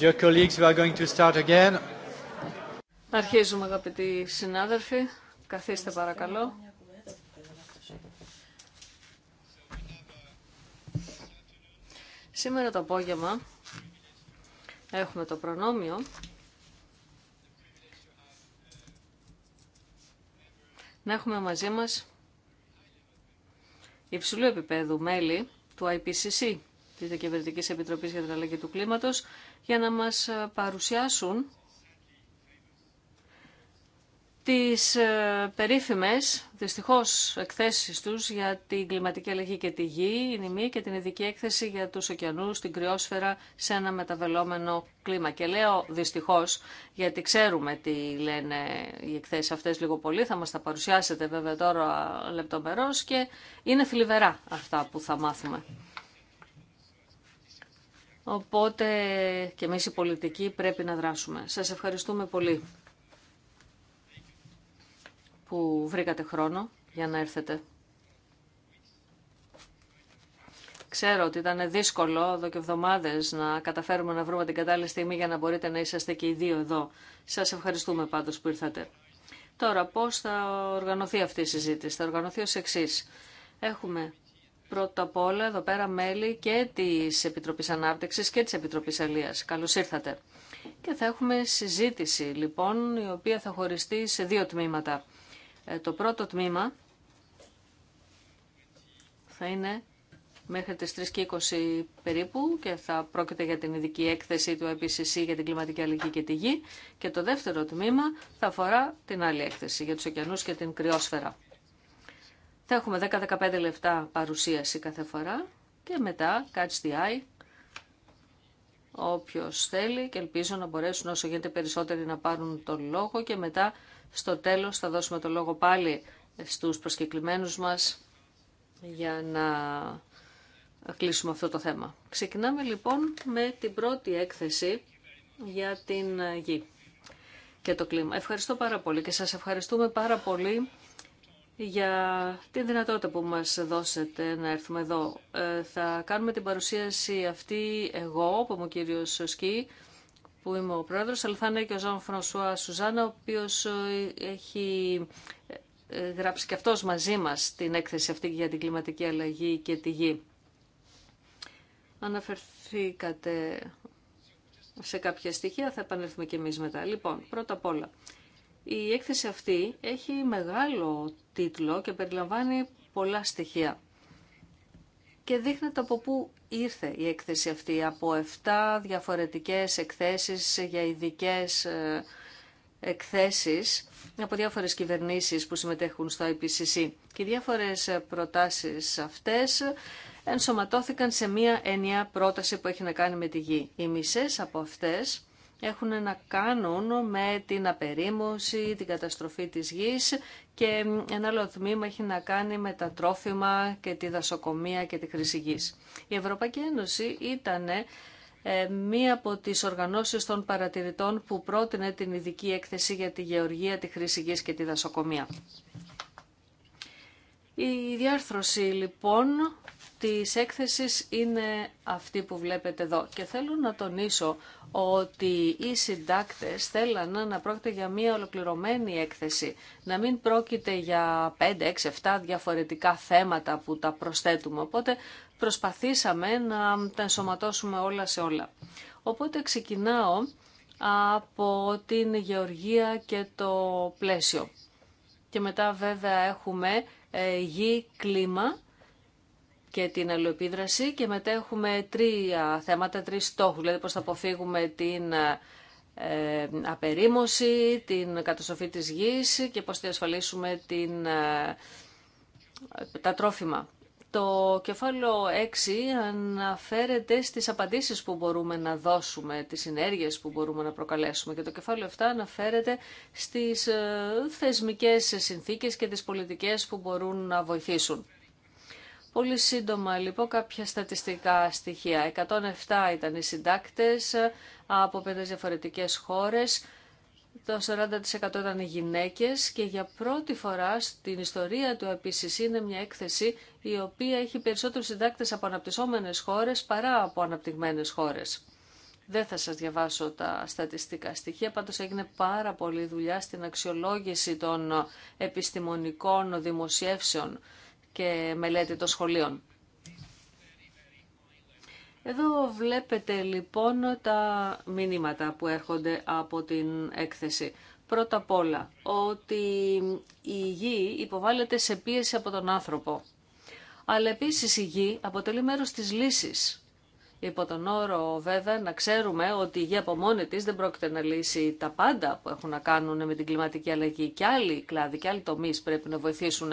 we going Αρχίζουμε αγαπητοί συνάδελφοι. Καθίστε παρακαλώ. Σήμερα το απόγευμα έχουμε το προνόμιο να έχουμε μαζί μας υψηλού επίπεδου μέλη του IPCC, της Δικαιωματικής Επιτροπής για την Αλλαγή του Κλίματος, για να μας παρουσιάσουν τις ε, περίφημες, δυστυχώς, εκθέσεις τους για την κλιματική αλλαγή και τη γη, η νημή και την ειδική έκθεση για τους ωκεανούς, την κρυόσφαιρα σε ένα μεταβελόμενο κλίμα. Και λέω δυστυχώς, γιατί ξέρουμε τι λένε οι εκθέσεις αυτές λίγο πολύ, θα μας τα παρουσιάσετε βέβαια τώρα λεπτομερώς και είναι θλιβερά αυτά που θα μάθουμε. Οπότε και εμείς οι πολιτικοί πρέπει να δράσουμε. Σας ευχαριστούμε πολύ που βρήκατε χρόνο για να έρθετε. Ξέρω ότι ήταν δύσκολο εδώ και εβδομάδε να καταφέρουμε να βρούμε την κατάλληλη στιγμή για να μπορείτε να είσαστε και οι δύο εδώ. Σα ευχαριστούμε πάντω που ήρθατε. Τώρα, πώ θα οργανωθεί αυτή η συζήτηση. Θα οργανωθεί ω εξή. Έχουμε πρώτα απ' όλα εδώ πέρα μέλη και τη Επιτροπή Ανάπτυξη και τη Επιτροπή Αλίας. Καλώ ήρθατε. Και θα έχουμε συζήτηση λοιπόν, η οποία θα χωριστεί σε δύο τμήματα. Ε, το πρώτο τμήμα θα είναι μέχρι τις 3 και 20 περίπου και θα πρόκειται για την ειδική έκθεση του IPCC για την κλιματική αλληλεγγύη και τη γη και το δεύτερο τμήμα θα αφορά την άλλη έκθεση για τους ωκεανούς και την κρυόσφαιρα. Θα έχουμε 10-15 λεπτά παρουσίαση κάθε φορά και μετά catch the eye όποιος θέλει και ελπίζω να μπορέσουν όσο γίνεται περισσότεροι να πάρουν τον λόγο και μετά στο τέλος θα δώσουμε το λόγο πάλι στους προσκεκλημένους μας για να κλείσουμε αυτό το θέμα. Ξεκινάμε λοιπόν με την πρώτη έκθεση για την γη και το κλίμα. Ευχαριστώ πάρα πολύ και σας ευχαριστούμε πάρα πολύ για την δυνατότητα που μας δώσετε να έρθουμε εδώ. Ε, θα κάνουμε την παρουσίαση αυτή εγώ, που είμαι ο κύριος Σκή, που είμαι ο πρόεδρος, αλλά θα είναι και ο Ζαν Φρανσουά Σουζάνα, ο οποίος ε, έχει ε, γράψει και αυτός μαζί μας την έκθεση αυτή για την κλιματική αλλαγή και τη γη. Αναφερθήκατε σε κάποια στοιχεία, θα επανέλθουμε και εμείς μετά. Λοιπόν, πρώτα απ' όλα, η έκθεση αυτή έχει μεγάλο τίτλο και περιλαμβάνει πολλά στοιχεία και δείχνεται από πού ήρθε η έκθεση αυτή, από 7 διαφορετικές εκθέσεις για ειδικέ ε, εκθέσεις από διάφορες κυβερνήσεις που συμμετέχουν στο IPCC. Και οι διάφορες ε, προτάσεις αυτές ενσωματώθηκαν σε μία ενιαία πρόταση που έχει να κάνει με τη γη. Οι μισές από αυτές έχουν να κάνουν με την απερίμωση, την καταστροφή της γης και ένα άλλο τμήμα έχει να κάνει με τα τρόφιμα και τη δασοκομεία και τη χρήση γης. Η Ευρωπαϊκή Ένωση ήταν ε, μία από τις οργανώσεις των παρατηρητών που πρότεινε την ειδική έκθεση για τη γεωργία, τη χρήση γης και τη δασοκομεία. Η διάρθρωση λοιπόν της έκθεσης είναι αυτή που βλέπετε εδώ. Και θέλω να τονίσω ότι οι συντάκτες θέλαν να πρόκειται για μία ολοκληρωμένη έκθεση, να μην πρόκειται για 5, 6, 7 διαφορετικά θέματα που τα προσθέτουμε. Οπότε προσπαθήσαμε να τα ενσωματώσουμε όλα σε όλα. Οπότε ξεκινάω από την γεωργία και το πλαίσιο. Και μετά βέβαια έχουμε ε, γη, κλίμα και την αλληλοεπίδραση και μετά έχουμε τρία θέματα, τρεις στόχους, δηλαδή πώς θα αποφύγουμε την ε, απερίμωση, την καταστροφή της γης και πώς θα ασφαλίσουμε την, ε, τα τρόφιμα. Το κεφάλαιο 6 αναφέρεται στις απαντήσεις που μπορούμε να δώσουμε, τις συνέργειες που μπορούμε να προκαλέσουμε και το κεφάλαιο 7 αναφέρεται στις ε, θεσμικές συνθήκες και τις πολιτικές που μπορούν να βοηθήσουν. Πολύ σύντομα λοιπόν κάποια στατιστικά στοιχεία. 107 ήταν οι συντάκτες ε, από πέντε διαφορετικές χώρες. Το 40% ήταν οι γυναίκες και για πρώτη φορά στην ιστορία του επίσης είναι μια έκθεση η οποία έχει περισσότερους συντάκτες από αναπτυσσόμενες χώρες παρά από αναπτυγμένες χώρες. Δεν θα σας διαβάσω τα στατιστικά στοιχεία, πάντως έγινε πάρα πολλή δουλειά στην αξιολόγηση των επιστημονικών δημοσιεύσεων και μελέτη των σχολείων. Εδώ βλέπετε λοιπόν τα μηνύματα που έρχονται από την έκθεση. Πρώτα απ' όλα, ότι η γη υποβάλλεται σε πίεση από τον άνθρωπο. Αλλά επίσης η γη αποτελεί μέρος της λύσης. Υπό τον όρο βέβαια να ξέρουμε ότι η γη από μόνη της δεν πρόκειται να λύσει τα πάντα που έχουν να κάνουν με την κλιματική αλλαγή. Και άλλοι κλάδοι και άλλοι τομείς πρέπει να βοηθήσουν.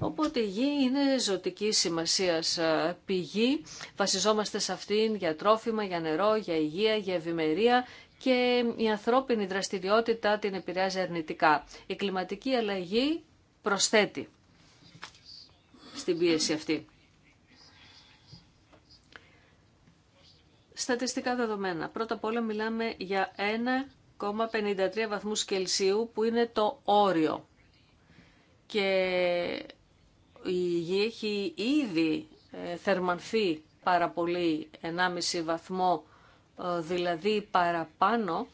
Οπότε η γη είναι ζωτική σημασία ε, πηγή. Βασιζόμαστε σε αυτήν για τρόφιμα, για νερό, για υγεία, για ευημερία και η ανθρώπινη δραστηριότητα την επηρεάζει αρνητικά. Η κλιματική αλλαγή προσθέτει στην πίεση αυτή. Στατιστικά δεδομένα. Πρώτα απ' όλα μιλάμε για 1,53 βαθμούς Κελσίου που είναι το όριο. Και η γη έχει ήδη ε, θερμανθεί πάρα πολύ 1,5 βαθμό, ε, δηλαδή παραπάνω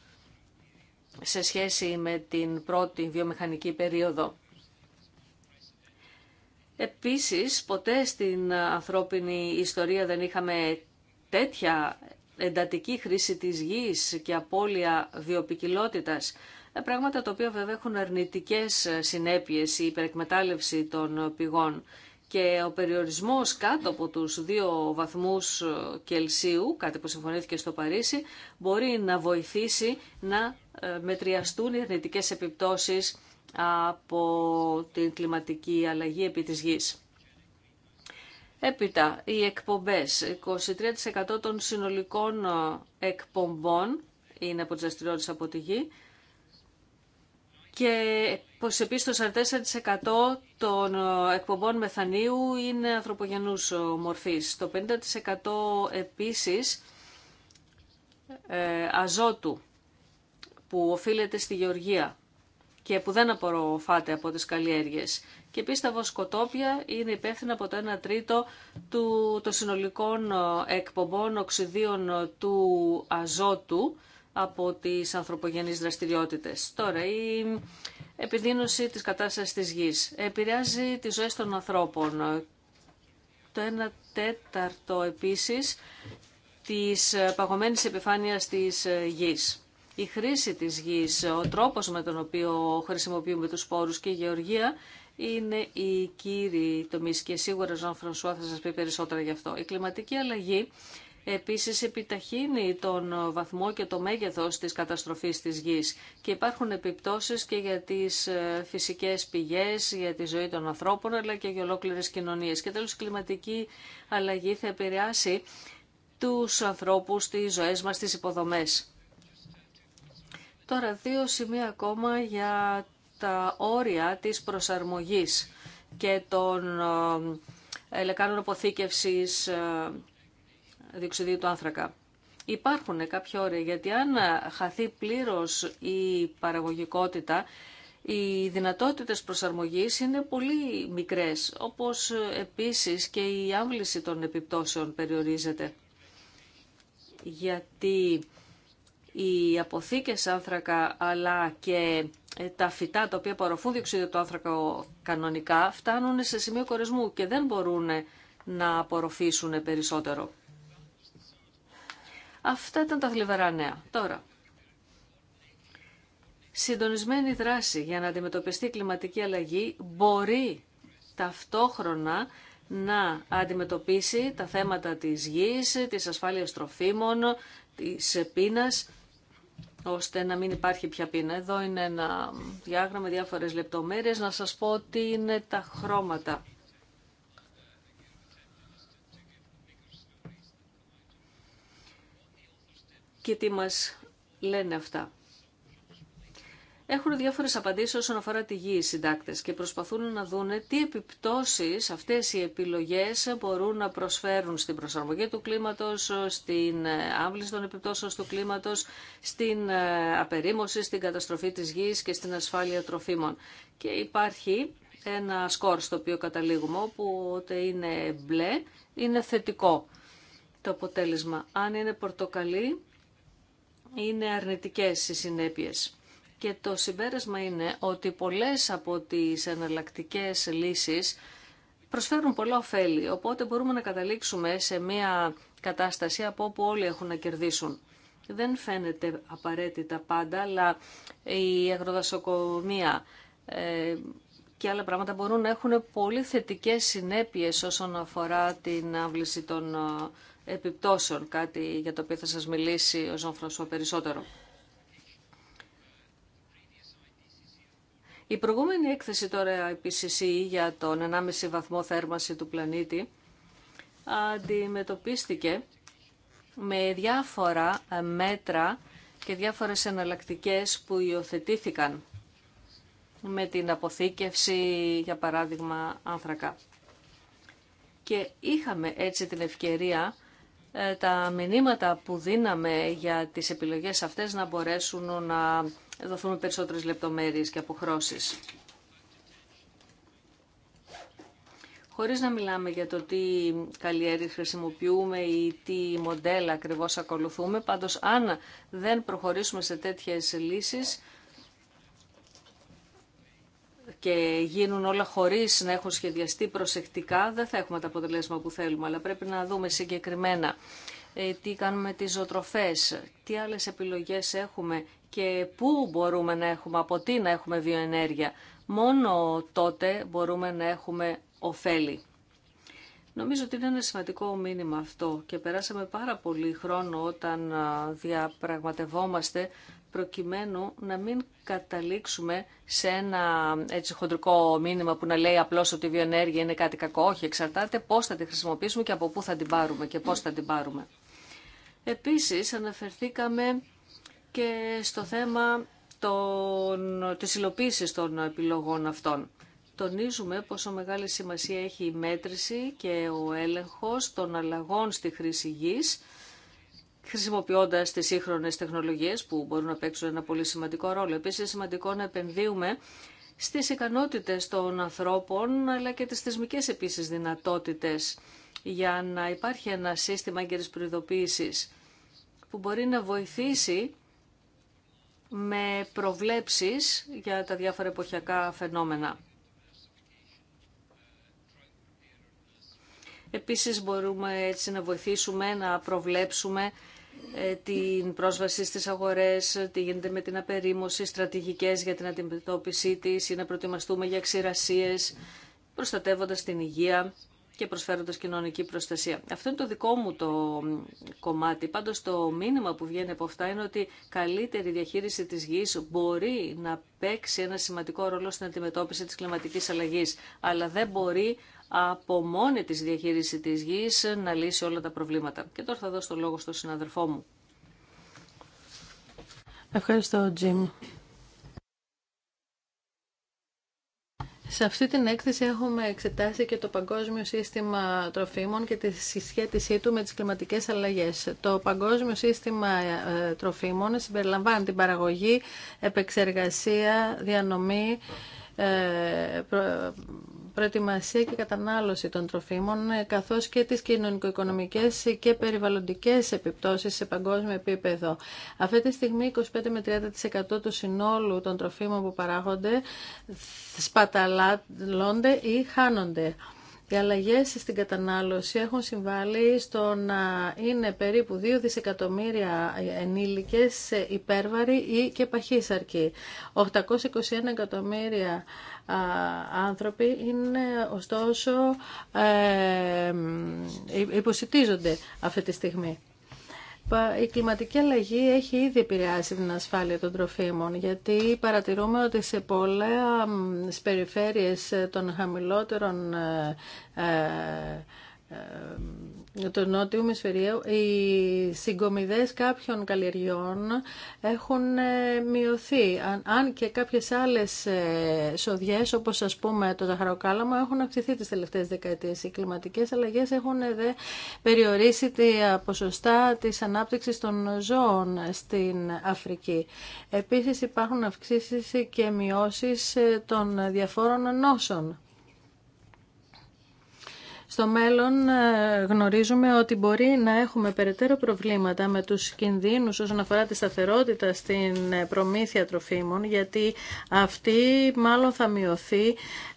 σε σχέση με την πρώτη βιομηχανική περίοδο. Επίσης, ποτέ στην ανθρώπινη ιστορία δεν είχαμε τέτοια εντατική χρήση της γης και απώλεια βιοπικιλότητας πράγματα τα οποία βέβαια έχουν αρνητικές ε, συνέπειες, η υπερεκμετάλλευση των πηγών και ο περιορισμός κάτω από τους δύο βαθμούς ε, Κελσίου, κάτι που συμφωνήθηκε στο Παρίσι, μπορεί να βοηθήσει να ε, μετριαστούν οι αρνητικές επιπτώσεις από την κλιματική αλλαγή επί της γης. Έπειτα, οι εκπομπές. 23% των συνολικών εκπομπών είναι από τις δραστηριότητες από τη γη και πως επίσης το 44% των ε, εκπομπών μεθανίου είναι ανθρωπογενούς μορφής. Το 50% επίσης ε, αζότου που οφείλεται στη γεωργία και που δεν απορροφάται από τις καλλιέργειες. Και επίσης τα βοσκοτόπια είναι υπεύθυνα από το 1 τρίτο του, των συνολικών ε, εκπομπών οξυδίων του αζότου από τις ανθρωπογενείς δραστηριότητες. Τώρα, η επιδείνωση της κατάστασης της γης επηρεάζει τις ζωές των ανθρώπων. Το 1 τέταρτο επίσης της παγωμένης επιφάνειας της γης. Η χρήση της γης, ο τρόπος με τον οποίο χρησιμοποιούμε τους σπόρους και η γεωργία είναι η κύριοι τομείς και σίγουρα Ζων Φρανσουά θα σας πει περισσότερα γι' αυτό. Η κλιματική αλλαγή Επίσης επιταχύνει τον βαθμό και το μέγεθος της καταστροφής της γης και υπάρχουν επιπτώσεις και για τις ε, φυσικές πηγές, για τη ζωή των ανθρώπων αλλά και για ολόκληρες κοινωνίες. Και τέλος η κλιματική αλλαγή θα επηρεάσει τους ανθρώπους, τις ζωές μας, τις υποδομές. Τώρα δύο σημεία ακόμα για τα όρια της προσαρμογής και των ελεκάνων ε, αποθήκευσης ε, διοξιδίου του άνθρακα. Υπάρχουν κάποια όρια, γιατί αν χαθεί πλήρως η παραγωγικότητα, οι δυνατότητες προσαρμογής είναι πολύ μικρές, όπως επίσης και η άμβληση των επιπτώσεων περιορίζεται. Γιατί οι αποθήκες άνθρακα αλλά και τα φυτά τα οποία παροφούν διοξείδιο του άνθρακα κανονικά φτάνουν σε σημείο κορεσμού και δεν μπορούν να απορροφήσουν περισσότερο. Αυτά ήταν τα θλιβερά νέα. Τώρα, συντονισμένη δράση για να αντιμετωπιστεί η κλιματική αλλαγή μπορεί ταυτόχρονα να αντιμετωπίσει τα θέματα της γης, της ασφάλειας τροφίμων, της πείνας, ώστε να μην υπάρχει πια πείνα. Εδώ είναι ένα διάγραμμα με διάφορες λεπτομέρειες, να σας πω τι είναι τα χρώματα. και τι μας λένε αυτά. Έχουν διάφορες απαντήσεις όσον αφορά τη γη οι συντάκτες και προσπαθούν να δούνε τι επιπτώσεις αυτές οι επιλογές μπορούν να προσφέρουν στην προσαρμογή του κλίματος, στην άμβληση των επιπτώσεων του κλίματος, στην ε, απερίμωση, στην καταστροφή της γης και στην ασφάλεια τροφίμων. Και υπάρχει ένα σκορ στο οποίο καταλήγουμε, όπου ότι είναι μπλε, είναι θετικό το αποτέλεσμα. Αν είναι πορτοκαλί, είναι αρνητικές οι συνέπειες. Και το συμπέρασμα είναι ότι πολλές από τις εναλλακτικέ λύσεις προσφέρουν πολλά ωφέλη, οπότε μπορούμε να καταλήξουμε σε μια κατάσταση από όπου όλοι έχουν να κερδίσουν. Δεν φαίνεται απαραίτητα πάντα, αλλά η αγροδασοκομεία ε, και άλλα πράγματα μπορούν να έχουν πολύ θετικές συνέπειες όσον αφορά την άβληση των επιπτώσεων, κάτι για το οποίο θα σας μιλήσει ο Ζων Φρανσουά περισσότερο. Η προηγούμενη έκθεση τώρα IPCC για τον 1,5 βαθμό θέρμανση του πλανήτη αντιμετωπίστηκε με διάφορα μέτρα και διάφορες εναλλακτικές που υιοθετήθηκαν με την αποθήκευση, για παράδειγμα, άνθρακα. Και είχαμε έτσι την ευκαιρία ε, τα μηνύματα που δίναμε για τις επιλογές αυτές να μπορέσουν να δοθούν περισσότερες λεπτομέρειες και αποχρώσεις. Χωρίς να μιλάμε για το τι καλλιέργειες χρησιμοποιούμε ή τι μοντέλα ακριβώς ακολουθούμε, πάντως αν δεν προχωρήσουμε σε τέτοιες λύσεις, και γίνουν όλα χωρίς να έχουν σχεδιαστεί προσεκτικά, δεν θα έχουμε τα αποτελέσματα που θέλουμε, αλλά πρέπει να δούμε συγκεκριμένα ε, τι κάνουμε με τις ζωοτροφές, τι άλλες επιλογές έχουμε και πού μπορούμε να έχουμε, από τι να έχουμε βιοενέργεια. Μόνο τότε μπορούμε να έχουμε ωφέλη. Νομίζω ότι είναι ένα σημαντικό μήνυμα αυτό και περάσαμε πάρα πολύ χρόνο όταν διαπραγματευόμαστε προκειμένου να μην καταλήξουμε σε ένα έτσι χοντρικό μήνυμα που να λέει απλώ ότι η βιοενέργεια είναι κάτι κακό. Όχι, εξαρτάται πώ θα τη χρησιμοποιήσουμε και από πού θα την πάρουμε και πώς θα την πάρουμε. Επίσης αναφερθήκαμε και στο θέμα των, της των επιλογών αυτών. Τονίζουμε πόσο μεγάλη σημασία έχει η μέτρηση και ο έλεγχος των αλλαγών στη χρήση γης, χρησιμοποιώντα τι σύγχρονε τεχνολογίε που μπορούν να παίξουν ένα πολύ σημαντικό ρόλο. Επίση, είναι σημαντικό να επενδύουμε στι ικανότητε των ανθρώπων, αλλά και τι θεσμικέ επίση δυνατότητε για να υπάρχει ένα σύστημα έγκαιρη προειδοποίηση που μπορεί να βοηθήσει με προβλέψεις για τα διάφορα εποχιακά φαινόμενα. Επίσης μπορούμε έτσι να βοηθήσουμε να προβλέψουμε ε, την πρόσβαση στις αγορές, τι γίνεται με την απερίμωση, στρατηγικές για την αντιμετώπιση της ή να προετοιμαστούμε για ξηρασίες, προστατεύοντας την υγεία και προσφέροντας κοινωνική προστασία. Αυτό είναι το δικό μου το κομμάτι. Πάντως το μήνυμα που βγαίνει από αυτά είναι ότι καλύτερη διαχείριση της γης μπορεί να παίξει ένα σημαντικό ρόλο στην αντιμετώπιση της κλιματικής αλλαγής, αλλά δεν μπορεί από μόνη της διαχείριση της γης να λύσει όλα τα προβλήματα. Και τώρα θα δώσω το λόγο στον συναδελφό μου. Ευχαριστώ, Τζιμ. Σε αυτή την έκθεση έχουμε εξετάσει και το Παγκόσμιο Σύστημα Τροφίμων και τη συσχέτισή του με τις κλιματικές αλλαγές. Το Παγκόσμιο Σύστημα ε, Τροφίμων συμπεριλαμβάνει την παραγωγή, επεξεργασία, διανομή, ε, προετοιμασία και κατανάλωση των τροφίμων, ε, καθώς και τις κοινωνικο-οικονομικές και περιβαλλοντικές επιπτώσεις σε παγκόσμιο επίπεδο. Αυτή τη στιγμή 25 με 30% του συνόλου των τροφίμων που παράγονται σπαταλώνται ή χάνονται. Οι αλλαγές στην κατανάλωση έχουν συμβάλει στο να είναι περίπου 2 δισεκατομμύρια ενήλικες υπέρβαροι ή και παχύσαρκοι. 821 εκατομμύρια άνθρωποι είναι ωστόσο ε, ε υποσυτίζονται αυτή τη στιγμή η κλιματική αλλαγή έχει ήδη επηρεάσει την ασφάλεια των τροφίμων, γιατί παρατηρούμε ότι σε πολλές περιφέρειες των χαμηλότερων ε, ε, ε, το νότιου μισφαιρίου, οι συγκομιδές κάποιων καλλιεργιών έχουν ε, μειωθεί. Αν και κάποιες άλλες ε, σοδιές, όπως α πούμε το ζαχαροκάλαμο, έχουν αυξηθεί τις τελευταίες δεκαετίες. Οι κλιματικές αλλαγές έχουν ε, περιορίσει τα ποσοστά της ανάπτυξης των ζώων στην Αφρική. Επίσης υπάρχουν αυξήσεις και μειώσεις των διαφόρων νόσων. Στο μέλλον ε, γνωρίζουμε ότι μπορεί να έχουμε περαιτέρω προβλήματα με τους κινδύνους όσον αφορά τη σταθερότητα στην ε, προμήθεια τροφίμων, γιατί αυτή μάλλον θα μειωθεί,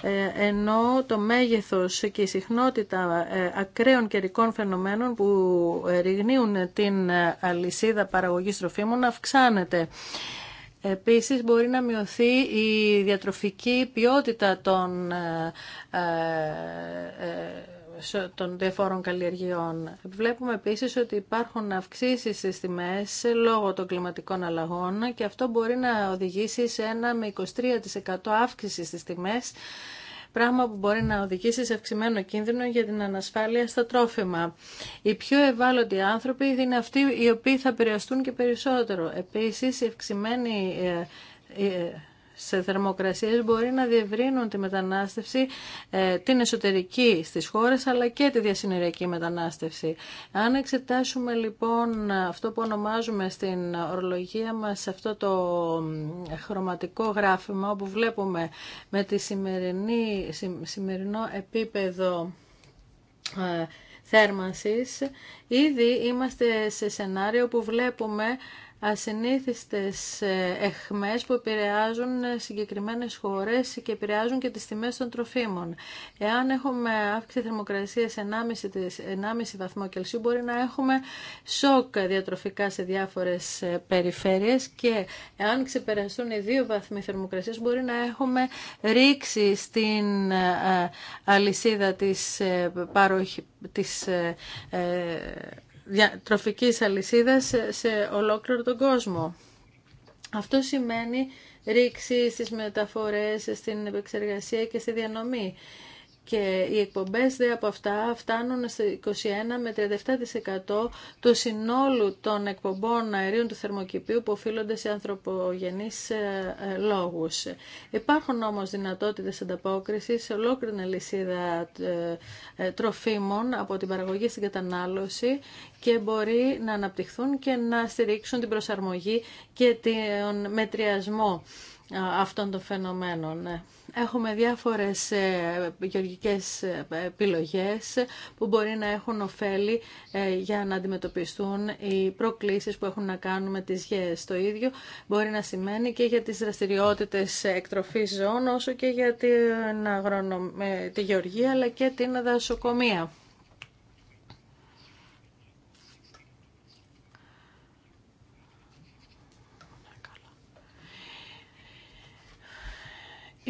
ε, ενώ το μέγεθος και η συχνότητα ακραίων καιρικών φαινομένων που ρηγνύουν την αλυσίδα παραγωγής τροφίμων αυξάνεται. Επίσης μπορεί να μειωθεί η διατροφική ποιότητα των των διαφόρων καλλιεργειών. Βλέπουμε επίσης ότι υπάρχουν αυξήσεις στις τιμές λόγω των κλιματικών αλλαγών και αυτό μπορεί να οδηγήσει σε ένα με 23% αύξηση στις τιμές πράγμα που μπορεί να οδηγήσει σε αυξημένο κίνδυνο για την ανασφάλεια στα τρόφιμα. Οι πιο ευάλωτοι άνθρωποι είναι αυτοί οι οποίοι θα επηρεαστούν και περισσότερο. Επίσης, η αυξημένη ε, ε, σε θερμοκρασίες μπορεί να διευρύνουν τη μετανάστευση, ε, την εσωτερική στις χώρες, αλλά και τη διασυνοριακή μετανάστευση. Αν εξετάσουμε λοιπόν αυτό που ονομάζουμε στην ορολογία μας αυτό το χρωματικό γράφημα, όπου βλέπουμε με τη σημερινή, σημερινό επίπεδο ε, θέρμανσης, ήδη είμαστε σε σενάριο που βλέπουμε ασυνήθιστες ε, εχμές που επηρεάζουν ε, συγκεκριμένες χώρες και επηρεάζουν και τις τιμές των τροφίμων. Εάν έχουμε αύξηση θερμοκρασίας 1,5 βαθμό Κελσίου μπορεί να έχουμε σοκ διατροφικά σε διάφορες ε, περιφέρειες και εάν ξεπεραστούν οι δύο βαθμοί θερμοκρασίας μπορεί να έχουμε ρήξη στην αλυσίδα της, παροχής τροφικής αλυσίδας σε ολόκληρο τον κόσμο. Αυτό σημαίνει ρήξη στις μεταφορές, στην επεξεργασία και στη διανομή και οι εκπομπές δε από αυτά φτάνουν στο 21 με 37% του συνόλου των εκπομπών αερίων του θερμοκηπίου που οφείλονται σε ανθρωπογενείς ε, λόγους. Υπάρχουν όμως δυνατότητες ανταπόκρισης σε ολόκληρη αλυσίδα ε, ε, τροφίμων από την παραγωγή στην κατανάλωση και μπορεί να αναπτυχθούν και να στηρίξουν την προσαρμογή και τον μετριασμό αυτών των φαινομένων. Ναι. Έχουμε διάφορες ε, γεωργικές ε, επιλογές που μπορεί να έχουν ωφέλη ε, για να αντιμετωπιστούν οι προκλήσεις που έχουν να κάνουν με τις γέες. Το ίδιο μπορεί να σημαίνει και για τις δραστηριότητες εκτροφής ζώων όσο και για την τη γεωργία αλλά και την δασοκομεία.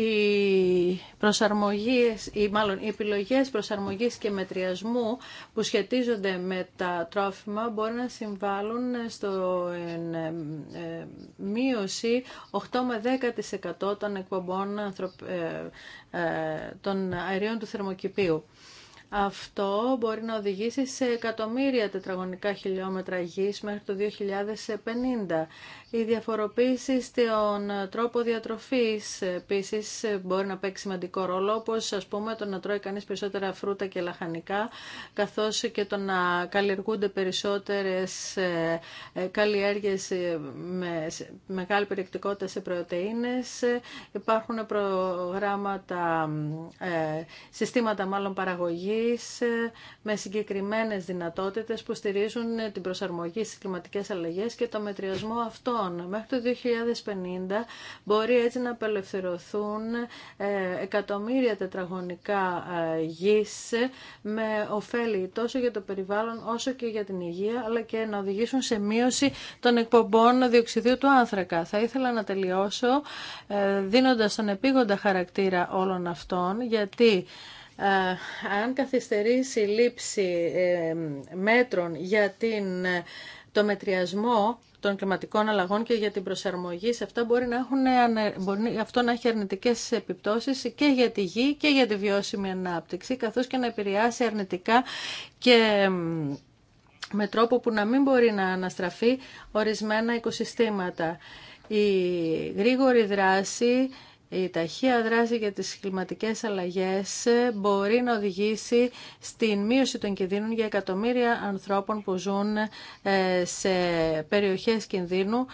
οι προσαρμογές, ή μάλλον οι επιλογές προσαρμογής και μετριασμού που σχετίζονται με τα τρόφιμα μπορεί να συμβάλλουν στο ε, ε, μείωση 8 με 10% των εκπομπών ε, των αερίων του θερμοκηπίου. Αυτό μπορεί να οδηγήσει σε εκατομμύρια τετραγωνικά χιλιόμετρα γης μέχρι το 2050. Η διαφοροποίηση στον τρόπο διατροφής επίσης μπορεί να παίξει σημαντικό ρόλο, όπως ας πούμε το να τρώει κανείς περισσότερα φρούτα και λαχανικά, καθώς και το να καλλιεργούνται περισσότερες ε, ε, καλλιέργειες ε, με μεγάλη περιεκτικότητα σε πρωτεΐνες. Υπάρχουν προγράμματα, συστήματα μάλλον παραγωγής, ε, με συγκεκριμένες δυνατότητες που στηρίζουν ε, την προσαρμογή στις κλιματικές αλλαγές και το μετριασμό αυτών. Μέχρι το 2050 μπορεί έτσι να απελευθερωθούν ε, εκατομμύρια τετραγωνικά γης με ωφέλη τόσο για το περιβάλλον όσο και για την υγεία αλλά και να οδηγήσουν σε μείωση των εκπομπών διοξιδίου του άνθρακα. Θα ήθελα να τελειώσω δίνοντας τον επίγοντα χαρακτήρα όλων αυτών γιατί ε, αν καθυστερήσει η λήψη ε, μέτρων για την, ε, το μετριασμό των κλιματικών αλλαγών και για την προσαρμογή σε αυτά μπορεί να έχουν, μπορεί αυτό να έχει αρνητικές επιπτώσεις και για τη γη και για τη βιώσιμη ανάπτυξη, καθώς και να επηρεάσει αρνητικά και με τρόπο που να μην μπορεί να αναστραφεί ορισμένα οικοσυστήματα. Η γρήγορη δράση η ταχεία δράση για τις κλιματικές αλλαγές μπορεί να οδηγήσει στην μείωση των κινδύνων για εκατομμύρια ανθρώπων που ζουν ε, σε περιοχές κινδύνου.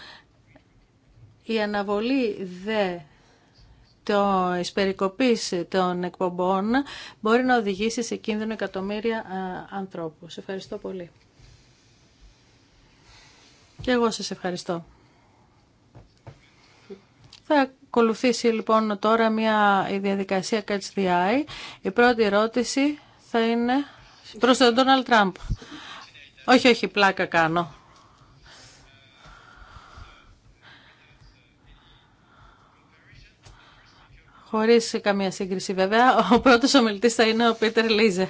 Η αναβολή δε το περικοπής των εκπομπών μπορεί να οδηγήσει σε κίνδυνο εκατομμύρια ε, ανθρώπους. Σε ευχαριστώ πολύ. Και εγώ σας ευχαριστώ. Θα ακολουθήσει λοιπόν τώρα μια η διαδικασία Catch the Eye. Η πρώτη ερώτηση θα είναι προς τον Donald Τραμπ. Όχι, όχι, πλάκα κάνω. Χωρίς καμία σύγκριση βέβαια, ο πρώτος ομιλητής θα είναι ο Πίτερ Λίζε.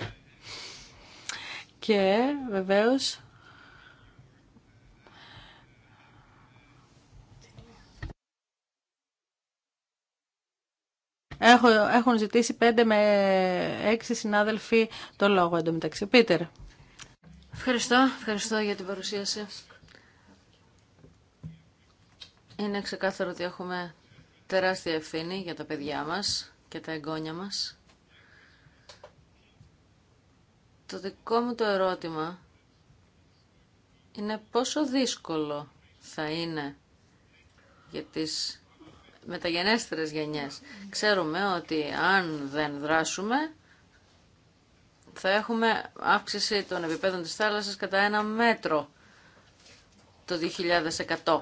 Και βεβαίως Έχω, έχουν ζητήσει πέντε με έξι συνάδελφοι το λόγο εντωμεταξύ. Πίτερ. Ευχαριστώ, ευχαριστώ για την παρουσίαση. Είναι ξεκάθαρο ότι έχουμε τεράστια ευθύνη για τα παιδιά μας και τα εγγόνια μας. Το δικό μου το ερώτημα είναι πόσο δύσκολο θα είναι για τις μεταγενέστερες γενιές. Ξέρουμε ότι αν δεν δράσουμε θα έχουμε αύξηση των επιπέδων της θάλασσας κατά ένα μέτρο το 2100.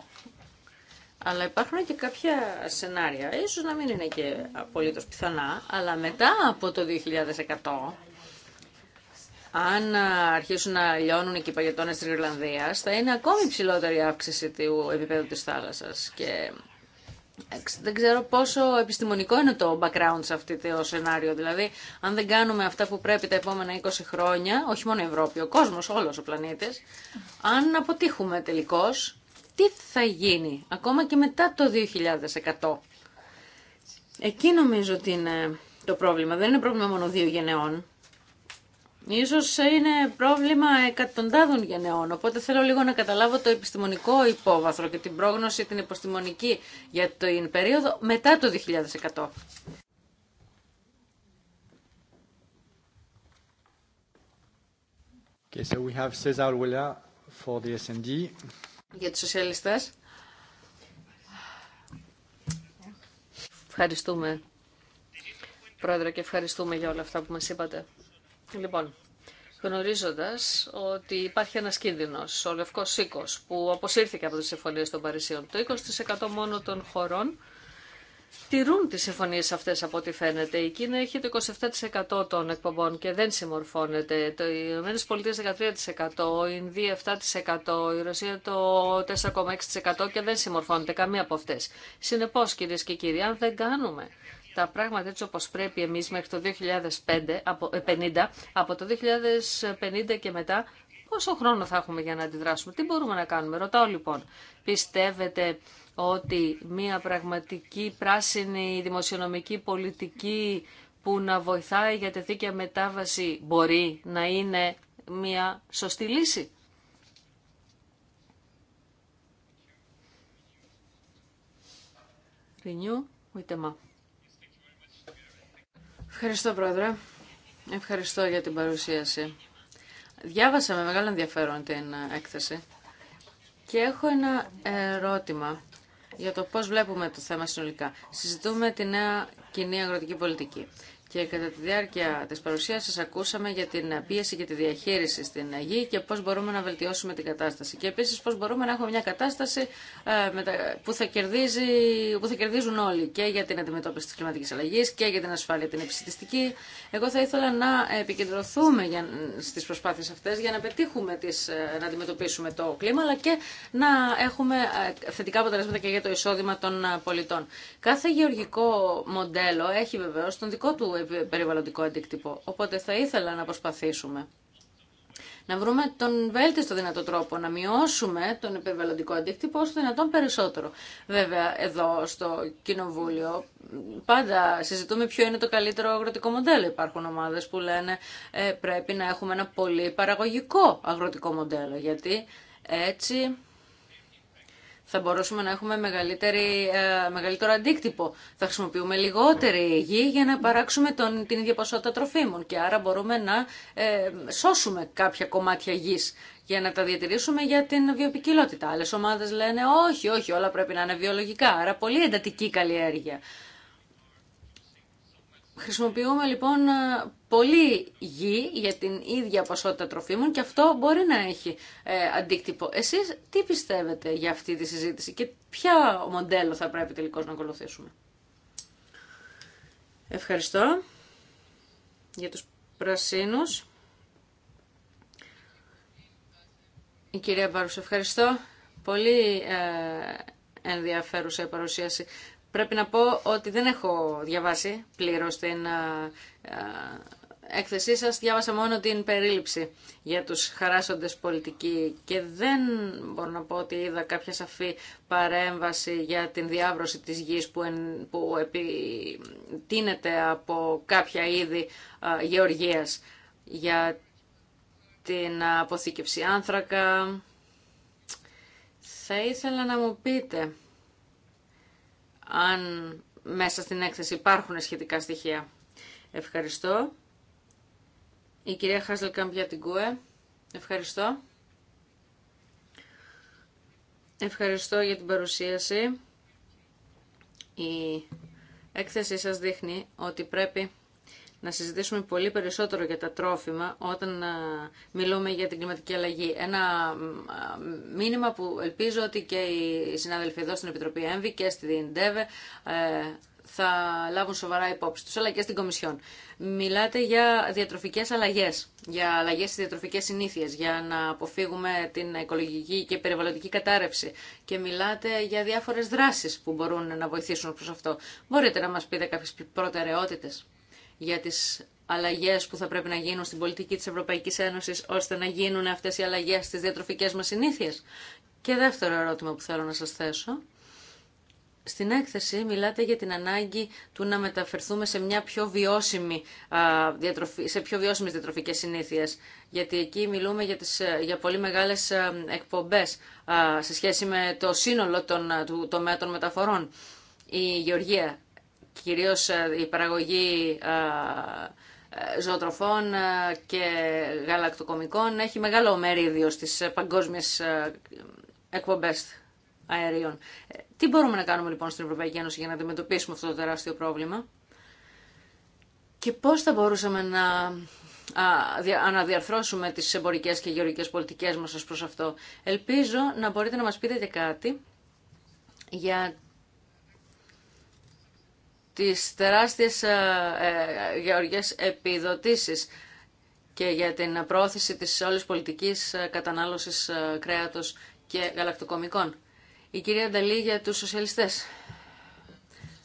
Αλλά υπάρχουν και κάποια σενάρια, ίσως να μην είναι και απολύτως πιθανά, αλλά μετά από το 2100, αν αρχίσουν να λιώνουν οι κυπαγετώνες της Ιρλανδίας, θα είναι ακόμη ψηλότερη αύξηση του επίπεδου της θάλασσας. Και δεν ξέρω πόσο επιστημονικό είναι το background σε αυτό το σενάριο. Δηλαδή, αν δεν κάνουμε αυτά που πρέπει τα επόμενα 20 χρόνια, όχι μόνο η Ευρώπη, ο κόσμος, όλος ο πλανήτης, αν αποτύχουμε τελικώ, τι θα γίνει ακόμα και μετά το 2100. Εκεί νομίζω ότι είναι το πρόβλημα. Δεν είναι πρόβλημα μόνο δύο γενεών. Ίσως είναι πρόβλημα εκατοντάδων γενεών, οπότε θέλω λίγο να καταλάβω το επιστημονικό υπόβαθρο και την πρόγνωση την επιστημονική για την περίοδο μετά το 2100. Okay, so we have César for the SND. Για τους σοσιαλιστές. Ευχαριστούμε, Πρόεδρε, και ευχαριστούμε για όλα αυτά που μας είπατε. Λοιπόν, γνωρίζοντας ότι υπάρχει ένας κίνδυνος, ο Λευκός Σίκος, που αποσύρθηκε από τις συμφωνίες των Παρισίων, το 20% μόνο των χωρών τηρούν τις συμφωνίες αυτές από ό,τι φαίνεται. Η Κίνα έχει το 27% των εκπομπών και δεν συμμορφώνεται. Το ΗΠΑ 13%, η Ινδία 7%, η Ρωσία το 4,6% και δεν συμμορφώνεται καμία από αυτές. Συνεπώς κυρίες και κύριοι, αν δεν κάνουμε τα πράγματα έτσι όπως πρέπει εμείς μέχρι το 2050, από, 50, ε, από το 2050 και μετά, πόσο χρόνο θα έχουμε για να αντιδράσουμε, τι μπορούμε να κάνουμε. Ρωτάω λοιπόν, πιστεύετε ότι μια πραγματική πράσινη δημοσιονομική πολιτική που να βοηθάει για τη μετάβαση μπορεί να είναι μια σωστή λύση. Renew, Ευχαριστώ, Πρόεδρε. Ευχαριστώ για την παρουσίαση. Διάβασα με μεγάλο ενδιαφέρον την έκθεση και έχω ένα ερώτημα για το πώς βλέπουμε το θέμα συνολικά. Συζητούμε τη νέα κοινή αγροτική πολιτική και κατά τη διάρκεια της παρουσίας σας ακούσαμε για την πίεση και τη διαχείριση στην γη και πώς μπορούμε να βελτιώσουμε την κατάσταση. Και επίσης πώς μπορούμε να έχουμε μια κατάσταση ε, που, θα κερδίζει, που θα κερδίζουν όλοι και για την αντιμετώπιση της κλιματικής αλλαγής και για την ασφάλεια την επιστηστική. Εγώ θα ήθελα να επικεντρωθούμε για, στις προσπάθειες αυτές για να πετύχουμε τις, ε, να αντιμετωπίσουμε το κλίμα αλλά και να έχουμε ε, θετικά αποτελέσματα και για το εισόδημα των πολιτών. Κάθε γεωργικό μοντέλο έχει βεβαίως τον δικό του περιβαλλοντικό αντίκτυπο. Οπότε θα ήθελα να προσπαθήσουμε να βρούμε τον βέλτιστο δυνατό τρόπο να μειώσουμε τον περιβαλλοντικό αντίκτυπο όσο δυνατόν περισσότερο. Βέβαια, εδώ στο Κοινοβούλιο πάντα συζητούμε ποιο είναι το καλύτερο αγροτικό μοντέλο. Υπάρχουν ομάδε που λένε ε, πρέπει να έχουμε ένα πολύ παραγωγικό αγροτικό μοντέλο, γιατί έτσι θα μπορούσαμε να έχουμε μεγαλύτερη, ε, μεγαλύτερο αντίκτυπο. Θα χρησιμοποιούμε λιγότερη γη για να παράξουμε τον, την ίδια ποσότητα τροφίμων και άρα μπορούμε να ε, σώσουμε κάποια κομμάτια γης για να τα διατηρήσουμε για την βιοπικιλότητα. Άλλες ομάδες λένε όχι, όχι, όλα πρέπει να είναι βιολογικά, άρα πολύ εντατική καλλιέργεια. Χρησιμοποιούμε λοιπόν ε, πολύ γη για την ίδια ποσότητα τροφίμων και αυτό μπορεί να έχει ε, αντίκτυπο. Εσείς τι πιστεύετε για αυτή τη συζήτηση και ποια μοντέλο θα πρέπει τελικώς να ακολουθήσουμε. Ευχαριστώ για τους πρασίνους. Η κυρία Μπάρους, ευχαριστώ. Πολύ ε, ενδιαφέρουσα η παρουσίαση. Πρέπει να πω ότι δεν έχω διαβάσει πλήρω την ε, ε, έκθεσή σας. Διάβασα μόνο την περίληψη για τους χαράσοντες πολιτικοί και δεν μπορώ να πω ότι είδα κάποια σαφή παρέμβαση για την διάβρωση της γης που, εν, που επιτείνεται από κάποια είδη ε, γεωργίας για την αποθήκευση άνθρακα. Θα ήθελα να μου πείτε αν μέσα στην έκθεση υπάρχουν σχετικά στοιχεία. Ευχαριστώ. Η κυρία Χάζελκαμπ για την ΚΟΕ. Ευχαριστώ. Ευχαριστώ για την παρουσίαση. Η έκθεση σας δείχνει ότι πρέπει να συζητήσουμε πολύ περισσότερο για τα τρόφιμα όταν μιλούμε για την κλιματική αλλαγή. Ένα μήνυμα που ελπίζω ότι και οι συνάδελφοι εδώ στην Επιτροπή ΕΜΒΗ και στη ΔΕΒΕ ε, θα λάβουν σοβαρά υπόψη τους, αλλά και στην Κομισιόν. Μιλάτε για διατροφικές αλλαγές, για αλλαγές στις διατροφικές συνήθειες, για να αποφύγουμε την οικολογική και περιβαλλοντική κατάρρευση και μιλάτε για διάφορες δράσεις που μπορούν να βοηθήσουν προς αυτό. Μπορείτε να μας πείτε κάποιες προτεραιότητες για τις αλλαγές που θα πρέπει να γίνουν στην πολιτική της Ευρωπαϊκής Ένωσης ώστε να γίνουν αυτές οι αλλαγές στις διατροφικές μας συνήθειες. Και δεύτερο ερώτημα που θέλω να σας θέσω. Στην έκθεση μιλάτε για την ανάγκη του να μεταφερθούμε σε, μια πιο βιώσιμη, διατροφή, σε πιο βιώσιμες διατροφικές συνήθειες. Γιατί εκεί μιλούμε για, τις, ε, για πολύ μεγάλες ε, εκπομπές σε σχέση με το σύνολο των, του τομέα των μεταφορών. Η Γεωργία κυρίως ε, η παραγωγή ε, ε, ζωοτροφών και γαλακτοκομικών έχει μεγάλο μερίδιο στις παγκόσμιες εκπομπές αερίων. Τι μπορούμε να κάνουμε λοιπόν στην Ευρωπαϊκή Ένωση για να αντιμετωπίσουμε αυτό το τεράστιο πρόβλημα και πώς θα μπορούσαμε να αναδιαρθρώσουμε τις εμπορικές και γεωργικές πολιτικές μας ως προς αυτό. Ελπίζω να μπορείτε να μας πείτε και κάτι για τις τεράστιες ε, ε, γεωργές επιδοτήσεις και για την πρόθεση της όλης πολιτικής ε, κατανάλωσης κρέατος και γαλακτοκομικών. Η κυρία Νταλή για τους σοσιαλιστές.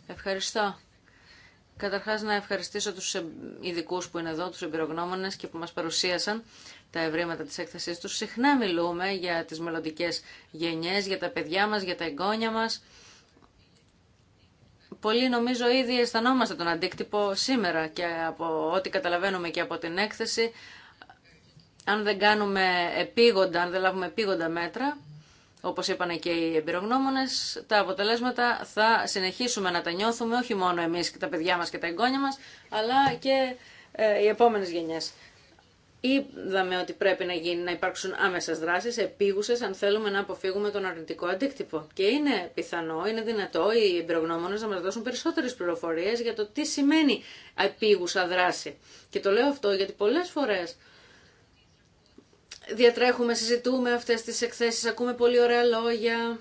Ευχαριστώ. Καταρχάς να ευχαριστήσω τους ειδικού που είναι εδώ, τους εμπειρογνώμονες και που μας παρουσίασαν τα ευρήματα της έκθεσής τους. Συχνά μιλούμε για τις μελλοντικέ γενιές, για τα παιδιά μας, για τα εγγόνια μας. Πολλοί νομίζω ήδη αισθανόμαστε τον αντίκτυπο σήμερα και από ό,τι καταλαβαίνουμε και από την έκθεση. Αν δεν κάνουμε επίγοντα, αν δεν λάβουμε επίγοντα μέτρα, όπως είπαν και οι εμπειρογνώμονες, τα αποτελέσματα θα συνεχίσουμε να τα νιώθουμε όχι μόνο εμείς και τα παιδιά μας και τα εγγόνια μας, αλλά και ε, οι επόμενες γενιές. Είδαμε ότι πρέπει να, γίνει, να υπάρξουν άμεσες δράσεις, επίγουσες, αν θέλουμε να αποφύγουμε τον αρνητικό αντίκτυπο. Και είναι πιθανό, είναι δυνατό οι εμπειρογνώμονες να μας δώσουν περισσότερες πληροφορίες για το τι σημαίνει επίγουσα δράση. Και το λέω αυτό γιατί πολλές φορές διατρέχουμε, συζητούμε αυτές τις εκθέσεις, ακούμε πολύ ωραία λόγια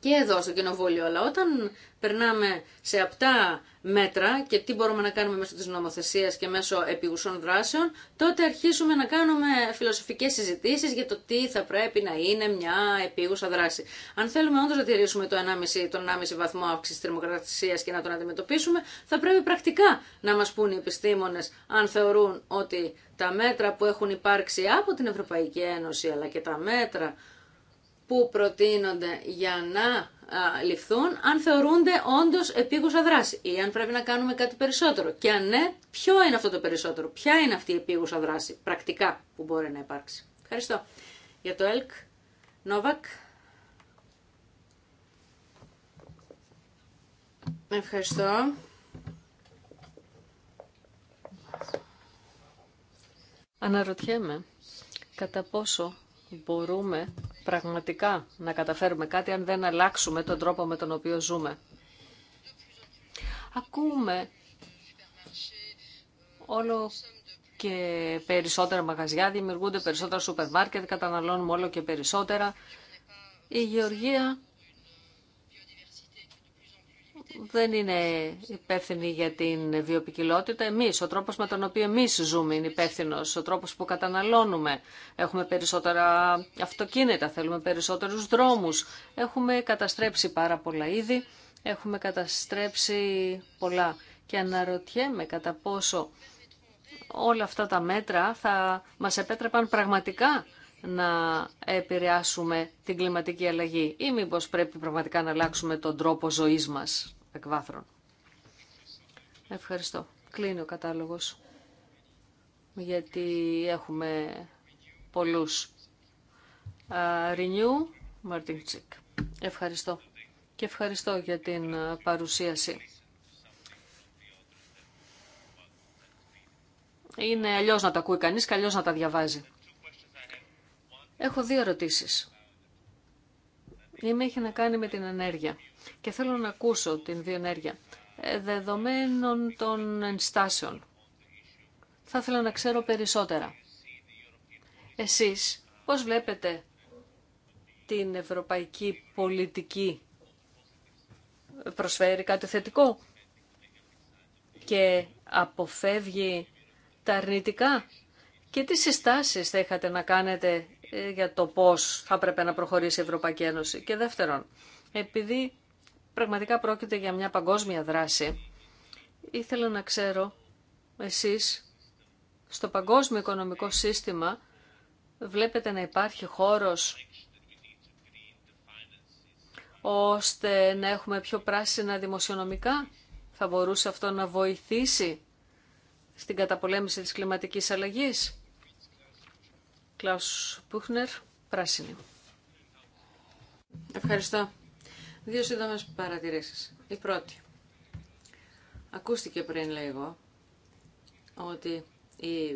και εδώ στο κοινοβούλιο, αλλά όταν περνάμε σε απτά μέτρα και τι μπορούμε να κάνουμε μέσω της νομοθεσίας και μέσω επιγουσών δράσεων, τότε αρχίσουμε να κάνουμε φιλοσοφικές συζητήσεις για το τι θα πρέπει να είναι μια επίγουσα δράση. Αν θέλουμε όντως να τηρήσουμε το 1,5, τον 1,5 βαθμό αύξησης θερμοκρασίας και να τον αντιμετωπίσουμε, θα πρέπει πρακτικά να μας πούν οι επιστήμονες αν θεωρούν ότι τα μέτρα που έχουν υπάρξει από την Ευρωπαϊκή Ένωση αλλά και τα μέτρα που προτείνονται για να ληφθούν αν θεωρούνται όντω επίγουσα δράση ή αν πρέπει να κάνουμε κάτι περισσότερο. Και αν ναι, ποιο είναι αυτό το περισσότερο, ποια είναι αυτή η επίγουσα δράση πρακτικά που μπορεί να υπάρξει. Ευχαριστώ. Για το ΕΛΚ, Νόβακ. Ευχαριστώ. Αναρωτιέμαι κατά πόσο μπορούμε πραγματικά να καταφέρουμε κάτι αν δεν αλλάξουμε τον τρόπο με τον οποίο ζούμε. Ακούμε όλο και περισσότερα μαγαζιά, δημιουργούνται περισσότερα σούπερ μάρκετ, καταναλώνουμε όλο και περισσότερα. Η γεωργία δεν είναι υπεύθυνοι για την βιοπικιλότητα. Εμείς, ο τρόπος με τον οποίο εμείς ζούμε είναι υπεύθυνο, ο τρόπος που καταναλώνουμε. Έχουμε περισσότερα αυτοκίνητα, θέλουμε περισσότερους δρόμους. Έχουμε καταστρέψει πάρα πολλά είδη, έχουμε καταστρέψει πολλά. Και αναρωτιέμαι κατά πόσο όλα αυτά τα μέτρα θα μας επέτρεπαν πραγματικά να επηρεάσουμε την κλιματική αλλαγή ή μήπως πρέπει πραγματικά να αλλάξουμε τον τρόπο ζωής μας. Ευχαριστώ. Κλείνει ο κατάλογος, γιατί έχουμε πολλούς. Ρινιού Μαρτίν Ευχαριστώ. Και ευχαριστώ για την παρουσίαση. Είναι αλλιώς να τα ακούει κανείς και να τα διαβάζει. Έχω δύο ερωτήσεις. Η μία έχει να κάνει με την ενέργεια και θέλω να ακούσω την διενέργεια. Ε, δεδομένων των ενστάσεων. Θα ήθελα να ξέρω περισσότερα. Εσείς πώς βλέπετε την ευρωπαϊκή πολιτική προσφέρει κάτι θετικό και αποφεύγει τα αρνητικά και τι συστάσεις θα είχατε να κάνετε ε, για το πώς θα πρέπει να προχωρήσει η Ευρωπαϊκή Ένωση. Και δεύτερον, επειδή πραγματικά πρόκειται για μια παγκόσμια δράση. Ήθελα να ξέρω εσείς στο παγκόσμιο οικονομικό σύστημα βλέπετε να υπάρχει χώρος ώστε να έχουμε πιο πράσινα δημοσιονομικά. Θα μπορούσε αυτό να βοηθήσει στην καταπολέμηση της κλιματικής αλλαγής. Κλάους Πούχνερ, πράσινη. Ευχαριστώ. Δύο σύντομες παρατηρήσεις. Η πρώτη. Ακούστηκε πριν λίγο ότι η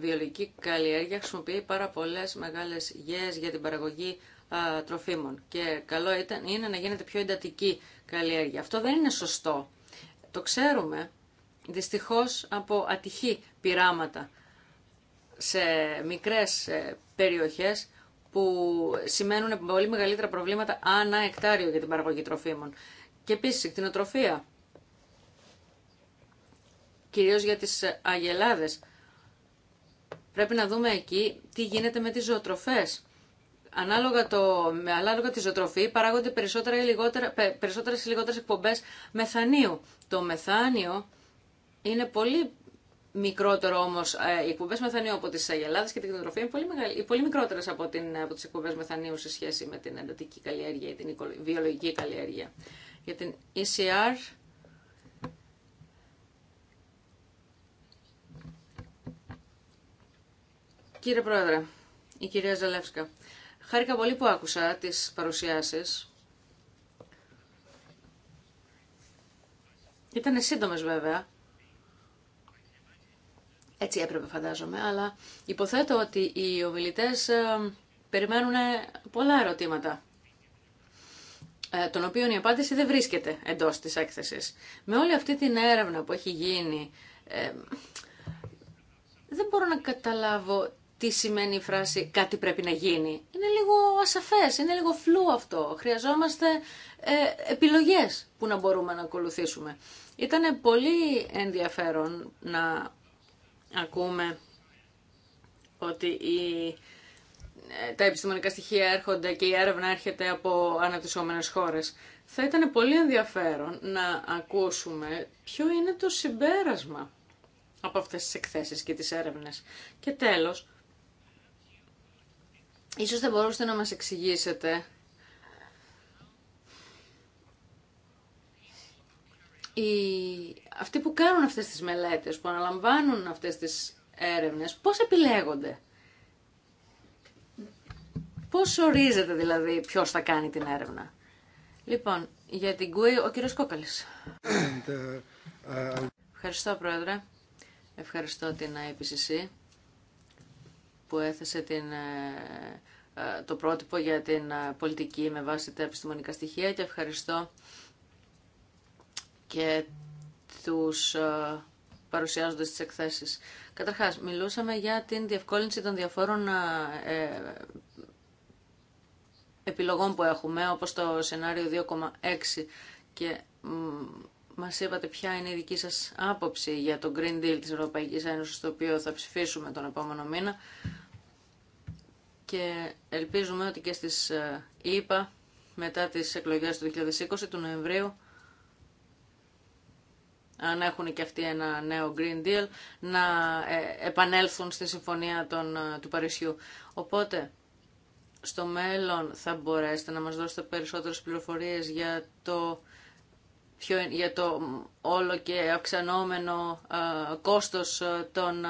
βιολογική καλλιέργεια χρησιμοποιεί πάρα πολλές μεγάλες γέες για την παραγωγή τροφίμων και καλό ήταν, είναι να γίνεται πιο εντατική καλλιέργεια. Αυτό δεν είναι σωστό. Το ξέρουμε δυστυχώς από ατυχή πειράματα σε μικρές ε, περιοχές που σημαίνουν πολύ μεγαλύτερα προβλήματα ανά εκτάριο για την παραγωγή τροφίμων. Και επίσης η κτηνοτροφία, κυρίως για τις αγελάδες. Πρέπει να δούμε εκεί τι γίνεται με τις ζωοτροφές. Ανάλογα το, με ανάλογα τη ζωοτροφή παράγονται περισσότερα ή λιγότερα, περισσότερες ή λιγότερες εκπομπές μεθανίου. Το μεθάνιο είναι πολύ μικρότερο όμω ε, οι εκπομπέ μεθανίου από τι αγελάδε και την κτηνοτροφία είναι πολύ, πολύ μικρότερε από, από τι εκπομπέ μεθανίου σε σχέση με την εντατική καλλιέργεια ή την βιολογική καλλιέργεια. Για την ECR. Κύριε Πρόεδρε, η κυρία Ζαλεύσκα, χάρηκα πολύ που άκουσα τις παρουσιάσεις. Ήταν σύντομες βέβαια, έτσι έπρεπε φαντάζομαι, αλλά υποθέτω ότι οι ομιλητές ε, περιμένουν πολλά ερωτήματα ε, των οποίων η απάντηση δεν βρίσκεται εντός της έκθεσης. Με όλη αυτή την έρευνα που έχει γίνει, ε, δεν μπορώ να καταλάβω τι σημαίνει η φράση «κάτι πρέπει να γίνει». Είναι λίγο ασαφές, είναι λίγο φλού αυτό. Χρειαζόμαστε ε, επιλογές που να μπορούμε να ακολουθήσουμε. Ήταν πολύ ενδιαφέρον να ακούμε ότι η, ε, τα επιστημονικά στοιχεία έρχονται και η έρευνα έρχεται από αναπτυσσόμενες χώρες. Θα ήταν πολύ ενδιαφέρον να ακούσουμε ποιο είναι το συμπέρασμα από αυτές τις εκθέσεις και τις έρευνες. Και τέλος, ίσως θα μπορούσατε να μας εξηγήσετε αυτοί που κάνουν αυτές τις μελέτες, που αναλαμβάνουν αυτές τις έρευνες, πώς επιλέγονται. Πώς ορίζεται δηλαδή ποιος θα κάνει την έρευνα. Λοιπόν, για την ΚΟΙ ο κύριος Κόκαλης. Ευχαριστώ Πρόεδρε. Ευχαριστώ την IPCC που έθεσε την, ε, ε, το πρότυπο για την ε, πολιτική με βάση τα επιστημονικά στοιχεία και ευχαριστώ και τους ε, παρουσιάζονται τις εκθέσεις. Καταρχάς, μιλούσαμε για την διευκόλυνση των διαφόρων ε, ε, επιλογών που έχουμε, όπως το σενάριο 2,6 και μας είπατε ποια είναι η δική σας άποψη για το Green Deal της Ευρωπαϊκής Ένωσης, το οποίο θα ψηφίσουμε τον επόμενο μήνα και ελπίζουμε ότι και στις ΕΠΑ μετά τις εκλογές του 2020 του Νοεμβρίου αν έχουν και αυτοί ένα νέο Green Deal, να ε, επανέλθουν στη Συμφωνία των, ε, του Παρισιού. Οπότε, στο μέλλον θα μπορέσετε να μας δώσετε περισσότερες πληροφορίες για το, για το όλο και αυξανόμενο α, ε, κόστος των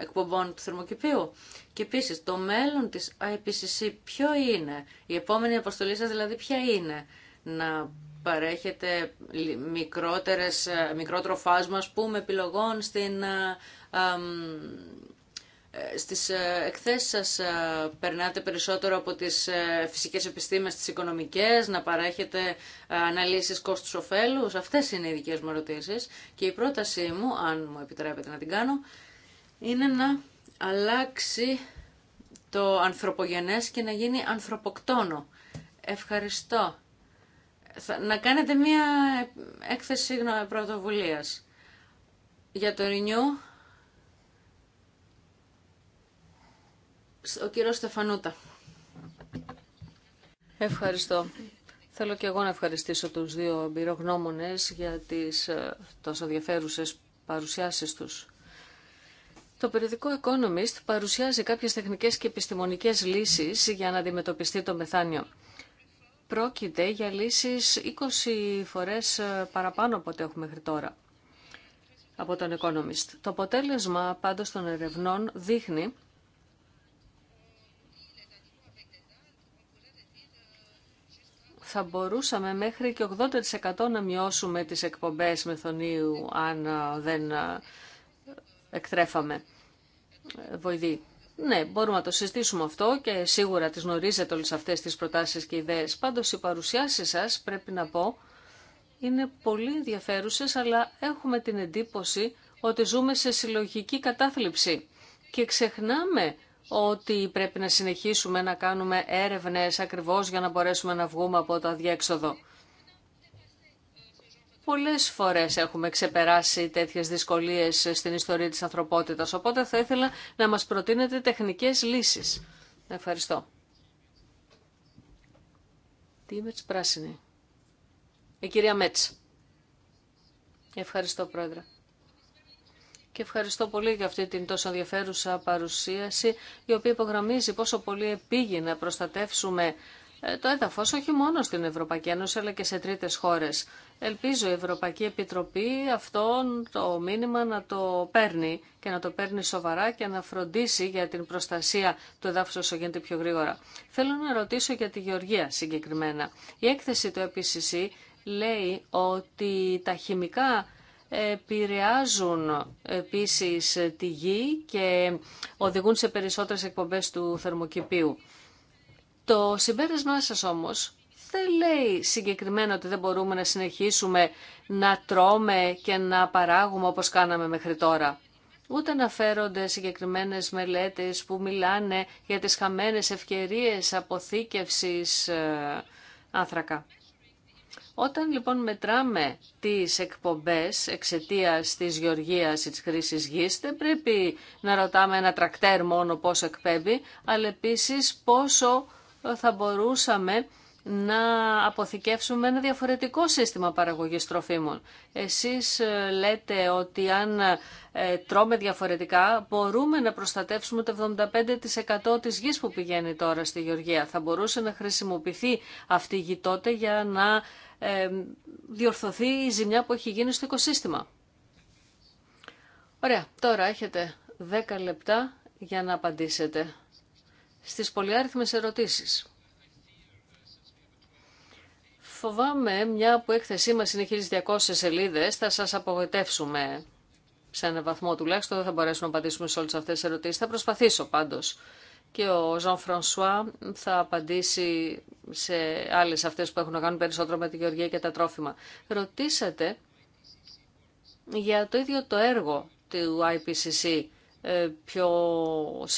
εκπομπών του θερμοκηπίου. Και επίσης, το μέλλον της IPCC ποιο είναι, η επόμενη αποστολή σας δηλαδή ποια είναι, να παρέχετε μικρότερες, ε, μικρότερο φάσμα ας πούμε, επιλογών στην, ε, ε, στις εκθέσεις σας περνάτε περισσότερο από τις φυσικές επιστήμες, τις οικονομικές, να παρέχετε αναλύσεις κόστους ωφέλους. Αυτές είναι οι δικές μου ερωτήσεις. Και η πρότασή μου, αν μου επιτρέπετε να την κάνω, είναι να αλλάξει το ανθρωπογενές και να γίνει ανθρωποκτόνο. Ευχαριστώ να κάνετε μία έκθεση πρωτοβουλίας για το Renew. Ο κύριος Στεφανούτα. Ευχαριστώ. Θέλω και εγώ να ευχαριστήσω τους δύο εμπειρογνώμονες για τις ε, τόσο ενδιαφέρουσες παρουσιάσεις τους. Το περιοδικό Economist παρουσιάζει κάποιες τεχνικές και επιστημονικές λύσεις για να αντιμετωπιστεί το μεθάνιο πρόκειται για λύσεις 20 φορές ε, παραπάνω από ό,τι έχουμε μέχρι τώρα από τον Economist. Το αποτέλεσμα πάντως των ερευνών δείχνει θα μπορούσαμε μέχρι και 80% να μειώσουμε τις εκπομπές μεθονίου αν ε, δεν ε, εκτρέφαμε βοηθή. Ναι, μπορούμε να το συζητήσουμε αυτό και σίγουρα τις γνωρίζετε όλες αυτές τις προτάσεις και ιδέες. Πάντως οι παρουσιάσεις σας, πρέπει να πω, είναι πολύ ενδιαφέρουσες, αλλά έχουμε την εντύπωση ότι ζούμε σε συλλογική κατάθλιψη και ξεχνάμε ότι πρέπει να συνεχίσουμε να κάνουμε έρευνες ακριβώς για να μπορέσουμε να βγούμε από το αδιέξοδο. Πολλές φορές έχουμε ξεπεράσει τέτοιες δυσκολίες στην ιστορία της ανθρωπότητας, οπότε θα ήθελα να μας προτείνετε τεχνικές λύσεις. Ευχαριστώ. Τι της πράσινη. Η κυρία Μέτς. Ευχαριστώ, Πρόεδρε. Και ευχαριστώ πολύ για αυτή την τόσο ενδιαφέρουσα παρουσίαση, η οποία υπογραμμίζει πόσο πολύ επίγει να προστατεύσουμε ε, το έδαφο όχι μόνο στην Ευρωπαϊκή Ένωση αλλά και σε τρίτες χώρες. Ελπίζω η Ευρωπαϊκή Επιτροπή αυτό το μήνυμα να το παίρνει και να το παίρνει σοβαρά και να φροντίσει για την προστασία του εδάφου όσο γίνεται πιο γρήγορα. Θέλω να ρωτήσω για τη Γεωργία συγκεκριμένα. Η έκθεση του EPCC λέει ότι τα χημικά επηρεάζουν επίσης τη γη και οδηγούν σε περισσότερες εκπομπές του θερμοκηπίου. Το συμπέρασμά σας όμως δεν λέει συγκεκριμένα ότι δεν μπορούμε να συνεχίσουμε να τρώμε και να παράγουμε όπως κάναμε μέχρι τώρα. Ούτε αναφέρονται συγκεκριμένες μελέτες που μιλάνε για τις χαμένες ευκαιρίες αποθήκευσης ε, άνθρακα. Όταν λοιπόν μετράμε τις εκπομπές εξαιτία της γεωργίας ή της χρήσης γης, δεν πρέπει να ρωτάμε ένα τρακτέρ μόνο πόσο εκπέμπει, αλλά επίσης πόσο θα μπορούσαμε να αποθηκεύσουμε ένα διαφορετικό σύστημα παραγωγής τροφίμων. Εσείς ε, λέτε ότι αν ε, τρώμε διαφορετικά μπορούμε να προστατεύσουμε το 75% της γης που πηγαίνει τώρα στη Γεωργία. Θα μπορούσε να χρησιμοποιηθεί αυτή η γη τότε για να ε, διορθωθεί η ζημιά που έχει γίνει στο οικοσύστημα. Ωραία, τώρα έχετε 10 λεπτά για να απαντήσετε στις πολυάριθμες ερωτήσεις. Φοβάμαι, μια που έκθεσή μας είναι 1200 σελίδες, θα σας απογοητεύσουμε σε έναν βαθμό τουλάχιστον, δεν θα μπορέσουμε να απαντήσουμε σε όλες αυτές τις ερωτήσεις. Θα προσπαθήσω πάντως. Και ο Ζαν Φρανσουά θα απαντήσει σε άλλες αυτές που έχουν να κάνουν περισσότερο με τη Γεωργία και τα τρόφιμα. Ρωτήσατε για το ίδιο το έργο του IPCC, ε, ποιο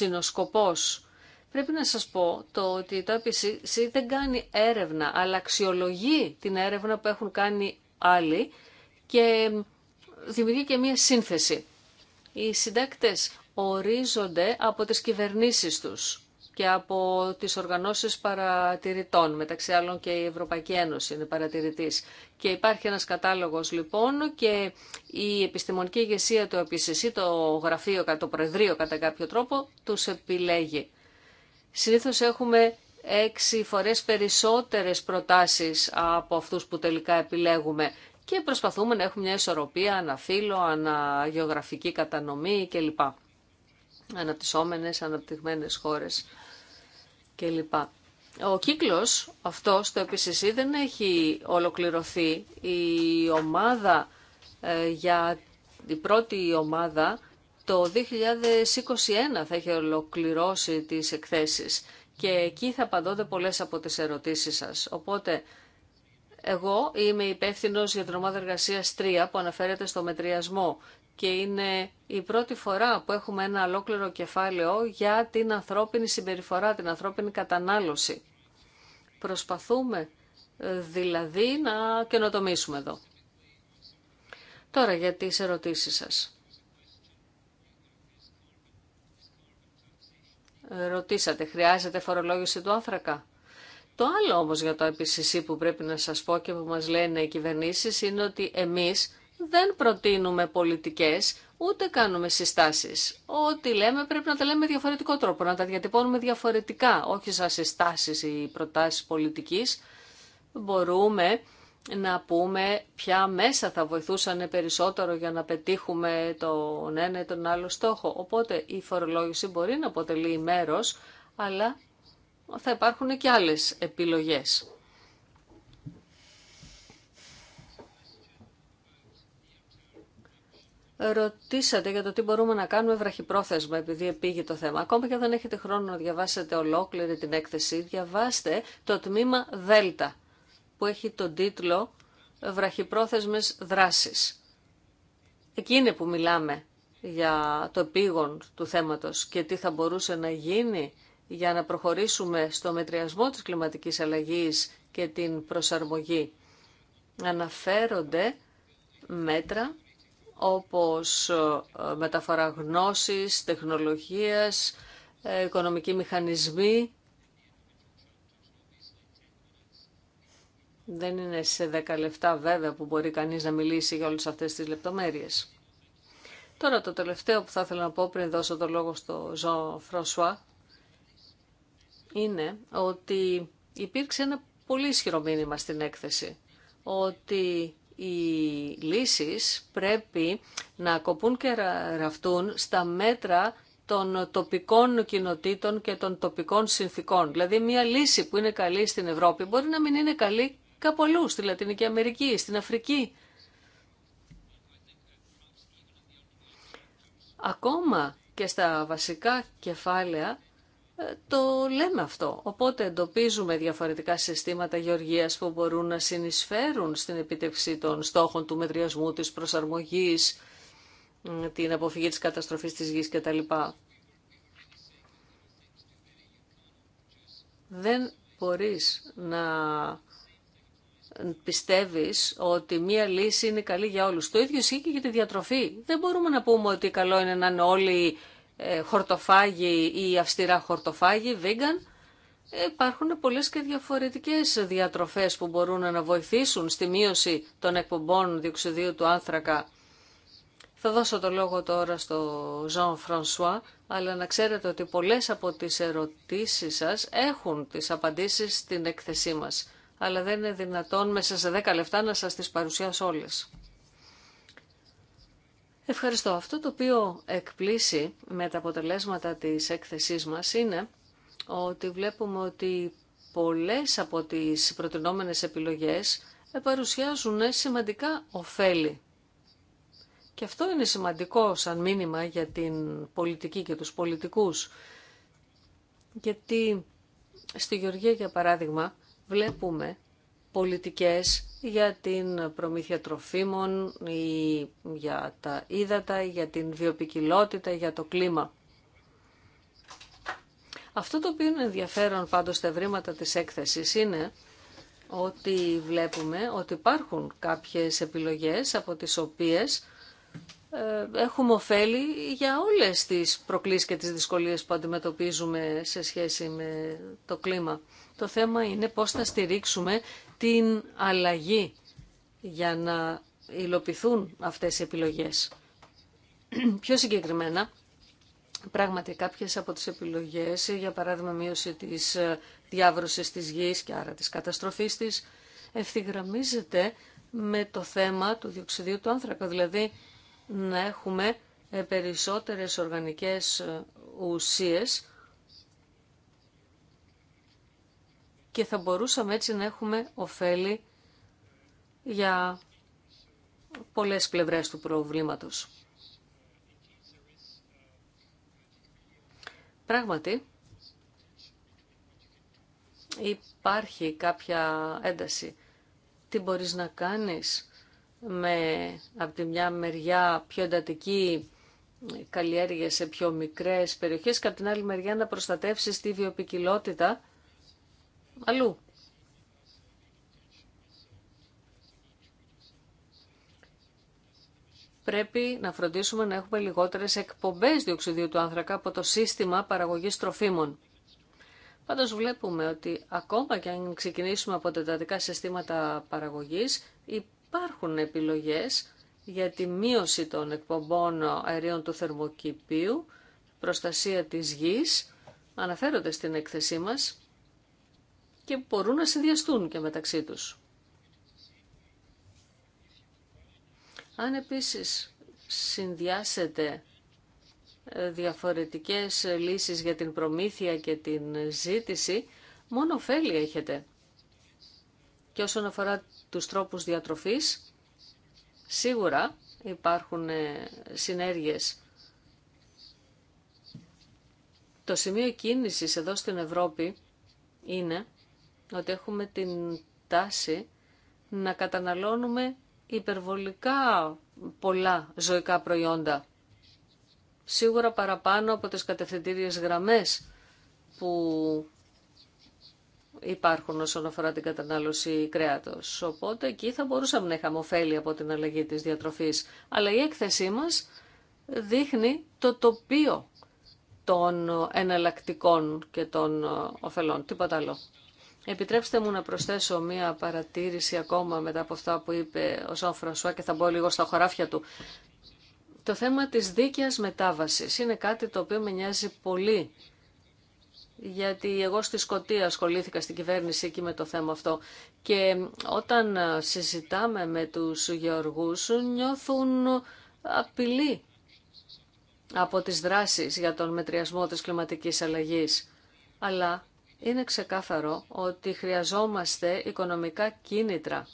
είναι ο σκοπός Πρέπει να σας πω το ότι το IPCC δεν κάνει έρευνα, αλλά αξιολογεί την έρευνα που έχουν κάνει άλλοι και δημιουργεί και μία σύνθεση. Οι συντάκτες ορίζονται από τις κυβερνήσεις τους και από τις οργανώσεις παρατηρητών, μεταξύ άλλων και η Ευρωπαϊκή Ένωση είναι παρατηρητής. Και υπάρχει ένας κατάλογος λοιπόν και η επιστημονική ηγεσία του ΕΠΣΣ, το γραφείο, το προεδρείο κατά κάποιο τρόπο, τους επιλέγει. Συνήθως έχουμε έξι φορές περισσότερες προτάσεις από αυτούς που τελικά επιλέγουμε και προσπαθούμε να έχουμε μια ισορροπία, ανα αναγεωγραφική κατανομή κλπ. Αναπτυσσόμενες, αναπτυγμένες χώρες κλπ. Ο κύκλος αυτό το EPCC, δεν έχει ολοκληρωθεί. Η ομάδα ε, για την πρώτη ομάδα το 2021 θα έχει ολοκληρώσει τις εκθέσεις και εκεί θα απαντώνται πολλές από τις ερωτήσεις σας. Οπότε, εγώ είμαι υπεύθυνο για την ομάδα εργασία 3 που αναφέρεται στο μετριασμό και είναι η πρώτη φορά που έχουμε ένα ολόκληρο κεφάλαιο για την ανθρώπινη συμπεριφορά, την ανθρώπινη κατανάλωση. Προσπαθούμε δηλαδή να καινοτομήσουμε εδώ. Τώρα για τις ερωτήσεις σας. ρωτήσατε, χρειάζεται φορολόγηση του άνθρακα. Το άλλο όμως για το IPCC που πρέπει να σας πω και που μας λένε οι κυβερνήσεις είναι ότι εμείς δεν προτείνουμε πολιτικές, ούτε κάνουμε συστάσεις. Ό,τι λέμε πρέπει να τα λέμε με διαφορετικό τρόπο, να τα διατυπώνουμε διαφορετικά, όχι σαν συστάσεις ή προτάσεις πολιτικής. Μπορούμε να πούμε ποια μέσα θα βοηθούσαν περισσότερο για να πετύχουμε τον ένα ή τον άλλο στόχο. Οπότε η φορολόγηση μπορεί να αποτελεί μέρος, αλλά θα υπάρχουν και άλλες επιλογές. Ρωτήσατε για το τι μπορούμε να κάνουμε βραχυπρόθεσμα, επειδή επήγει το θέμα. Ακόμα και δεν έχετε χρόνο να διαβάσετε ολόκληρη την έκθεση, διαβάστε το τμήμα Δέλτα που έχει τον τίτλο «Βραχυπρόθεσμες δράσεις». Εκεί είναι που μιλάμε για το επίγον του θέματος και τι θα μπορούσε να γίνει για να προχωρήσουμε στο μετριασμό της κλιματικής αλλαγής και την προσαρμογή. Αναφέρονται μέτρα όπως ε, μεταφορά γνώσης, τεχνολογίας, ε, οικονομικοί μηχανισμοί Δεν είναι σε 10 λεπτά βέβαια που μπορεί κανείς να μιλήσει για όλες αυτές τις λεπτομέρειες. Τώρα το τελευταίο που θα ήθελα να πω πριν δώσω το λόγο στο Ζω Φροσουά είναι ότι υπήρξε ένα πολύ ισχυρό μήνυμα στην έκθεση ότι οι λύσεις πρέπει να κοπούν και ραφτούν στα μέτρα των τοπικών κοινοτήτων και των τοπικών συνθήκων. Δηλαδή μια λύση που είναι καλή στην Ευρώπη μπορεί να μην είναι καλή κάπου αλλού, στη Λατινική Αμερική, στην Αφρική. Ακόμα και στα βασικά κεφάλαια ε, το λέμε αυτό. Οπότε εντοπίζουμε διαφορετικά συστήματα γεωργίας που μπορούν να συνεισφέρουν στην επιτευξή των στόχων του μετριασμού, της προσαρμογής, την αποφυγή της καταστροφής της γης κτλ. Δεν μπορείς να πιστεύεις ότι μία λύση είναι καλή για όλους. Το ίδιο ισχύει και για τη διατροφή. Δεν μπορούμε να πούμε ότι καλό είναι να είναι όλοι ε, χορτοφάγοι ή αυστηρά χορτοφάγοι, vegan. Υπάρχουν πολλές και διαφορετικές διατροφές που μπορούν να βοηθήσουν στη μείωση των εκπομπών διοξιδίου του άνθρακα. Θα δώσω το λόγο τώρα στο Ζαν Φρανσουά, αλλά να ξέρετε ότι πολλές από τις ερωτήσεις σας έχουν τις απαντήσεις στην έκθεσή μας αλλά δεν είναι δυνατόν μέσα σε 10 λεπτά να σας τις παρουσιάσω όλες. Ευχαριστώ. Αυτό το οποίο εκπλήσει με τα αποτελέσματα της έκθεσής μας είναι ότι βλέπουμε ότι πολλές από τις προτινόμενες επιλογές παρουσιάζουν σημαντικά ωφέλη. Και αυτό είναι σημαντικό σαν μήνυμα για την πολιτική και τους πολιτικούς. Γιατί στη Γεωργία, για παράδειγμα, βλέπουμε πολιτικές για την προμήθεια τροφίμων ή για τα ύδατα, για την βιοπικιλότητα, για το κλίμα. Αυτό το οποίο είναι ενδιαφέρον πάντως στα ευρήματα της έκθεσης είναι ότι βλέπουμε ότι υπάρχουν κάποιες επιλογές από τις οποίες ε, έχουμε ωφέλη για όλες τις προκλήσεις και τις δυσκολίες που αντιμετωπίζουμε σε σχέση με το κλίμα. Το θέμα είναι πώς θα στηρίξουμε την αλλαγή για να υλοποιηθούν αυτές οι επιλογές. Πιο συγκεκριμένα, πράγματι κάποιες από τις επιλογές, για παράδειγμα μείωση της ε, διάβρωσης της γης και άρα της καταστροφής της, ευθυγραμμίζεται με το θέμα του διοξιδίου του άνθρακα, δηλαδή να έχουμε ε, περισσότερες οργανικές ε, ουσίες και θα μπορούσαμε έτσι να έχουμε ωφέλη για πολλές πλευρές του προβλήματος. Πράγματι, υπάρχει κάποια ένταση. Τι μπορείς να κάνεις με, από τη μια μεριά, πιο εντατική καλλιέργεια σε πιο μικρές περιοχές και από την άλλη μεριά να προστατεύσεις τη βιοπικιλότητα αλλού. Πρέπει να φροντίσουμε να έχουμε λιγότερες εκπομπές διοξιδίου του άνθρακα από το σύστημα παραγωγής τροφίμων. Πάντως βλέπουμε ότι ακόμα και αν ξεκινήσουμε από τετατικά συστήματα παραγωγής, υπάρχουν επιλογές για τη μείωση των εκπομπών αερίων του θερμοκηπίου, προστασία της γης, αναφέρονται στην έκθεσή μας και μπορούν να συνδυαστούν και μεταξύ τους. Αν επίσης συνδυάσετε ε, διαφορετικές λύσεις για την προμήθεια και την ζήτηση, μόνο ωφέλη έχετε. Και όσον αφορά τους τρόπους διατροφής, σίγουρα υπάρχουν ε, συνέργειες. Το σημείο κίνησης εδώ στην Ευρώπη είναι ότι έχουμε την τάση να καταναλώνουμε υπερβολικά πολλά ζωικά προϊόντα. Σίγουρα παραπάνω από τις κατευθυντήριες γραμμές που υπάρχουν όσον αφορά την κατανάλωση κρέατος. Οπότε εκεί θα μπορούσαμε να είχαμε ωφέλη από την αλλαγή της διατροφής. Αλλά η έκθεσή μας δείχνει το τοπίο των εναλλακτικών και των ωφελών. Τίποτα άλλο. Επιτρέψτε μου να προσθέσω μία παρατήρηση ακόμα μετά από αυτά που είπε ο Ζαν Φρανσουά και θα μπω λίγο στα χωράφια του. Το θέμα της δίκαιας μετάβασης είναι κάτι το οποίο με νοιάζει πολύ γιατί εγώ στη Σκωτία ασχολήθηκα στην κυβέρνηση εκεί με το θέμα αυτό και όταν συζητάμε με τους γεωργούς νιώθουν απειλή από τις δράσεις για τον μετριασμό της κλιματικής αλλαγής. Αλλά είναι ξεκάθαρο ότι χρειαζόμαστε οικονομικά κίνητρα,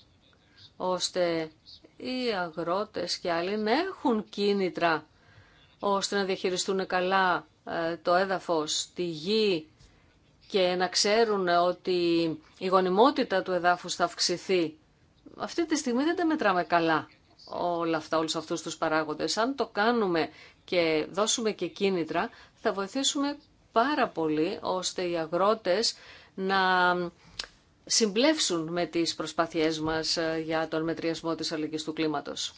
ώστε οι αγρότες και άλλοι να έχουν κίνητρα, ώστε να διαχειριστούν καλά ε, το έδαφος, τη γη και να ξέρουν ότι η γονιμότητα του εδάφους θα αυξηθεί. Αυτή τη στιγμή δεν τα μετράμε καλά όλα αυτά, όλους αυτούς τους παράγοντες. Αν το κάνουμε και δώσουμε και κίνητρα, θα βοηθήσουμε πάρα πολύ ώστε οι αγρότες να συμπλέψουν με τις προσπάθειές μας ε, για τον μετριασμό της αλλαγής του κλίματος.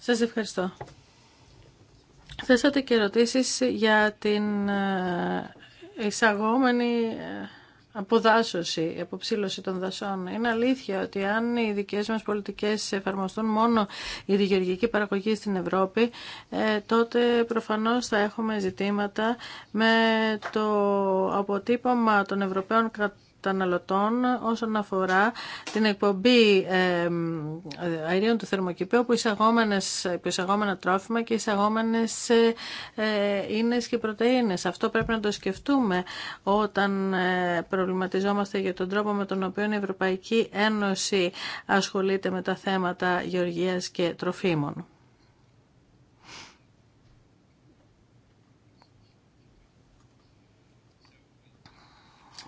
Σας ευχαριστώ. Θέσατε και ερωτήσεις για την ε, εισαγόμενη ε, αποδάσωση, αποψήλωση των δασών. Είναι αλήθεια ότι αν οι δικές μας πολιτικές εφαρμοστούν μόνο η γεωργική παραγωγή στην Ευρώπη, ε, τότε προφανώς θα έχουμε ζητήματα με το αποτύπωμα των Ευρωπαίων κρατών όσον αφορά την εκπομπή αερίων του θερμοκηπίου που εισαγόμενα τρόφιμα και εισαγόμενες ε, ίνες και πρωτεΐνες. Αυτό πρέπει να το σκεφτούμε όταν ε, προβληματιζόμαστε για τον τρόπο με τον οποίο η Ευρωπαϊκή Ένωση ασχολείται με τα θέματα γεωργίας και τροφίμων.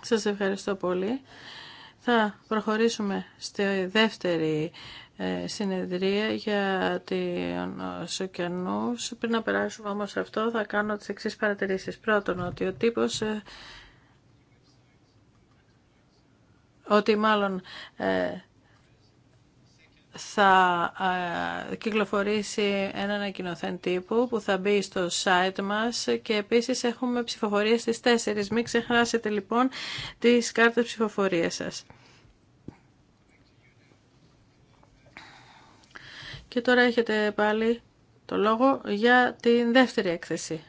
Σας ευχαριστώ πολύ. Θα προχωρήσουμε στη δεύτερη ε, συνεδρία για ε, τον ωκεανούς. Πριν να περάσουμε όμως αυτό θα κάνω τις εξής παρατηρήσεις. Πρώτον, ότι ο τύπος ε, ότι μάλλον θα ε, κυκλοφορήσει ένα ανακοινωθέν τύπου που θα μπει στο site μας και επίσης έχουμε ψηφοφορίες στις 4. Μην ξεχάσετε λοιπόν τις κάρτες ψηφοφορίας σας. Και τώρα έχετε πάλι το λόγο για την δεύτερη έκθεση.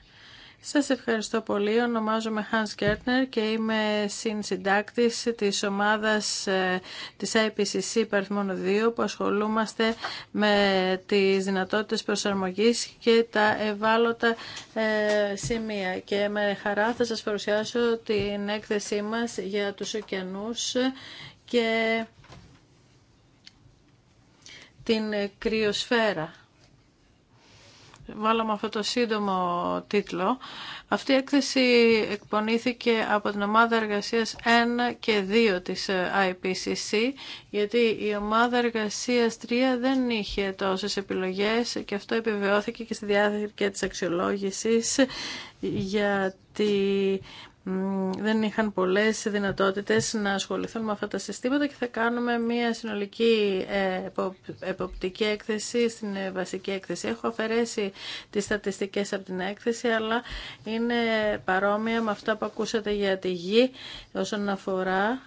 Σας ευχαριστώ πολύ. Ονομάζομαι Hans Gertner και είμαι συνσυντάκτης της ομάδας ε, της IPCC Παριθμών 2 που ασχολούμαστε με τις δυνατότητες προσαρμογής και τα ευάλωτα ε, σημεία. Και με χαρά θα σας παρουσιάσω την έκθεσή μας για τους ωκεανούς και την κρυοσφαίρα βάλαμε αυτό το σύντομο τίτλο. Αυτή η έκθεση εκπονήθηκε από την ομάδα εργασίας 1 και 2 της ε, IPCC, γιατί η ομάδα εργασίας 3 δεν είχε τόσες επιλογές και αυτό επιβεβαιώθηκε και στη διάρκεια της αξιολόγησης, γιατί δεν είχαν πολλές δυνατότητες να ασχοληθούν με αυτά τα συστήματα και θα κάνουμε μια συνολική ε, εποπτική έκθεση στην ε, βασική έκθεση. Έχω αφαιρέσει τις στατιστικές από την έκθεση, αλλά είναι παρόμοια με αυτά που ακούσατε για τη γη όσον αφορά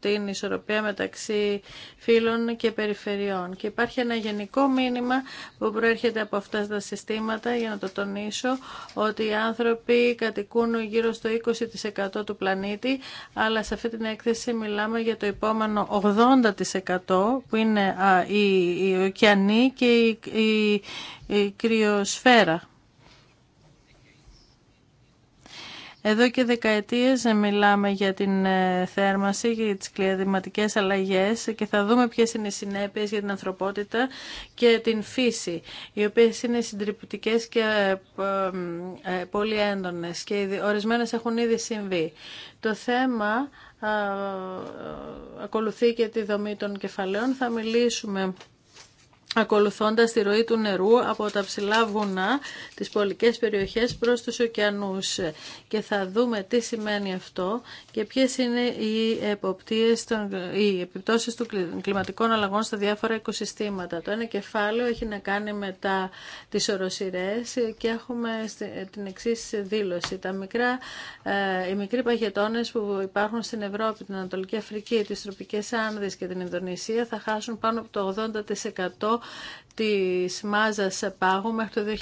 την ισορροπία μεταξύ φύλων και περιφερειών. Και υπάρχει ένα γενικό μήνυμα που προέρχεται από αυτά τα συστήματα, για να το τονίσω, ότι οι άνθρωποι κατοικούν γύρω στο 20% του πλανήτη, αλλά σε αυτή την έκθεση μιλάμε για το επόμενο 80% που είναι η, η, και η, η κρυοσφαίρα. Εδώ και δεκαετίες μιλάμε για την ε, θέρμαση, για τις κλειδηματικές αλλαγές και θα δούμε ποιες είναι οι συνέπειες για την ανθρωπότητα και την φύση, οι οποίες είναι συντριπτικές και ε, ε, πολύ έντονες και ορισμένες έχουν ήδη συμβεί. Το θέμα ακολουθεί και τη δομή των κεφαλαίων. Θα μιλήσουμε ακολουθώντας τη ροή του νερού από τα ψηλά βουνά, τις πολικές περιοχές προς τους ωκεανούς. Και θα δούμε τι σημαίνει αυτό και ποιες είναι οι, εποπτείες των, οι επιπτώσεις των κλιματικών αλλαγών στα διάφορα οικοσυστήματα. Το ένα κεφάλαιο έχει να κάνει με τα, τις οροσυρές και έχουμε την εξή δήλωση. Τα μικρά, ε, οι μικροί παγετώνες που υπάρχουν στην Ευρώπη, την Ανατολική Αφρική, τις τροπικές Άνδες και την Ινδονησία θα χάσουν πάνω από το 80% της μάζας πάγου μέχρι το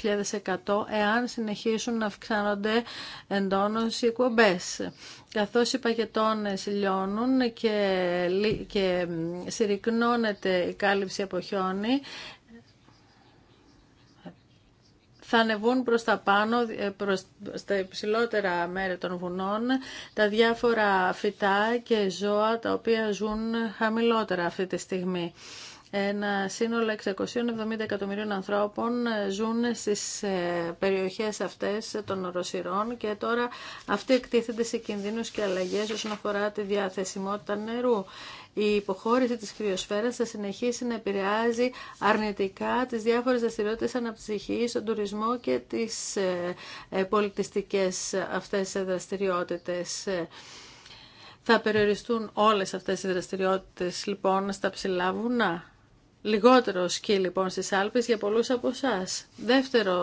2100 εάν συνεχίσουν να αυξάνονται εντόνως οι κομπές. Καθώς οι πακετώνες λιώνουν και, και συρρυκνώνεται η κάλυψη από χιόνι, θα ανεβούν προς τα πάνω, προς τα υψηλότερα μέρη των βουνών, τα διάφορα φυτά και ζώα τα οποία ζουν χαμηλότερα αυτή τη στιγμή. Ένα σύνολο 670 εκατομμυρίων ανθρώπων ε, ζουν στις ε, περιοχές αυτές των οροσυρών και τώρα αυτοί εκτίθενται σε κινδύνους και αλλαγές όσον αφορά τη διαθεσιμότητα νερού. Η υποχώρηση της κρυοσφαίρας θα συνεχίσει να επηρεάζει αρνητικά τις διάφορες δραστηριότητες αναψυχής, τον τουρισμό και τις ε, πολιτιστικές αυτές δραστηριότητες. Θα περιοριστούν όλες αυτές οι δραστηριότητες λοιπόν στα ψηλά βουνά λιγότερο σκι λοιπόν στις Άλπες για πολλούς από εσά. Δεύτερο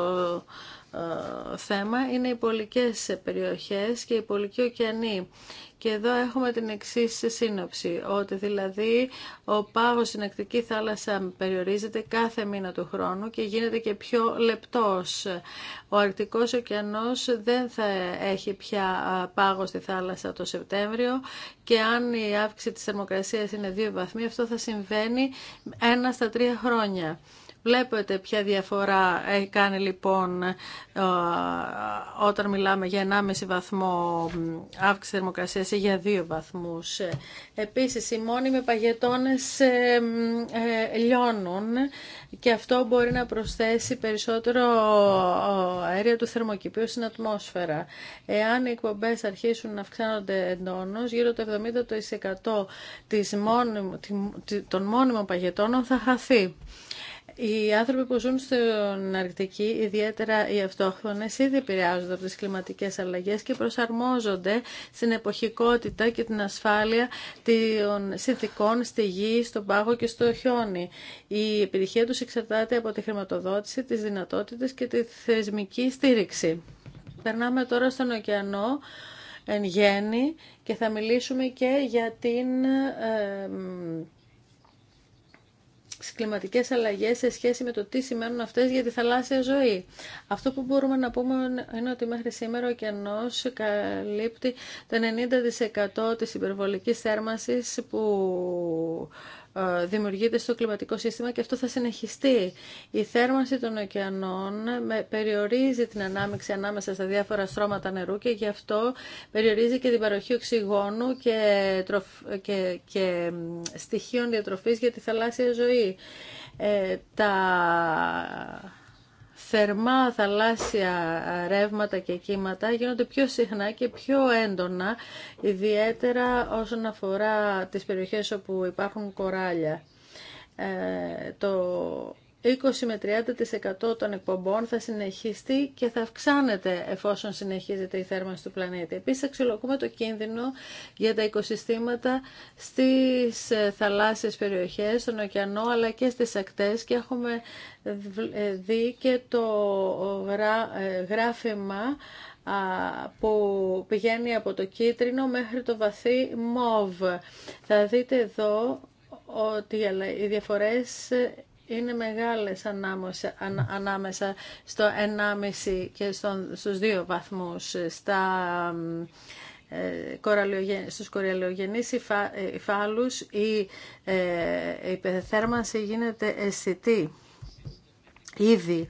ε, θέμα είναι οι πολικές περιοχές και οι πολικοί ωκεανοί. Και εδώ έχουμε την εξή σύνοψη, ότι δηλαδή ο πάγος στην ακτική θάλασσα περιορίζεται κάθε μήνα του χρόνου και γίνεται και πιο λεπτός. Ο Αρκτικός ωκεανός δεν θα έχει πια ε, πάγο στη θάλασσα το Σεπτέμβριο και αν η αύξηση της θερμοκρασίας είναι 2 βαθμοί, αυτό θα συμβαίνει ένα στα τρία χρόνια. Βλέπετε ποια διαφορά κάνει λοιπόν όταν μιλάμε για 1,5 βαθμό αύξηση θερμοκρασίας ή για 2 βαθμούς. Επίσης οι μόνιμοι παγετώνες ε, ε, λιώνουν και αυτό μπορεί να προσθέσει περισσότερο αέριο του θερμοκηπίου στην ατμόσφαιρα. Εάν οι εκπομπές αρχίσουν να αυξάνονται εντόνως, γύρω το 70% των μόνιμων παγετώνων θα χαθεί. Οι άνθρωποι που ζουν στην Αρκτική, ιδιαίτερα οι αυτόχθονες, ήδη επηρεάζονται από τις κλιματικές αλλαγές και προσαρμόζονται στην εποχικότητα και την ασφάλεια των συνθηκών στη γη, στον πάγο και στο χιόνι. Η επιτυχία τους εξαρτάται από τη χρηματοδότηση, τις δυνατότητες και τη θεσμική στήριξη. Περνάμε τώρα στον ωκεανό εν γέννη και θα μιλήσουμε και για την... Ε, κλιματικές αλλαγές σε σχέση με το τι σημαίνουν αυτές για τη θαλάσσια ζωή. Αυτό που μπορούμε να πούμε είναι ότι μέχρι σήμερα ο κενό καλύπτει το 90% της υπερβολικής θέρμανσης που ε, δημιουργείται στο κλιματικό σύστημα και αυτό θα συνεχιστεί. Η θέρμανση των ωκεανών ε, περιορίζει την ανάμειξη ανάμεσα στα διάφορα στρώματα νερού και γι' αυτό περιορίζει και την παροχή οξυγόνου και, και... και στοιχείων διατροφής για τη θαλάσσια ζωή. Ε, τα θερμά θαλάσσια ρεύματα και κύματα γίνονται πιο συχνά και πιο έντονα, ιδιαίτερα όσον αφορά τις περιοχές όπου υπάρχουν κοράλια. Ε, το 20 με 30% των εκπομπών θα συνεχιστεί και θα αυξάνεται εφόσον συνεχίζεται η θέρμανση του πλανήτη. Επίσης αξιολογούμε το κίνδυνο για τα οικοσυστήματα στις ε, θαλάσσιες περιοχές, στον ωκεανό αλλά και στις ακτές και έχουμε ε, δει και το ε, γράφημα που πηγαίνει από το κίτρινο μέχρι το βαθύ μόβ. Θα δείτε εδώ ότι οι διαφορές είναι μεγάλες ανάμεσα, ανάμεσα στο 1,5 και στον, στους 2 βαθμούς στα ε, στους κοριαλιογενείς υφάλους η, ε, γίνεται αισθητή ήδη.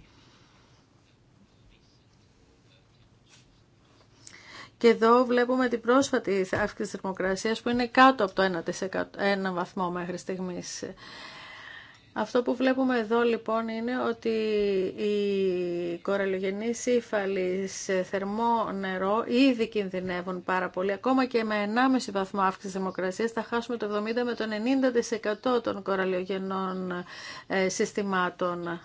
Και εδώ βλέπουμε την πρόσφατη αύξηση της θερμοκρασίας που είναι κάτω από το 1, 1 βαθμό μέχρι στιγμής. Αυτό που βλέπουμε εδώ λοιπόν είναι ότι οι κοραλογενή ύφαλοι σε θερμό νερό ήδη κινδυνεύουν πάρα πολύ. Ακόμα και με 1,5 βαθμό αύξηση δημοκρασία θα χάσουμε το 70 με το 90% των κοραλογενών ε, συστημάτων.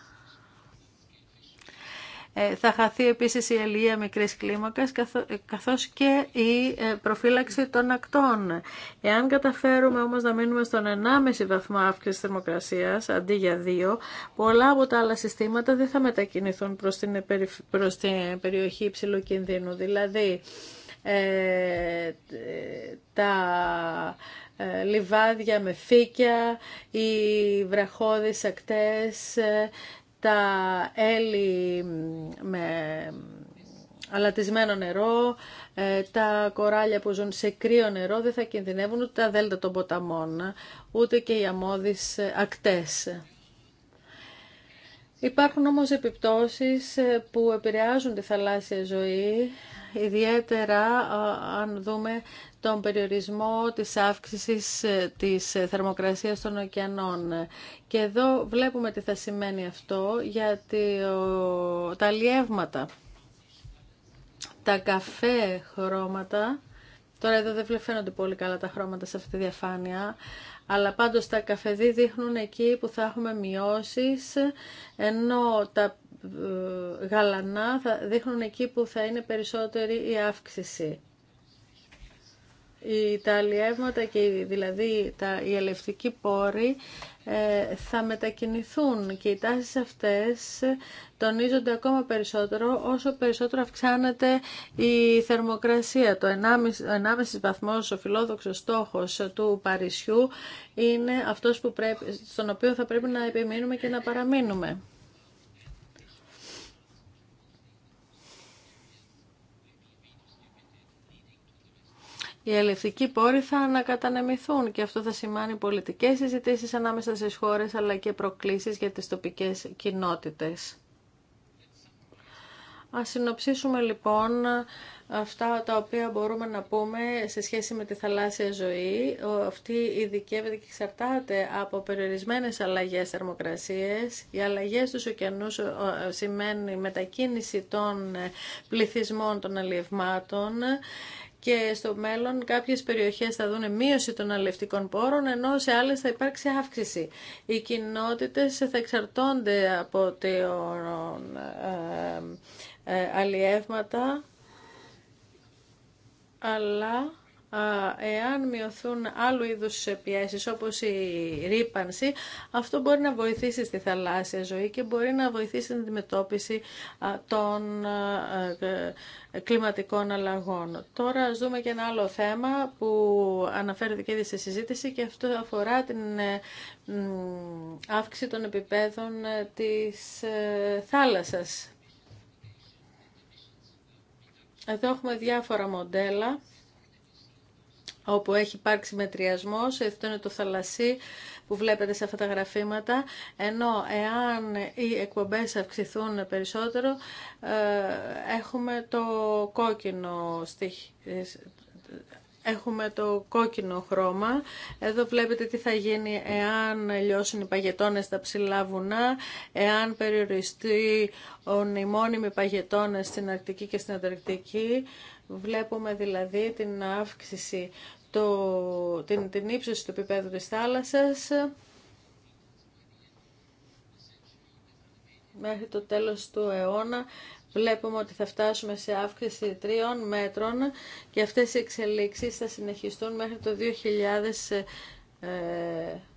Ε, θα χαθεί επίσης η αλληλεία μικρής κλίμακας ε, καθώς και η ε, προφύλαξη των ακτών. Εάν καταφέρουμε όμως να μείνουμε στον 1,5 βαθμό αύξησης θερμοκρασίας αντί για 2, πολλά από τα άλλα συστήματα δεν θα μετακινηθούν προς την, προς την περιοχή υψηλού κινδύνου. Δηλαδή, τα λιβάδια με φύκια, οι βραχώδεις ακτές, τα έλι με αλατισμένο νερό, ε, τα κοράλια που ζουν σε κρύο νερό δεν θα κινδυνεύουν ούτε τα δέλτα των ποταμών, ούτε και οι αμμώδεις ε, ακτές. Υπάρχουν όμως επιπτώσεις ε, που επηρεάζουν τη θαλάσσια ζωή, ιδιαίτερα αν δούμε τον περιορισμό της αύξησης ε, της ε, θερμοκρασίας των ωκεανών. Και εδώ βλέπουμε τι θα σημαίνει αυτό για τα λιεύματα. Τα καφέ χρώματα, τώρα εδώ δεν φαίνονται πολύ καλά τα χρώματα σε αυτή τη διαφάνεια, αλλά πάντως τα καφεδί δείχνουν εκεί που θα έχουμε μειώσεις, ενώ τα ε, γαλανά θα δείχνουν εκεί που θα είναι περισσότερη η αύξηση τα αλλιεύματα και δηλαδή τα, οι αλλιευτικοί πόροι ε, θα μετακινηθούν και οι τάσεις αυτές τονίζονται ακόμα περισσότερο όσο περισσότερο αυξάνεται η θερμοκρασία. Το 1,5 βαθμός ο φιλόδοξος στόχος του Παρισιού είναι αυτός που πρέπει, στον οποίο θα πρέπει να επιμείνουμε και να παραμείνουμε. οι αλληλευτικοί πόροι θα ανακατανεμηθούν και αυτό θα σημάνει πολιτικές συζητήσεις ανάμεσα στις χώρες αλλά και προκλήσεις για τις τοπικές κοινότητες. Ας συνοψίσουμε λοιπόν αυτά τα οποία μπορούμε να πούμε σε σχέση με τη θαλάσσια ζωή. Αυτή ειδικεύεται και εξαρτάται από περιορισμένες αλλαγές θερμοκρασίες. Οι αλλαγές στους ωκεανούς σημαίνει μετακίνηση των ε, πληθυσμών των αλλιευμάτων και στο μέλλον κάποιες περιοχές θα δουν μείωση των αλευτικών πόρων ενώ σε άλλες θα υπάρξει αύξηση. Οι κοινότητες θα εξαρτώνται από αλληλεύματα ε, ε, αλλιεύματα αλλά εάν μειωθούν άλλου είδους πιέσεις όπως η ρήπανση, αυτό μπορεί να βοηθήσει στη θαλάσσια ζωή και μπορεί να βοηθήσει στην αντιμετώπιση των ε, κλιματικών αλλαγών. Τώρα ας δούμε και ένα άλλο θέμα που αναφέρεται και ήδη στη συζήτηση και αυτό αφορά την ε, αύξηση των επιπέδων ε, της θάλασσας. Εδώ έχουμε διάφορα μοντέλα όπου έχει υπάρξει μετριασμό. αυτό είναι το θαλασσί που βλέπετε σε αυτά τα γραφήματα, ενώ εάν οι εκπομπές αυξηθούν περισσότερο, ε, έχουμε το κόκκινο ε, Έχουμε το κόκκινο χρώμα. Εδώ βλέπετε τι θα γίνει εάν λιώσουν οι παγετώνες στα ψηλά βουνά, εάν περιοριστεί ο νημόνιμοι παγετώνες στην Αρκτική και στην Ανταρκτική. Βλέπουμε δηλαδή την αύξηση το, την, την ύψωση του επίπεδου της θάλασσας μέχρι το τέλος του αιώνα βλέπουμε ότι θα φτάσουμε σε αύξηση τριών μέτρων και αυτές οι εξελίξεις θα συνεχιστούν μέχρι το 2000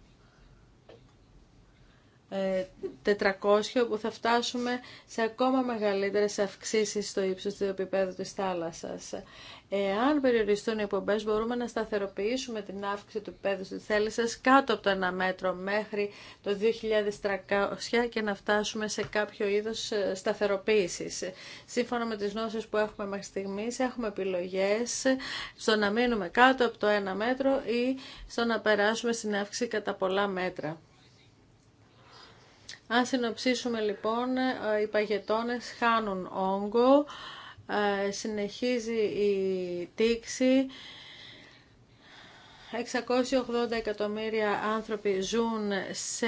400 όπου θα φτάσουμε σε ακόμα μεγαλύτερες αυξήσεις στο ύψος του επίπεδου της θάλασσας. Εάν περιοριστούν οι υπομπές, μπορούμε να σταθεροποιήσουμε την αύξηση του επίπεδου της θάλασσας κάτω από το 1 μέτρο μέχρι το 2300 και να φτάσουμε σε κάποιο είδος ε, σταθεροποίησης. Σύμφωνα με τις γνώσεις που έχουμε μέχρι στιγμής έχουμε επιλογές στο να μείνουμε κάτω από το 1 μέτρο ή στο να περάσουμε στην αύξηση κατά πολλά μέτρα. Αν συνοψίσουμε λοιπόν, ε, οι παγετώνες χάνουν όγκο, ε, συνεχίζει η τήξη, 680 εκατομμύρια άνθρωποι ζουν σε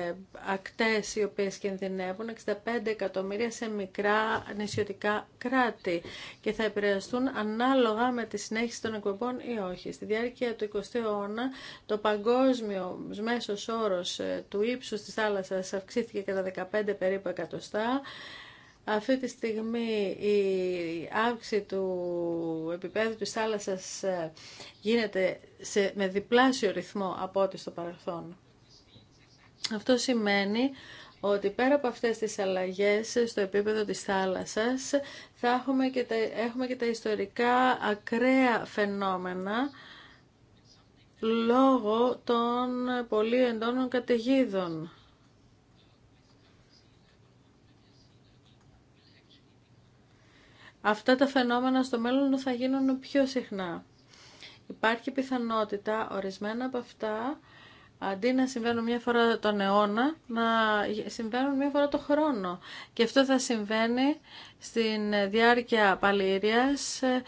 ε, ακτές οι οποίες κινδυνεύουν, 65 εκατομμύρια σε μικρά νησιωτικά κράτη και θα επηρεαστούν ανάλογα με τη συνέχιση των εκπομπών ή όχι. Στη διάρκεια του 20ου αιώνα το παγκόσμιο μέσος όρος ε, του ύψους της θάλασσας αυξήθηκε κατά 15 περίπου εκατοστά, αυτή τη στιγμή η αύξηση του επίπεδου της θάλασσας ε, γίνεται σε, με διπλάσιο ρυθμό από ό,τι στο παρελθόν. Αυτό σημαίνει ότι πέρα από αυτές τις αλλαγές στο επίπεδο της θάλασσας θα και έχουμε και τα ιστορικά ακραία φαινόμενα λόγω των πολύ εντόνων καταιγίδων. αυτά τα φαινόμενα στο μέλλον θα γίνουν πιο συχνά. Υπάρχει πιθανότητα ορισμένα από αυτά Αντί να συμβαίνουν μια φορά τον αιώνα, να συμβαίνουν μια φορά το χρόνο. Και αυτό θα συμβαίνει στην διάρκεια παλήριας ε,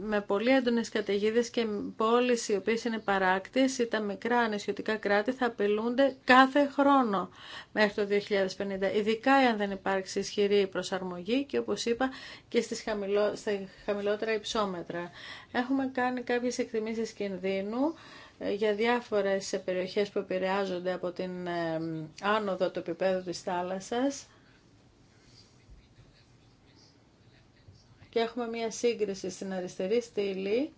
με πολύ έντονες καταιγίδε και πόλεις οι οποίες είναι παράκτης ή τα μικρά νησιωτικά κράτη θα απειλούνται κάθε χρόνο μέχρι το 2050, ειδικά αν δεν υπάρξει ισχυρή προσαρμογή και όπως είπα και στις στα χαμηλότερα υψόμετρα. Έχουμε κάνει κάποιες εκτιμήσεις κινδύνου ε, για διάφορες περιοχές που επηρεάζονται από την ε, άνοδο του επίπεδου της θάλασσας και έχουμε μία σύγκριση στην αριστερή στήλη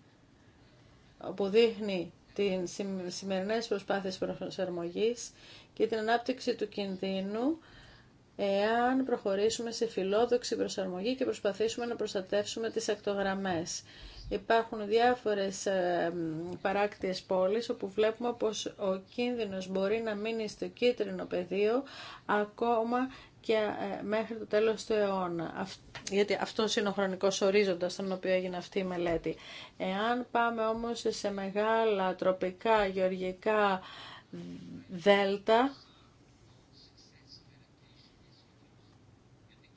που δείχνει τις σημερινές προσπάθειες προσαρμογής και την ανάπτυξη του κινδύνου εάν προχωρήσουμε σε φιλόδοξη προσαρμογή και προσπαθήσουμε να προστατεύσουμε τις ακτογραμμές. Υπάρχουν διάφορες ε, παράκτιες πόλεις όπου βλέπουμε πως ο κίνδυνος μπορεί να μείνει στο κίτρινο πεδίο ακόμα και ε, μέχρι το τέλος του αιώνα. Γιατί αυτό είναι ο χρονικός ορίζοντας στον οποίο έγινε αυτή η μελέτη. Εάν πάμε όμως σε μεγάλα τροπικά γεωργικά δέλτα,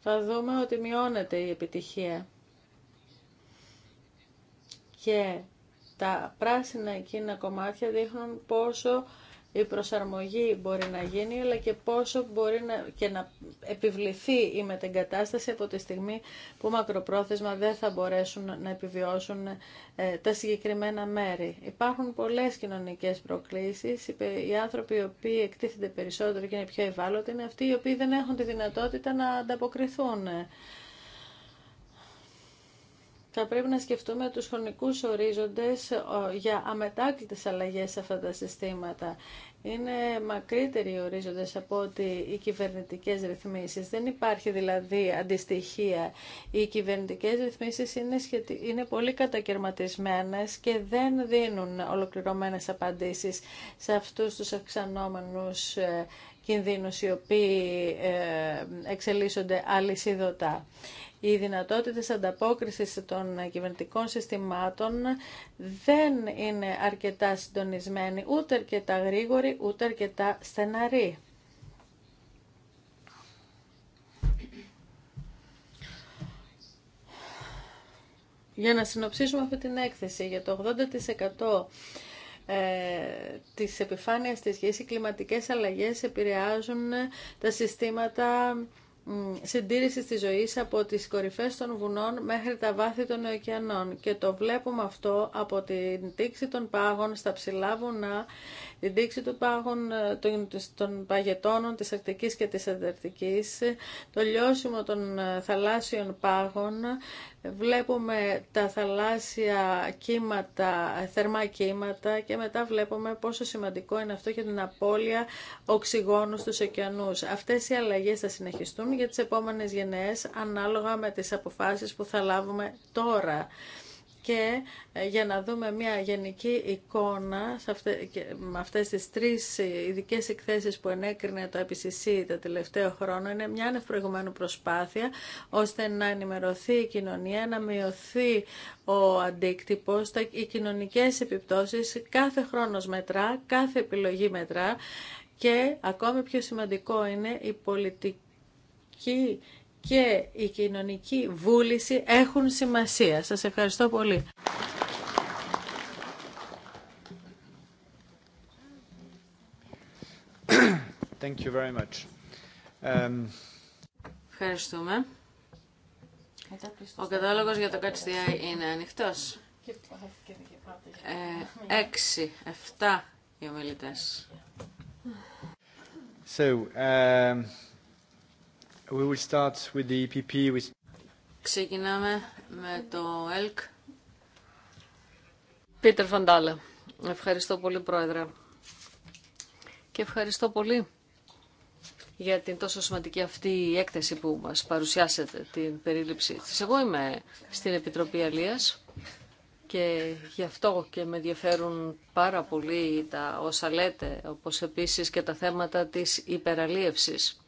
θα δούμε ότι μειώνεται η επιτυχία. Και τα πράσινα εκείνα κομμάτια δείχνουν πόσο η προσαρμογή μπορεί να γίνει, αλλά και πόσο μπορεί να, και να επιβληθεί η μετεγκατάσταση από τη στιγμή που μακροπρόθεσμα δεν θα μπορέσουν να επιβιώσουν ε, τα συγκεκριμένα μέρη. Υπάρχουν πολλές κοινωνικές προκλήσεις. Οι άνθρωποι οι οποίοι εκτίθενται περισσότερο και είναι πιο ευάλωτοι είναι αυτοί οι οποίοι δεν έχουν τη δυνατότητα να ανταποκριθούν θα πρέπει να σκεφτούμε τους χρονικούς ορίζοντες ε, για αμετάκλητες αλλαγές σε αυτά τα συστήματα. Είναι μακρύτεροι οι ορίζοντες από ότι οι κυβερνητικές ρυθμίσεις. Δεν υπάρχει δηλαδή αντιστοιχία Οι κυβερνητικές ρυθμίσεις είναι, είναι πολύ κατακαιρματισμένες και δεν δίνουν ολοκληρωμένες απαντήσεις σε αυτούς τους αυξανόμενους ε, κινδύνους οι οποίοι ε, εξελίσσονται αλυσίδωτα. Οι δυνατότητες ανταπόκρισης των κυβερνητικών συστημάτων δεν είναι αρκετά συντονισμένοι, ούτε αρκετά γρήγοροι, ούτε αρκετά στεναροί. Για να συνοψίσουμε αυτή την έκθεση, για το 80% ε, της επιφάνειας της γης, οι κλιματικές αλλαγές επηρεάζουν ε, τα συστήματα συντήρησης της ζωής από τις κορυφές των βουνών μέχρι τα βάθη των ωκεανών και το βλέπουμε αυτό από την τήξη των πάγων στα ψηλά βουνά η τήξη του πάγων ε, των, των παγετώνων της Αρκτικής και της Ανταρκτικής, το λιώσιμο των ε, θαλάσσιων πάγων, βλέπουμε τα θαλάσσια κύματα, θερμά κύματα και μετά βλέπουμε πόσο σημαντικό είναι αυτό για την απώλεια οξυγόνου στους ωκεανούς. Αυτές οι αλλαγές θα συνεχιστούν για τις επόμενες γενναίες ανάλογα με τις αποφάσεις που θα λάβουμε τώρα και ε, για να δούμε μια γενική εικόνα σε με αυτές τις τρεις ειδικέ εκθέσεις που ενέκρινε το IPCC το τελευταίο χρόνο είναι μια ανευπροηγουμένου προσπάθεια ώστε να ενημερωθεί η κοινωνία, να μειωθεί ο αντίκτυπος, οι κοινωνικές επιπτώσεις κάθε χρόνος μετρά, κάθε επιλογή μετρά και ακόμη πιο σημαντικό είναι η πολιτική και η κοινωνική βούληση έχουν σημασία. Σας ευχαριστώ πολύ. Thank you very much. Um, Ευχαριστούμε. Ο κατάλογος για το ΚΑΤΣΤΙΑΙ είναι ανοιχτός. Ε, έξι, εφτά οι ομιλητές. So, um... E Ξεκινάμε με το ΕΛΚ. Πίτερ Φαντάλε. Ευχαριστώ πολύ, Πρόεδρε. Και ευχαριστώ πολύ για την τόσο σημαντική αυτή έκθεση που μας παρουσιάσετε, την περίληψη της. Εγώ είμαι στην Επιτροπή Αλίας και γι' αυτό και με ενδιαφέρουν πάρα πολύ τα όσα λέτε, όπως επίσης και τα θέματα της υπεραλίευσης.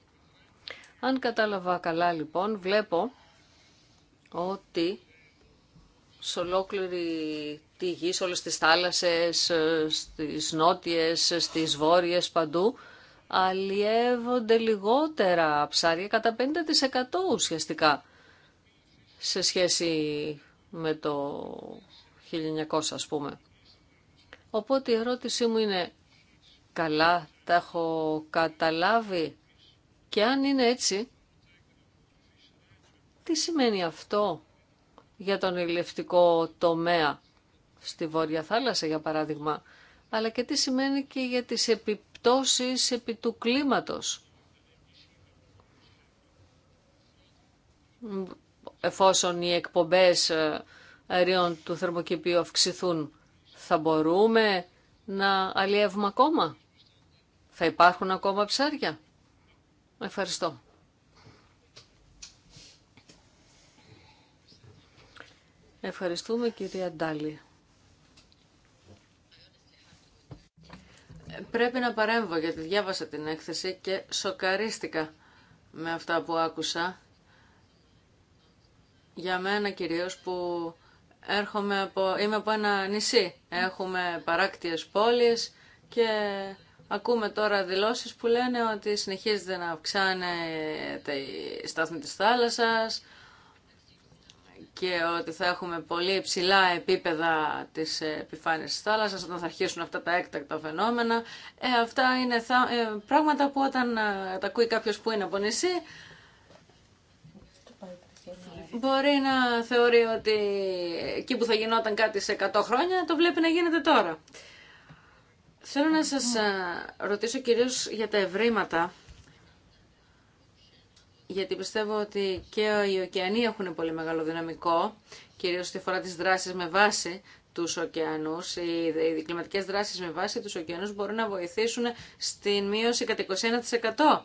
Αν κατάλαβα καλά λοιπόν, βλέπω ότι σε ολόκληρη τη γη, σε όλες τις θάλασσες, ε, στις νότιες, ε, στις βόρειες, παντού, αλλιεύονται λιγότερα ψάρια, κατά 50% ουσιαστικά, σε σχέση με το 1900 ας πούμε. Οπότε η ερώτησή μου είναι, καλά τα έχω καταλάβει και αν είναι έτσι, τι σημαίνει αυτό για τον ηλευτικό τομέα στη Βόρεια Θάλασσα, για παράδειγμα, αλλά και τι σημαίνει και για τις επιπτώσεις επί του κλίματος. Εφόσον οι εκπομπές ε, αερίων του θερμοκηπίου αυξηθούν, θα μπορούμε να αλλιεύουμε ακόμα. Θα υπάρχουν ακόμα ψάρια. Ευχαριστώ. Ευχαριστούμε κυρία Ντάλη. Πρέπει να παρέμβω γιατί διάβασα την έκθεση και σοκαρίστηκα με αυτά που άκουσα. Για μένα κυρίως που έρχομαι από, είμαι από ένα νησί. Έχουμε παράκτιες πόλεις και Ακούμε τώρα δηλώσει που λένε ότι συνεχίζεται να αυξάνεται η στάθμη της θάλασσας και ότι θα έχουμε πολύ ψηλά επίπεδα της επιφάνεια τη θάλασσας όταν θα αρχίσουν αυτά τα έκτακτα φαινόμενα. Ε, αυτά είναι ε, πράγματα που όταν ε, τα ακούει κάποιο που είναι από νησί μπορεί να θεωρεί ότι εκεί που θα γινόταν κάτι σε 100 χρόνια το βλέπει να γίνεται τώρα. Θέλω να σας ρωτήσω κυρίως για τα ευρήματα, γιατί πιστεύω ότι και οι ωκεανοί έχουν πολύ μεγάλο δυναμικό, κυρίως στη φορά τις δράσεις με βάση τους ωκεανούς. Οι κλιματικές δράσεις με βάση τους ωκεανούς μπορούν να βοηθήσουν στην μείωση κατά 21%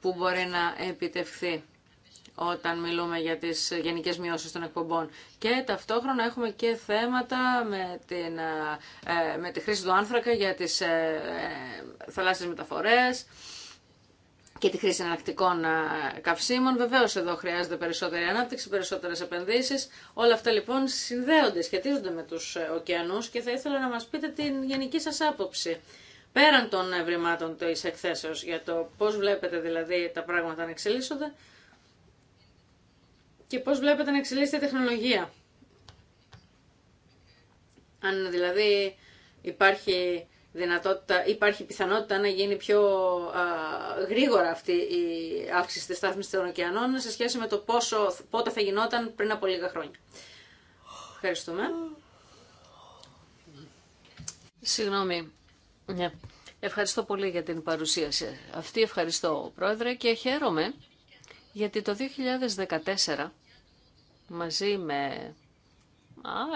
που μπορεί να επιτευχθεί όταν μιλούμε για τις γενικές μειώσεις των εκπομπών. Και ταυτόχρονα έχουμε και θέματα με, την, ε, ε, με τη χρήση του άνθρακα για τις ε, θαλάσσιες μεταφορές και τη χρήση εναλλακτικών καυσίμων. Βεβαίω εδώ χρειάζεται περισσότερη ανάπτυξη, περισσότερε επενδύσει. Όλα αυτά λοιπόν συνδέονται, σχετίζονται με του ωκεανού και θα ήθελα να μα πείτε την γενική σα άποψη. Πέραν των ευρημάτων τη εκθέσεω για το πώ βλέπετε δηλαδή τα πράγματα να εξελίσσονται, και πώς βλέπετε να εξελίσσεται η τεχνολογία. Αν δηλαδή υπάρχει δυνατότητα, υπάρχει πιθανότητα να γίνει πιο γρήγορα αυτή η αύξηση της στάθμης των ωκεανών σε σχέση με το πόσο, πότε θα γινόταν πριν από λίγα χρόνια. Ευχαριστούμε. Συγγνώμη. Ναι. Ευχαριστώ πολύ για την παρουσίαση αυτή. Ευχαριστώ, Πρόεδρε, και χαίρομαι γιατί το 2014 μαζί με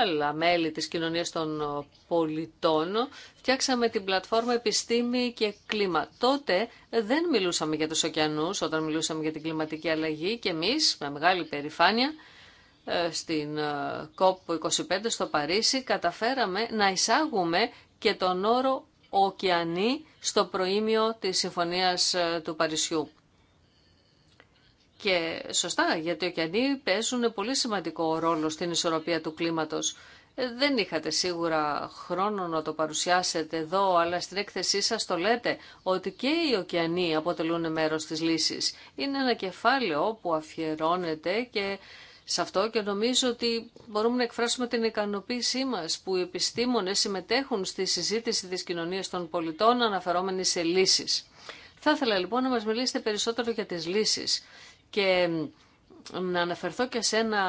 άλλα μέλη της κοινωνίας των πολιτών, φτιάξαμε την πλατφόρμα Επιστήμη και Κλίμα. Τότε δεν μιλούσαμε για τους ωκεανούς όταν μιλούσαμε για την κλιματική αλλαγή και εμείς με μεγάλη περηφάνεια ε, στην COP25 ε, στο Παρίσι καταφέραμε να εισάγουμε και τον όρο ωκεανή στο προήμιο της Συμφωνίας ε, του Παρισιού. Και σωστά, γιατί οι ωκεανοί παίζουν πολύ σημαντικό ρόλο στην ισορροπία του κλίματος. Ε, δεν είχατε σίγουρα χρόνο να το παρουσιάσετε εδώ, αλλά στην έκθεσή σας το λέτε ότι και οι ωκεανοί αποτελούν μέρος της λύσης. Είναι ένα κεφάλαιο που αφιερώνεται και σε αυτό και νομίζω ότι μπορούμε να εκφράσουμε την ικανοποίησή μας που οι επιστήμονες συμμετέχουν στη συζήτηση της κοινωνίας των πολιτών αναφερόμενοι σε λύσεις. Θα ήθελα λοιπόν να μας μιλήσετε περισσότερο για τις λύσεις και να αναφερθώ και σε ένα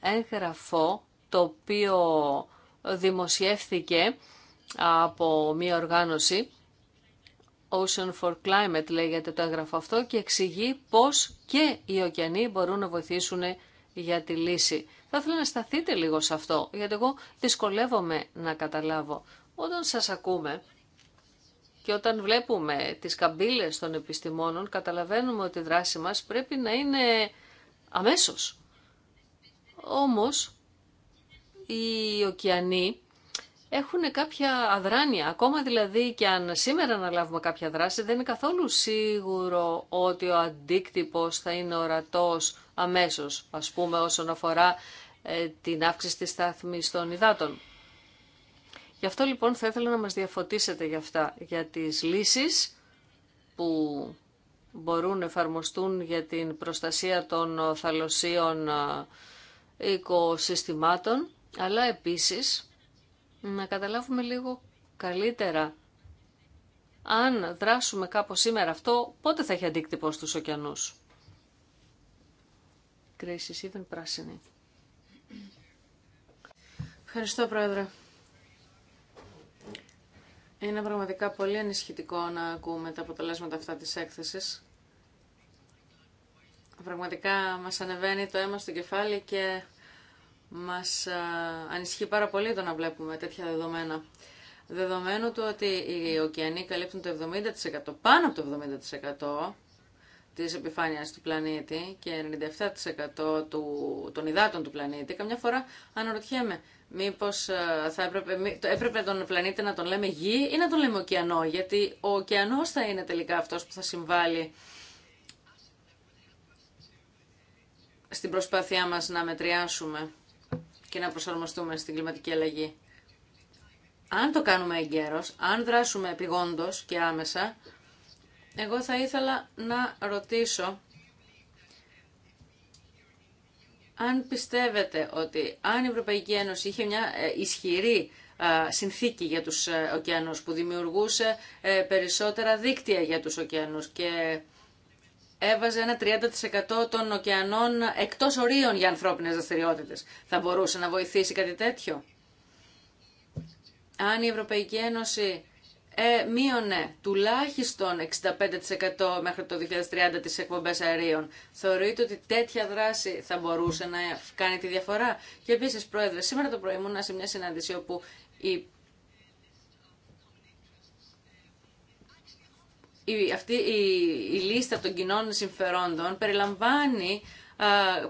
έγγραφο το οποίο δημοσιεύθηκε από μια οργάνωση Ocean for Climate λέγεται το έγγραφο αυτό και εξηγεί πώς και οι ωκεανοί μπορούν να βοηθήσουν για τη λύση. Θα ήθελα να σταθείτε λίγο σε αυτό, γιατί εγώ δυσκολεύομαι να καταλάβω. Όταν σας ακούμε, και όταν βλέπουμε τις καμπύλες των επιστημόνων, καταλαβαίνουμε ότι η δράση μας πρέπει να είναι αμέσως. Όμως, οι ωκεανοί έχουν κάποια αδράνεια. Ακόμα δηλαδή και αν σήμερα αναλάβουμε κάποια δράση, δεν είναι καθόλου σίγουρο ότι ο αντίκτυπος θα είναι ορατός αμέσως, ας πούμε όσον αφορά ε, την αύξηση της στάθμης των υδάτων. Γι' αυτό λοιπόν θα ήθελα να μας διαφωτίσετε για αυτά, για τις λύσεις που μπορούν να εφαρμοστούν για την προστασία των θαλωσίων ε, οικοσυστημάτων, αλλά επίσης να καταλάβουμε λίγο καλύτερα αν δράσουμε κάπως σήμερα αυτό, πότε θα έχει αντίκτυπο στους ωκεανούς. πράσινη. Ευχαριστώ, Πρόεδρε. Είναι πραγματικά πολύ ανησυχητικό να ακούμε τα αποτελέσματα αυτά της έκθεσης. Πραγματικά μας ανεβαίνει το αίμα στο κεφάλι και μας ανησυχεί πάρα πολύ το να βλέπουμε τέτοια δεδομένα. Δεδομένου του ότι οι ωκεανοί καλύπτουν το 70%, πάνω από το 70%, της επιφάνειας του πλανήτη και 97% του, των υδάτων του πλανήτη, καμιά φορά αναρωτιέμαι μήπως ε, θα έπρεπε, έπρεπε τον πλανήτη να τον λέμε γη ή να τον λέμε ωκεανό, γιατί ο ωκεανός θα είναι τελικά αυτός που θα συμβάλλει στην προσπάθειά μας να μετριάσουμε και να προσαρμοστούμε στην κλιματική αλλαγή. Αν το κάνουμε εγκαίρως, αν δράσουμε επιγόντως και άμεσα, εγώ θα ήθελα να ρωτήσω αν πιστεύετε ότι αν η Ευρωπαϊκή Ένωση είχε μια ε, ισχυρή συνθήκη για τους ε, ωκεανούς που δημιουργούσε ε, περισσότερα δίκτυα για τους ωκεανούς και έβαζε ένα 30% των ωκεανών εκτός ορίων για ανθρώπινες δραστηριότητε. Θα μπορούσε να βοηθήσει κάτι τέτοιο. Αν η Ευρωπαϊκή Ένωση ε, μείωνε τουλάχιστον 65% μέχρι το 2030 τις εκπομπές αερίων. Θεωρείτε ότι τέτοια δράση θα μπορούσε να κάνει τη διαφορά. Και επίσης, Πρόεδρε, σήμερα το πρωί ήμουν σε μια συνάντηση όπου η αυτή η, η, λίστα των κοινών συμφερόντων περιλαμβάνει α,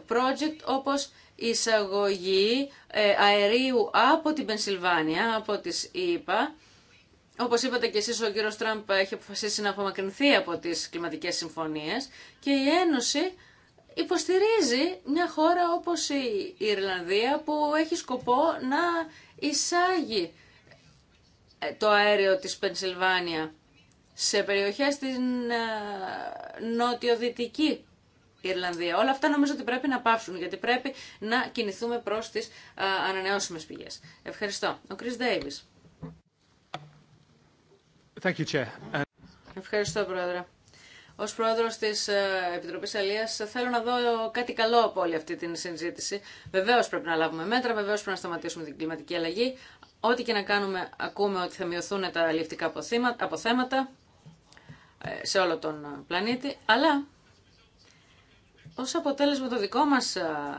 project όπως εισαγωγή ε, αερίου από την Πενσιλβάνια, από τις ΗΠΑ, όπως είπατε και εσείς, ο κύριος Τραμπ έχει αποφασίσει να απομακρυνθεί από τις κλιματικές συμφωνίες και η Ένωση υποστηρίζει μια χώρα όπως η Ιρλανδία που έχει σκοπό να εισάγει ε, το αέριο της Πενσιλβάνια σε περιοχές στην ε, νότιο-δυτική Ιρλανδία. Όλα αυτά νομίζω ότι πρέπει να πάψουν γιατί πρέπει να κινηθούμε προς τις ε, ανανεώσιμες πηγές. Ευχαριστώ. Ο Κρις Ντέιβις. Ευχαριστώ, Πρόεδρε. Ω πρόεδρο τη ε, Επιτροπή Αλία, θέλω να δω κάτι καλό από όλη αυτή την συζήτηση. Βεβαίω πρέπει να λάβουμε μέτρα, βεβαίω πρέπει να σταματήσουμε την κλιματική αλλαγή. Ό,τι και να κάνουμε, ακούμε ότι θα μειωθούν τα αλληλευτικά αποθέματα ε, σε όλο τον ε, πλανήτη. Αλλά ω αποτέλεσμα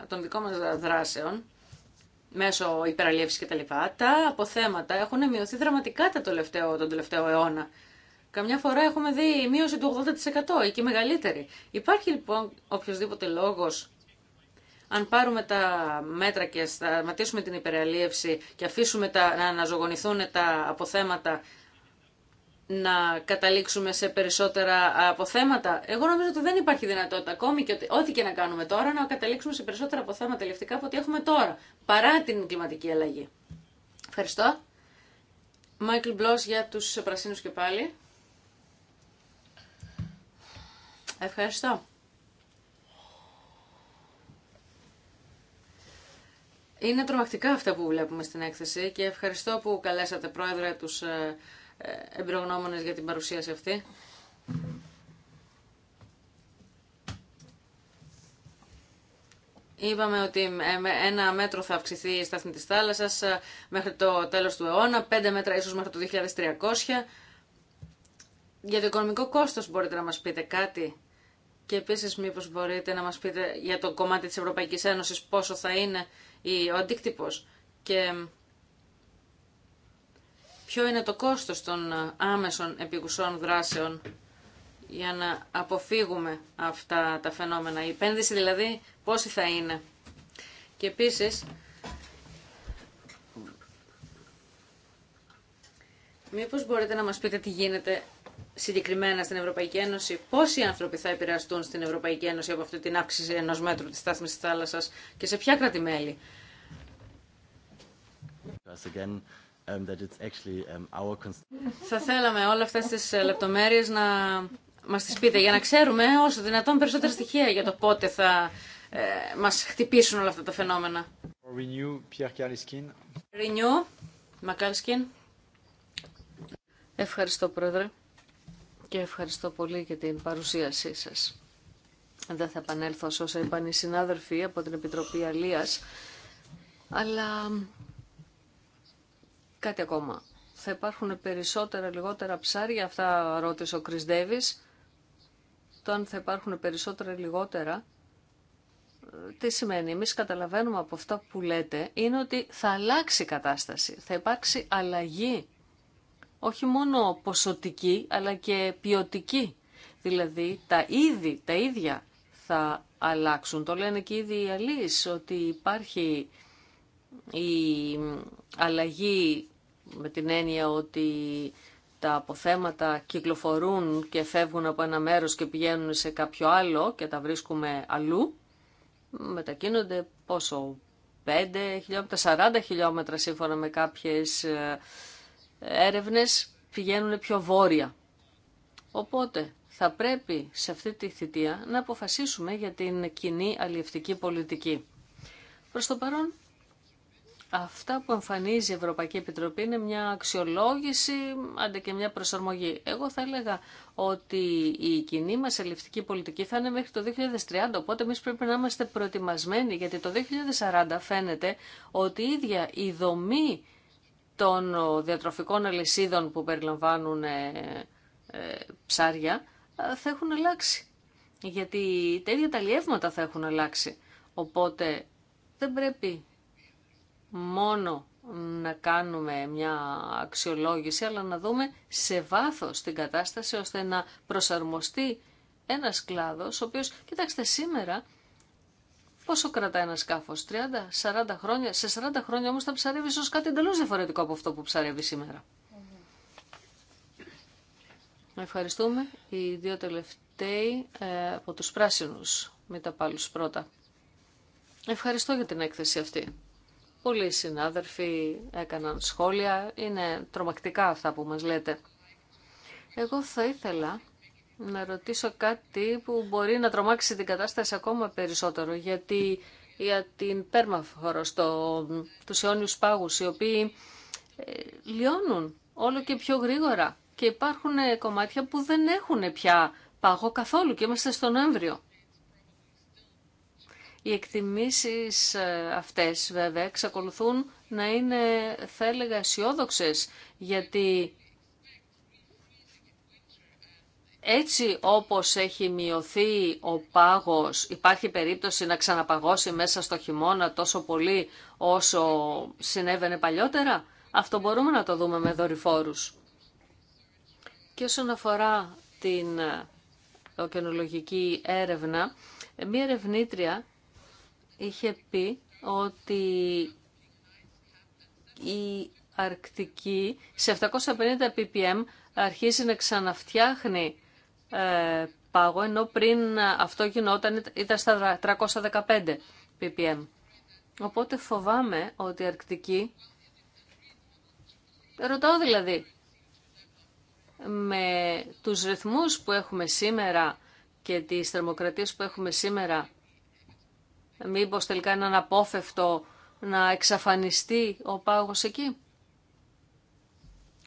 των δικών μα δράσεων, μέσω υπεραλίευσης κτλ. Τα αποθέματα έχουν μειωθεί δραματικά τα τελευταίο, τον τελευταίο αιώνα. Καμιά φορά έχουμε δει μείωση του 80% ή και μεγαλύτερη. Υπάρχει λοιπόν οποιοδήποτε λόγος αν πάρουμε τα μέτρα και σταματήσουμε την υπεραλίευση και αφήσουμε τα, να αναζωογονηθούν τα αποθέματα να καταλήξουμε σε περισσότερα αποθέματα. Εγώ νομίζω ότι δεν υπάρχει δυνατότητα ακόμη και ότι, ό,τι και να κάνουμε τώρα να καταλήξουμε σε περισσότερα αποθέματα λευτικά από ό,τι έχουμε τώρα, παρά την κλιματική αλλαγή. Ευχαριστώ. Μάικλ Μπλος για τους πρασίνους και πάλι. Ευχαριστώ. Είναι τρομακτικά αυτά που βλέπουμε στην έκθεση και ευχαριστώ που καλέσατε πρόεδρε τους ε, ε, εμπειρογνώμονες για την παρουσίαση αυτή. Είπαμε ότι ε, ένα μέτρο θα αυξηθεί η στάθμη της θάλασσας ε, μέχρι το τέλος του αιώνα, πέντε μέτρα ίσως μέχρι το 2300. Για το οικονομικό κόστος μπορείτε να μας πείτε κάτι και επίσης μήπως μπορείτε να μας πείτε για το κομμάτι της Ευρωπαϊκής Ένωσης πόσο θα είναι ο αντίκτυπος και ποιο είναι το κόστος των ε, άμεσων επικουσών δράσεων για να αποφύγουμε αυτά τα φαινόμενα. Η επένδυση δηλαδή πόση θα είναι. Και επίσης, μήπως μπορείτε να μας πείτε τι γίνεται συγκεκριμένα στην Ευρωπαϊκή Ένωση, πόσοι άνθρωποι θα επηρεαστούν στην Ευρωπαϊκή Ένωση από αυτή την αύξηση ενό μέτρου τη στάθμη τη θάλασσα και σε ποια κράτη-μέλη. Um, um, θα θέλαμε όλε αυτέ τι ε, λεπτομέρειες να μας τις πείτε για να ξέρουμε όσο δυνατόν περισσότερα στοιχεία για το πότε θα μα ε, μας χτυπήσουν όλα αυτά τα φαινόμενα. Renew, Pierre Renew, Ευχαριστώ Πρόεδρε και ευχαριστώ πολύ για την παρουσίασή σας. Δεν θα επανέλθω σε όσα είπαν οι συνάδελφοι από την Επιτροπή Αλίας, αλλά Κάτι ακόμα. Θα υπάρχουν περισσότερα, λιγότερα ψάρια, αυτά ρώτησε ο Κρις Ντέβης. Το αν θα υπάρχουν περισσότερα, λιγότερα, ε, τι σημαίνει. Εμείς καταλαβαίνουμε από αυτά που λέτε, είναι ότι θα αλλάξει η κατάσταση. Θα υπάρξει αλλαγή, όχι μόνο ποσοτική, αλλά και ποιοτική. Δηλαδή, τα είδη, τα ίδια θα αλλάξουν. Το λένε και ήδη οι αλείς, ότι υπάρχει η αλλαγή με την έννοια ότι τα αποθέματα κυκλοφορούν και φεύγουν από ένα μέρος και πηγαίνουν σε κάποιο άλλο και τα βρίσκουμε αλλού, μετακίνονται πόσο, 5 χιλιόμετρα, 40 χιλιόμετρα σύμφωνα με κάποιες ε, έρευνες πηγαίνουν πιο βόρεια. Οπότε θα πρέπει σε αυτή τη θητεία να αποφασίσουμε για την κοινή αλλιευτική πολιτική. Προς το παρόν Αυτά που εμφανίζει η Ευρωπαϊκή Επιτροπή είναι μια αξιολόγηση, αντί και μια προσαρμογή. Εγώ θα έλεγα ότι η κοινή μας ελευτική πολιτική θα είναι μέχρι το 2030, οπότε εμεί πρέπει να είμαστε προετοιμασμένοι, γιατί το 2040 φαίνεται ότι η ίδια η δομή των διατροφικών αλυσίδων που περιλαμβάνουν ε, ε, ψάρια ε, θα έχουν αλλάξει. Γιατί τα ίδια τα λιεύματα θα έχουν αλλάξει. Οπότε δεν πρέπει μόνο να κάνουμε μια αξιολόγηση, αλλά να δούμε σε βάθος την κατάσταση, ώστε να προσαρμοστεί ένας κλάδος, ο οποίος, κοιτάξτε, σήμερα Πόσο κρατά ένα σκάφο, 30, 40 χρόνια. Σε 40 χρόνια όμω θα ψαρεύει ω κάτι εντελώ διαφορετικό από αυτό που ψαρεύει σήμερα. Ευχαριστούμε. Οι δύο τελευταίοι ε, από τους πράσινους, τα πάλους πρώτα. Ευχαριστώ για την έκθεση αυτή. Πολλοί συνάδελφοι έκαναν σχόλια. Είναι τρομακτικά αυτά που μας λέτε. Εγώ θα ήθελα να ρωτήσω κάτι που μπορεί να τρομάξει την κατάσταση ακόμα περισσότερο, γιατί για την πέρμαφορο στο, τους αιώνιους πάγους, οι οποίοι ε, λιώνουν όλο και πιο γρήγορα και υπάρχουν κομμάτια που δεν έχουν πια πάγο καθόλου και είμαστε στο Νοέμβριο. Οι εκτιμήσεις ε, αυτές βέβαια εξακολουθούν να είναι θα έλεγα αισιόδοξε γιατί έτσι όπως έχει μειωθεί ο πάγος, υπάρχει περίπτωση να ξαναπαγώσει μέσα στο χειμώνα τόσο πολύ όσο συνέβαινε παλιότερα. Αυτό μπορούμε να το δούμε με δορυφόρους. Και όσον αφορά την ε, οκενολογική έρευνα, ε, μία ερευνήτρια είχε πει ότι η Αρκτική σε 750 ppm αρχίζει να ξαναφτιάχνει ε, πάγο, ενώ πριν αυτό γινόταν ήταν στα 315 ppm. Οπότε φοβάμαι ότι η Αρκτική, ρωτάω δηλαδή, με τους ρυθμούς που έχουμε σήμερα και τις θερμοκρατίες που έχουμε σήμερα, Μήπως τελικά είναι αναπόφευτο να εξαφανιστεί ο πάγος εκεί.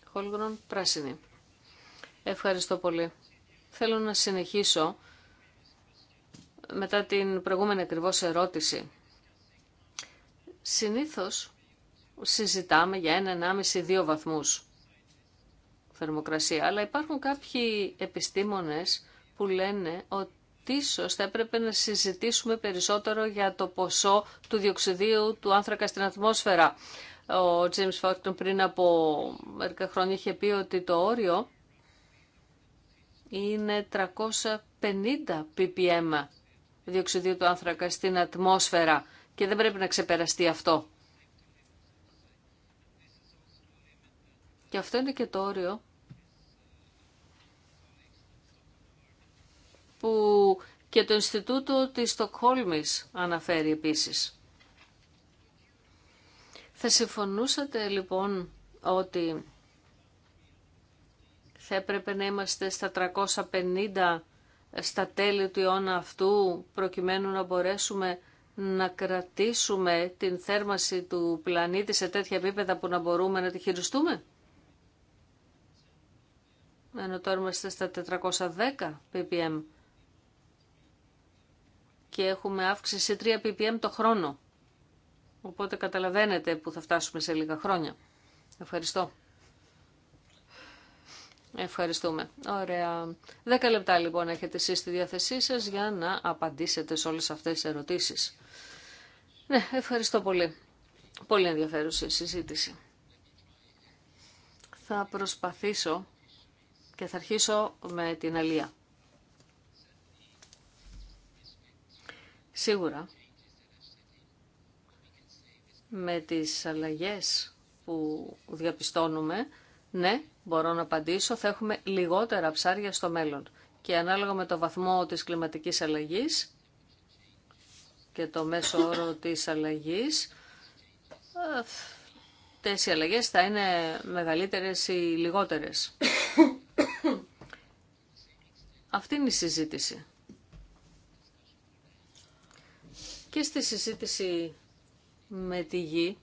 Χόλγρον Πράσινη. Ευχαριστώ πολύ. Θέλω να συνεχίσω μετά την προηγούμενη ακριβώς ερώτηση. Συνήθως συζητάμε για ένα, ενάμιση, δύο βαθμούς θερμοκρασία, αλλά υπάρχουν κάποιοι επιστήμονες που λένε ότι ίσως θα έπρεπε να συζητήσουμε περισσότερο για το ποσό του διοξιδίου του άνθρακα στην ατμόσφαιρα. Ο James Falkton πριν από μερικά χρόνια είχε πει ότι το όριο είναι 350 ppm διοξιδίου του άνθρακα στην ατμόσφαιρα και δεν πρέπει να ξεπεραστεί αυτό. Και αυτό είναι και το όριο που και το Ινστιτούτο της Στοκχόλμης αναφέρει επίσης. Θα συμφωνούσατε λοιπόν ότι θα έπρεπε να είμαστε στα 350 στα τέλη του αιώνα αυτού προκειμένου να μπορέσουμε να κρατήσουμε την θέρμαση του πλανήτη σε τέτοια επίπεδα που να μπορούμε να τη χειριστούμε. Ενώ τώρα είμαστε στα 410 ppm και έχουμε αύξηση 3 ppm το χρόνο. Οπότε καταλαβαίνετε που θα φτάσουμε σε λίγα χρόνια. Ευχαριστώ. Ευχαριστούμε. Ωραία. Δέκα λεπτά λοιπόν έχετε εσείς στη διάθεσή σας για να απαντήσετε σε όλες αυτές τις ερωτήσεις. Ναι, ευχαριστώ πολύ. Πολύ ενδιαφέρουσα η συζήτηση. Θα προσπαθήσω και θα αρχίσω με την Αλία. Σίγουρα με τις αλλαγές που διαπιστώνουμε, ναι, μπορώ να απαντήσω, θα έχουμε λιγότερα ψάρια στο μέλλον. Και ανάλογα με το βαθμό της κλιματικής αλλαγής και το μέσο όρο της αλλαγής, αυτές οι αλλαγές θα είναι μεγαλύτερες ή λιγότερες. Αυτή είναι η συζήτηση. Και στη συζήτηση με τη γη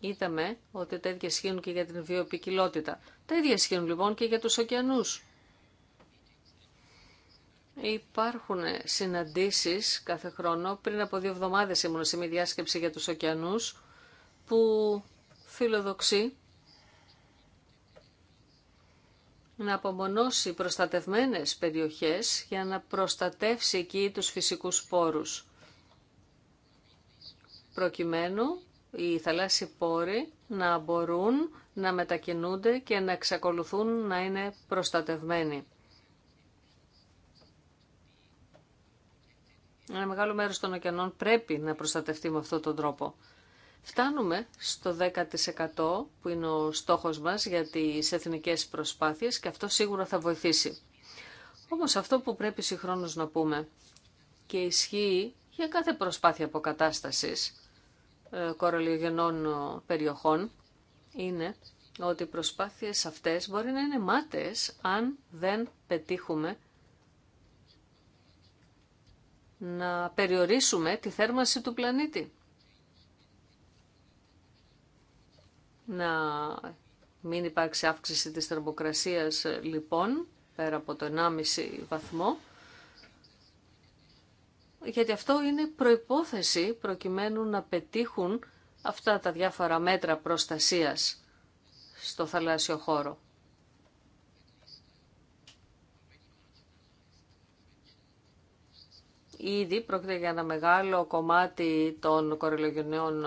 είδαμε ότι τα ίδια και για την βιοπικιλότητα. Τα ίδια ισχύουν λοιπόν και για τους ωκεανούς. Υπάρχουν συναντήσεις κάθε χρόνο. Πριν από δύο εβδομάδες ήμουν σε μια διάσκεψη για τους ωκεανούς που φιλοδοξεί να απομονώσει προστατευμένες περιοχές για να προστατεύσει εκεί τους φυσικούς πόρους. Προκειμένου οι θαλάσσιοι πόροι να μπορούν να μετακινούνται και να εξακολουθούν να είναι προστατευμένοι. Ένα μεγάλο μέρος των ωκεανών πρέπει να προστατευτεί με αυτόν τον τρόπο. Φτάνουμε στο 10% που είναι ο στόχος μας για τις εθνικές προσπάθειες και αυτό σίγουρα θα βοηθήσει. Όμως αυτό που πρέπει συγχρόνως να πούμε και ισχύει για κάθε προσπάθεια αποκατάστασης ε, κορολιογενών ε, περιοχών είναι ότι οι προσπάθειες αυτές μπορεί να είναι μάταιες αν δεν πετύχουμε να περιορίσουμε τη θέρμανση του πλανήτη. να μην υπάρξει αύξηση της θερμοκρασίας λοιπόν, πέρα από το 1,5 βαθμό, γιατί αυτό είναι προϋπόθεση προκειμένου να πετύχουν αυτά τα διάφορα μέτρα προστασίας στο θαλάσσιο χώρο. Ήδη πρόκειται για ένα μεγάλο κομμάτι των κορελογενειών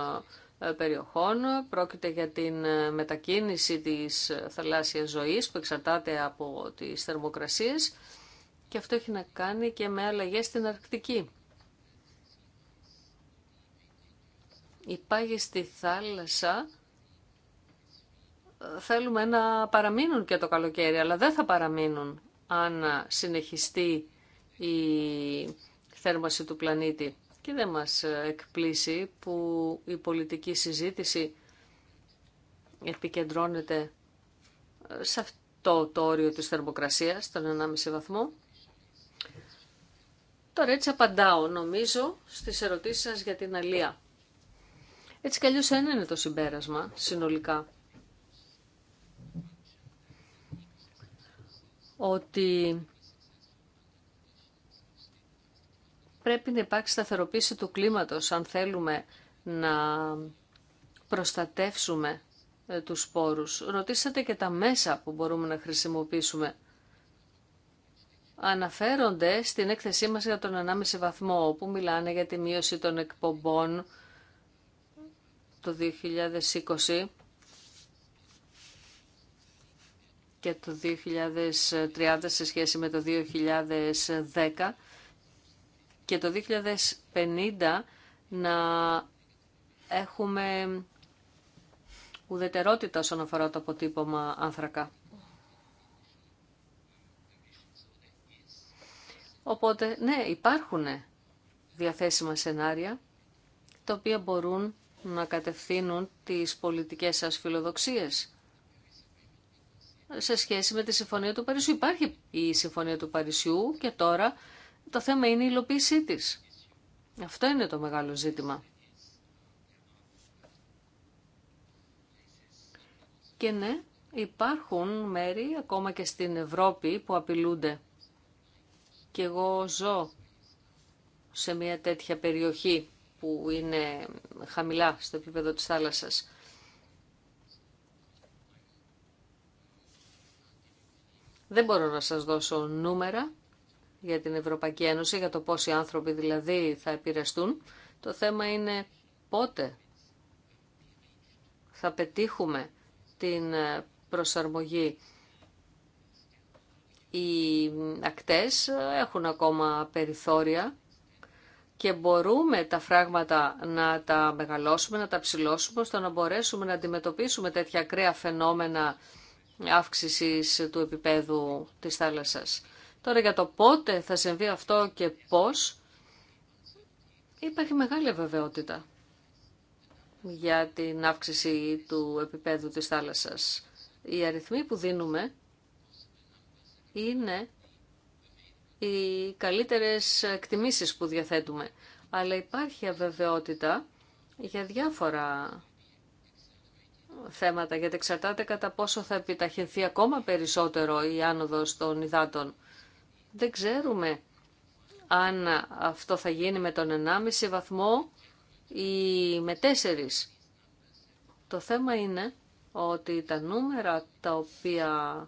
ε, περιοχών. Πρόκειται για την ε, μετακίνηση της ε, θαλάσσιας ζωής που εξαρτάται από τις θερμοκρασίες και αυτό έχει να κάνει και με αλλαγές στην Αρκτική. Οι πάγοι στη θάλασσα θέλουμε να παραμείνουν και το καλοκαίρι, αλλά δεν θα παραμείνουν αν συνεχιστεί η θέρμαση του πλανήτη. Και δεν μας ε, εκπλήσει που η πολιτική συζήτηση επικεντρώνεται ε, σε αυτό το όριο της θερμοκρασίας, τον 1,5 βαθμό. Τώρα έτσι απαντάω, νομίζω, στις ερωτήσεις σας για την αλία. Έτσι κι αλλιώς ένα είναι το συμπέρασμα, συνολικά. Ότι πρέπει να υπάρξει σταθεροποίηση του κλίματος αν θέλουμε να προστατεύσουμε ε, τους σπόρους. Ρωτήσατε και τα μέσα που μπορούμε να χρησιμοποιήσουμε. Αναφέρονται στην έκθεσή μας για τον ανάμεση βαθμό, όπου μιλάνε για τη μείωση των εκπομπών το 2020 και το 2030 σε σχέση με το 2010 και το 2050 να έχουμε ουδετερότητα όσον αφορά το αποτύπωμα άνθρακα. Οπότε, ναι, υπάρχουν διαθέσιμα σενάρια, τα οποία μπορούν να κατευθύνουν τις πολιτικές σας φιλοδοξίες. Σε σχέση με τη Συμφωνία του Παρισιού. Υπάρχει η Συμφωνία του Παρισιού και τώρα το θέμα είναι η υλοποίησή της. Αυτό είναι το μεγάλο ζήτημα. Και ναι, υπάρχουν μέρη ακόμα και στην Ευρώπη που απειλούνται. Και εγώ ζω σε μια τέτοια περιοχή που είναι χαμηλά στο επίπεδο της θάλασσας. Δεν μπορώ να σας δώσω νούμερα, για την Ευρωπαϊκή Ένωση, για το οι άνθρωποι δηλαδή θα επηρεαστούν. Το θέμα είναι πότε θα πετύχουμε την ε, προσαρμογή. Οι ακτές έχουν ακόμα περιθώρια και μπορούμε τα φράγματα να τα μεγαλώσουμε, να τα ψηλώσουμε, ώστε να μπορέσουμε να αντιμετωπίσουμε τέτοια ακραία φαινόμενα αύξησης του επίπεδου της θάλασσας. Τώρα για το πότε θα συμβεί αυτό και πώς, υπάρχει μεγάλη βεβαιότητα για την αύξηση του επίπεδου της θάλασσας. Οι αριθμοί που δίνουμε είναι οι καλύτερες εκτιμήσεις που διαθέτουμε. Αλλά υπάρχει αβεβαιότητα για διάφορα θέματα, γιατί εξαρτάται κατά πόσο θα επιταχυνθεί ακόμα περισσότερο η άνοδος των υδάτων δεν ξέρουμε αν αυτό θα γίνει με τον 1,5 βαθμό ή με 4. Το θέμα είναι ότι τα νούμερα τα οποία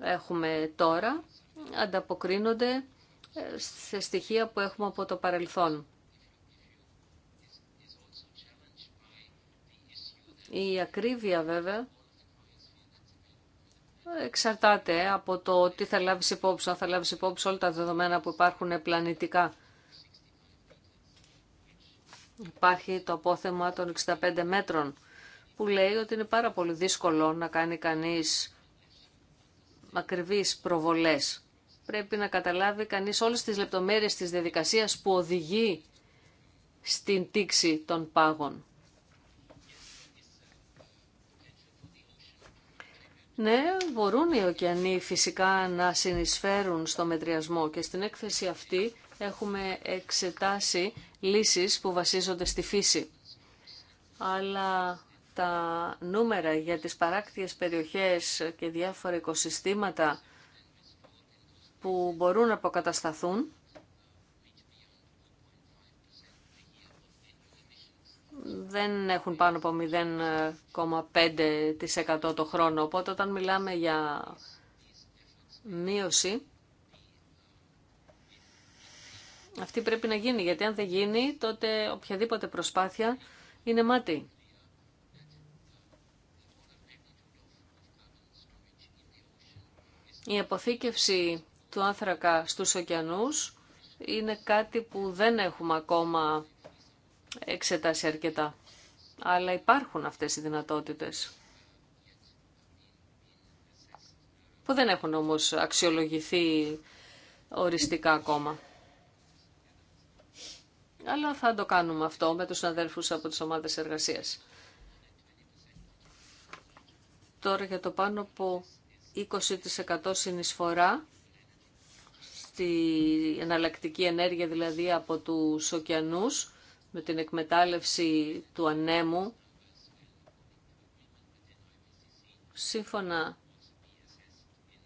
έχουμε τώρα ανταποκρίνονται ε, σε στοιχεία που έχουμε από το παρελθόν. Η ακρίβεια βέβαια εξαρτάται από το τι θα λάβει υπόψη, αν θα λάβει υπόψη όλα τα δεδομένα που υπάρχουν πλανητικά. Υπάρχει το απόθεμα των 65 μέτρων που λέει ότι είναι πάρα πολύ δύσκολο να κάνει κανείς ακριβείς προβολές. Πρέπει να καταλάβει κανείς όλες τις λεπτομέρειες της διαδικασίας που οδηγεί στην τήξη των πάγων. Ναι, μπορούν οι ωκεανοί φυσικά να συνεισφέρουν στο μετριασμό και στην έκθεση αυτή έχουμε εξετάσει λύσεις που βασίζονται στη φύση. Αλλά τα νούμερα για τις παράκτιες περιοχές και διάφορα οικοσυστήματα που μπορούν να αποκατασταθούν δεν έχουν πάνω από 0,5% το χρόνο. Οπότε όταν μιλάμε για μείωση, αυτή πρέπει να γίνει. Γιατί αν δεν γίνει, τότε οποιαδήποτε προσπάθεια είναι μάτι. Η αποθήκευση του άνθρακα στους ωκεανούς είναι κάτι που δεν έχουμε ακόμα εξετάσει αρκετά. Αλλά υπάρχουν αυτές οι δυνατότητες. Που δεν έχουν όμως αξιολογηθεί οριστικά ακόμα. Αλλά θα το κάνουμε αυτό με τους αδέρφους από τις ομάδες εργασίας. Τώρα για το πάνω από 20% συνεισφορά στη εναλλακτική ενέργεια δηλαδή από τους ωκεανούς με την εκμετάλλευση του ανέμου, σύμφωνα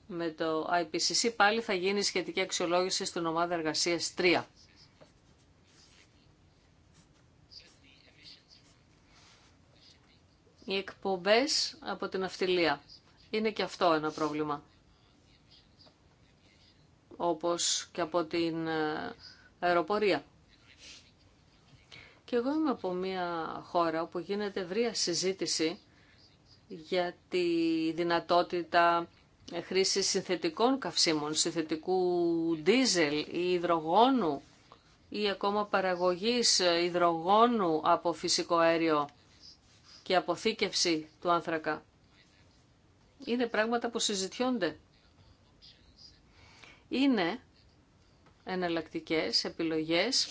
με το IPCC, πάλι θα γίνει σχετική αξιολόγηση στην ομάδα εργασίας 3. Οι εκπομπές από την αυτιλία. Είναι και αυτό ένα πρόβλημα. Όπως και από την ε, αεροπορία. Και εγώ είμαι από μια χώρα όπου γίνεται ευρεία συζήτηση για τη δυνατότητα χρήση συνθετικών καυσίμων, συνθετικού ντίζελ ή υδρογόνου ή ακόμα παραγωγής υδρογόνου από φυσικό αέριο και αποθήκευση του άνθρακα. Είναι πράγματα που συζητιούνται. Είναι εναλλακτικές επιλογές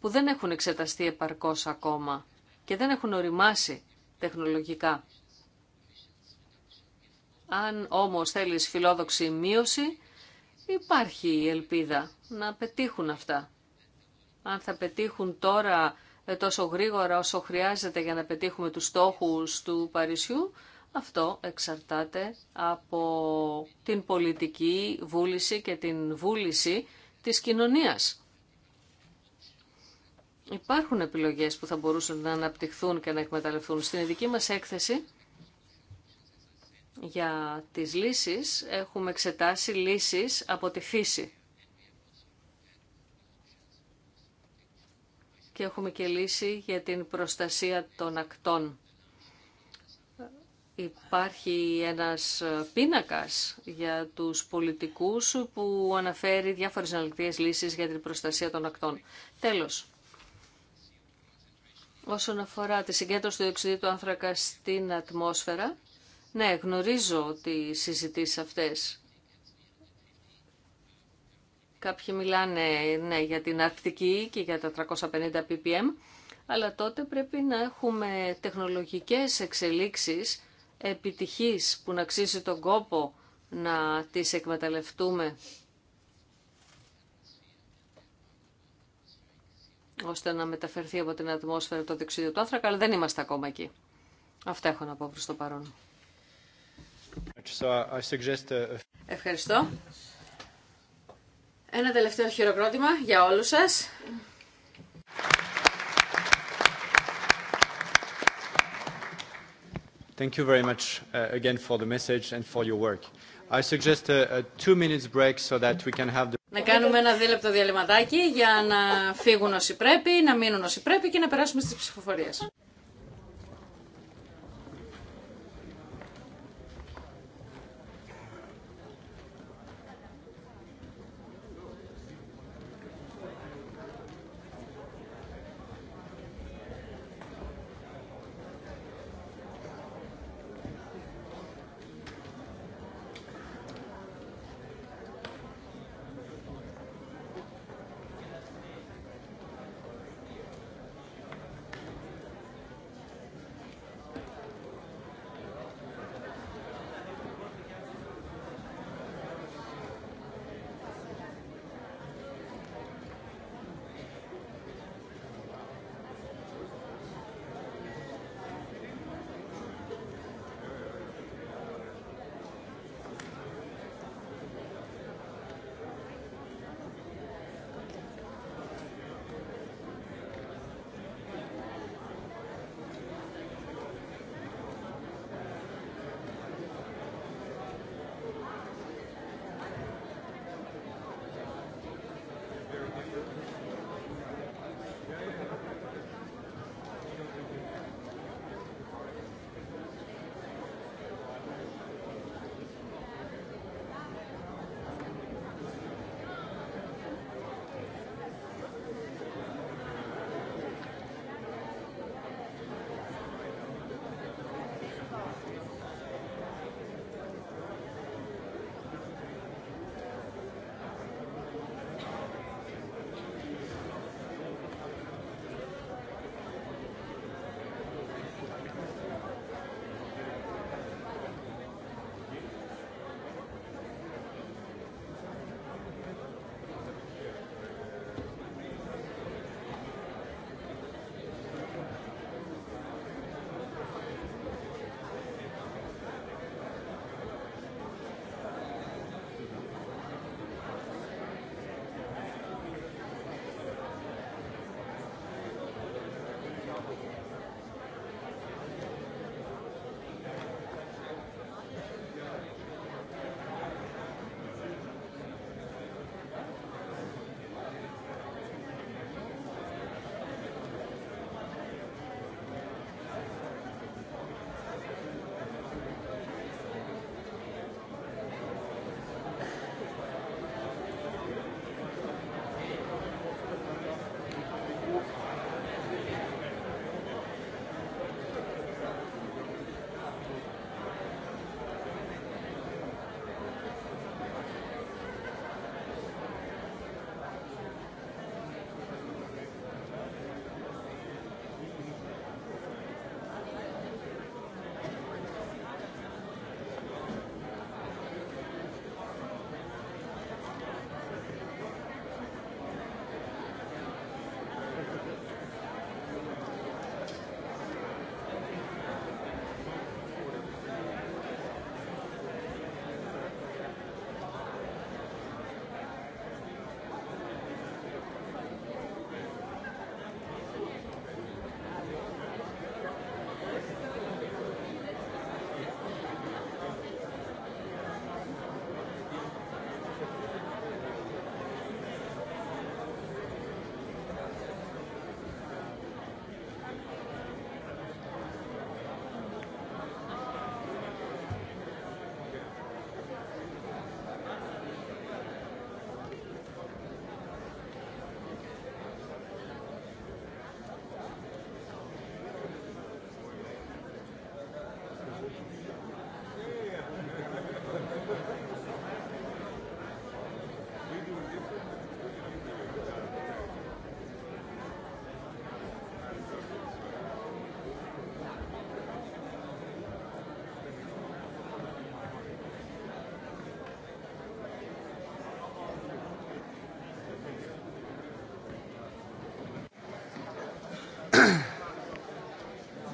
που δεν έχουν εξεταστεί επαρκώς ακόμα και δεν έχουν οριμάσει τεχνολογικά. Αν όμως θέλεις φιλόδοξη μείωση, υπάρχει η ελπίδα να πετύχουν αυτά. Αν θα πετύχουν τώρα ε, τόσο γρήγορα όσο χρειάζεται για να πετύχουμε τους στόχους του Παρισιού, αυτό εξαρτάται από την πολιτική βούληση και την βούληση της κοινωνίας. Υπάρχουν επιλογές που θα μπορούσαν να αναπτυχθούν και να εκμεταλλευτούν. Στην ειδική μας έκθεση για τις λύσεις έχουμε εξετάσει λύσεις από τη φύση. Και έχουμε και λύση για την προστασία των ακτών. Υπάρχει ένας πίνακας για τους πολιτικούς που αναφέρει διάφορες αναλυτικές λύσεις για την προστασία των ακτών. Τέλος, Όσον αφορά τη συγκέντρωση του διοξιδίου του άνθρακα στην ατμόσφαιρα, ναι, γνωρίζω ότι συζητήσει αυτές. Κάποιοι μιλάνε ναι, για την Αρκτική και για τα 350 ppm, αλλά τότε πρέπει να έχουμε τεχνολογικές εξελίξεις επιτυχής που να αξίζει τον κόπο να τις εκμεταλλευτούμε ώστε να μεταφερθεί από την ατμόσφαιρα το διοξείδιο του άνθρακα, αλλά δεν είμαστε ακόμα εκεί. Αυτά έχω να πω προς το παρόν. Uh, Ευχαριστώ. Ένα τελευταίο χειροκρότημα για όλους σας. Thank you very much uh, again for the message and for your work. I suggest uh, a two minutes break so that we can have the να κάνουμε ένα δίλεπτο διαλυματάκι για να φύγουν όσοι πρέπει, να μείνουν όσοι πρέπει και να περάσουμε στις ψηφοφορίες.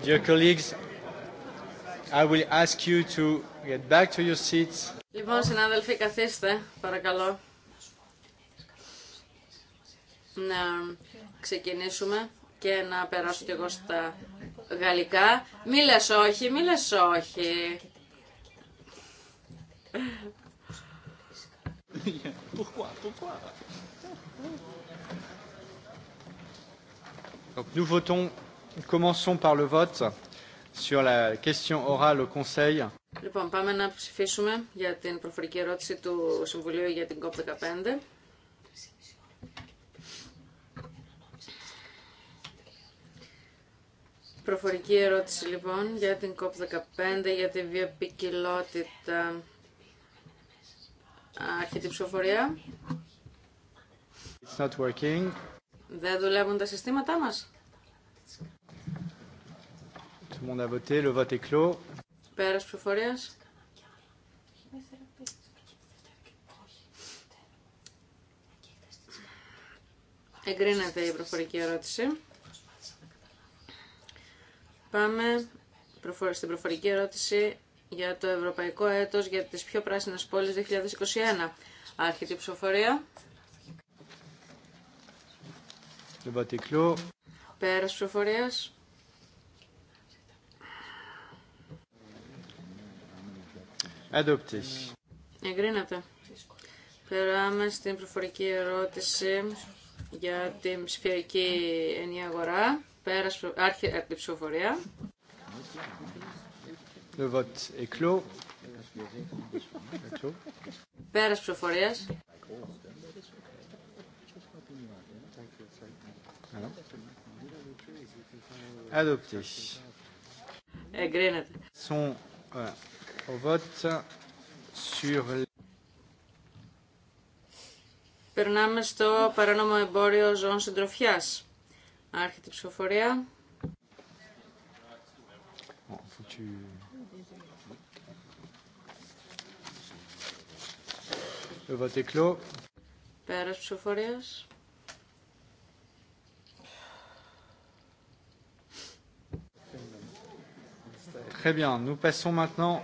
Dear colleagues, I will ask you to get back to your seats. Λοιπόν, συνάδελφοι, καθίστε, παρακαλώ. Να ξεκινήσουμε και να περάσω κι εγώ στα γαλλικά. Μη λες όχι, μη λες όχι. Pourquoi, pourquoi Donc nous votons Commençons par le vote sur la question orale au Conseil. Λοιπόν, πάμε να ψηφίσουμε για την προφορική ερώτηση του Συμβουλίου για την COP15. Προφορική ερώτηση λοιπόν για την COP15, για τη βιοπικιλότητα. Άρχεται την ψηφοφορία. It's Δεν δουλεύουν τα συστήματά μας. Πέρας ψηφοφορίας. Εγκρίνεται η προφορική ερώτηση. Πάμε στην προφορική ερώτηση για το Ευρωπαϊκό Έτος για τις πιο πράσινες πόλεις 2021. Άρχεται η ψηφοφορία. Πέρας ψηφοφορίας. Εγκρίνεται. Περάμε στην προφορική ερώτηση για την ψηφιακή ενιαία αγορά. Πέρας, από ε, την ψηφοφορία. Le vote est clos. Πέρας ψηφοφορίας. Adopté. Εγκρίνεται. Son, euh, au vote sur... les... Περνάμε στο παράνομο εμπόριο ζώων συντροφιά. Άρχεται η ψηφοφορία. Le vote est clos. Πέρας ψηφοφορίας. Très bien. Nous passons maintenant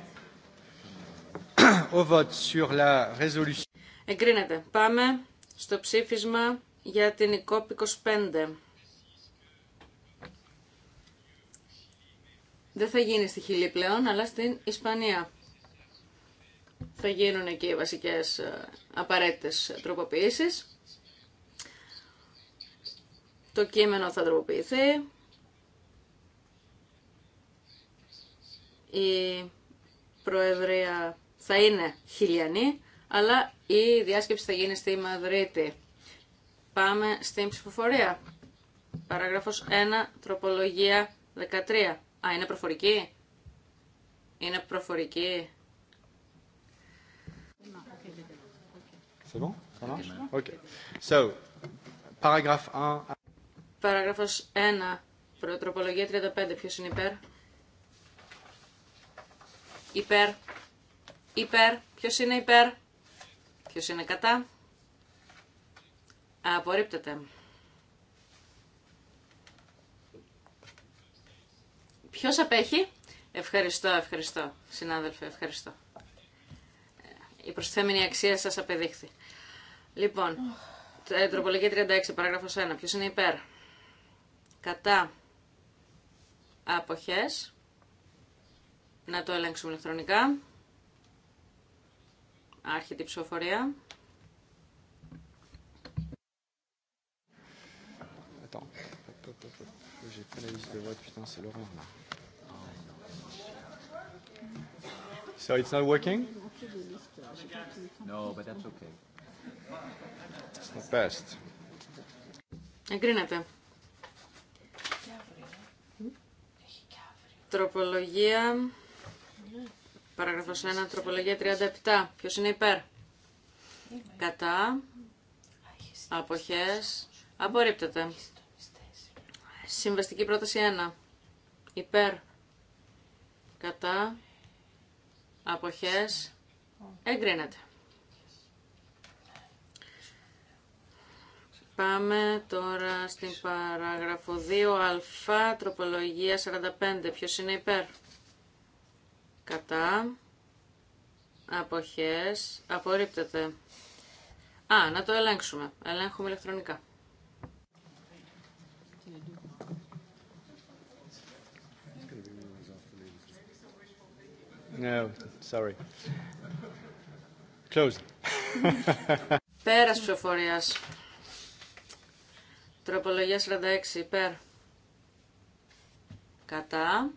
au Εγκρίνεται. Πάμε στο ψήφισμα για την COP25. Δεν θα γίνει στη Χιλή πλέον, αλλά στην Ισπανία. Θα γίνουν εκεί οι βασικές ε, απαραίτητες τροποποιήσεις. Το κείμενο θα τροποποιηθεί. Η Προεδρία θα είναι χιλιανή, αλλά η διάσκεψη θα γίνει στη Μαδρίτη. Πάμε στην ψηφοφορία. Παράγραφος 1, τροπολογία 13. Α, είναι προφορική. Είναι προφορική. C'est bon So, paragraph 1. Παράγραφος 1. Προτροπολογία 35. Ποιος είναι υπέρ? Υπέρ. Υπέρ. Ποιος είναι υπέρ. Ποιος είναι κατά. Απορρίπτεται. Ποιος απέχει. Ευχαριστώ, ευχαριστώ. Συνάδελφε, ευχαριστώ. Η προσθέμενη αξία σας απεδείχθη. Λοιπόν, τροπολογία 36, παράγραφος 1. Ποιος είναι υπέρ. Κατά αποχές. Να το ελέγξουμε ηλεκτρονικά. Άρχεται η ψηφοφορία. So it's not working? No, but that's okay. It's not best. Εγκρίνεται. Τροπολογία Παράγραφος 1, τροπολογία 37. Ποιος είναι υπέρ. Κατά. Αποχές. Απορρίπτεται. Συμβαστική πρόταση 1. Υπέρ. Κατά. Αποχές. Εγκρίνεται. Πάμε τώρα στην παράγραφο 2α, τροπολογία 45. Ποιος είναι υπέρ κατά, αποχές, απορρίπτεται. Α, να το ελέγξουμε. Ελέγχουμε ηλεκτρονικά. No, sorry. Πέρας ψηφοφορίας. Τροπολογία 46 υπέρ. Κατά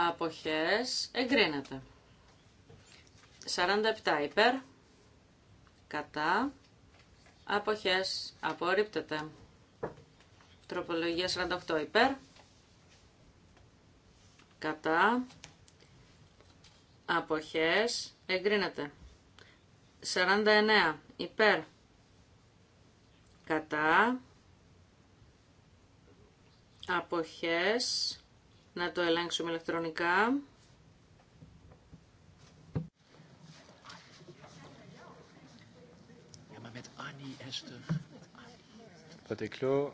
αποχές εγκρίνεται. 47 υπέρ, κατά, αποχές απορρίπτεται. Τροπολογία 48 υπέρ, κατά, αποχές εγκρίνεται. 49 υπέρ, κατά, αποχές να το ελέγξουμε ηλεκτρονικά. Πέρα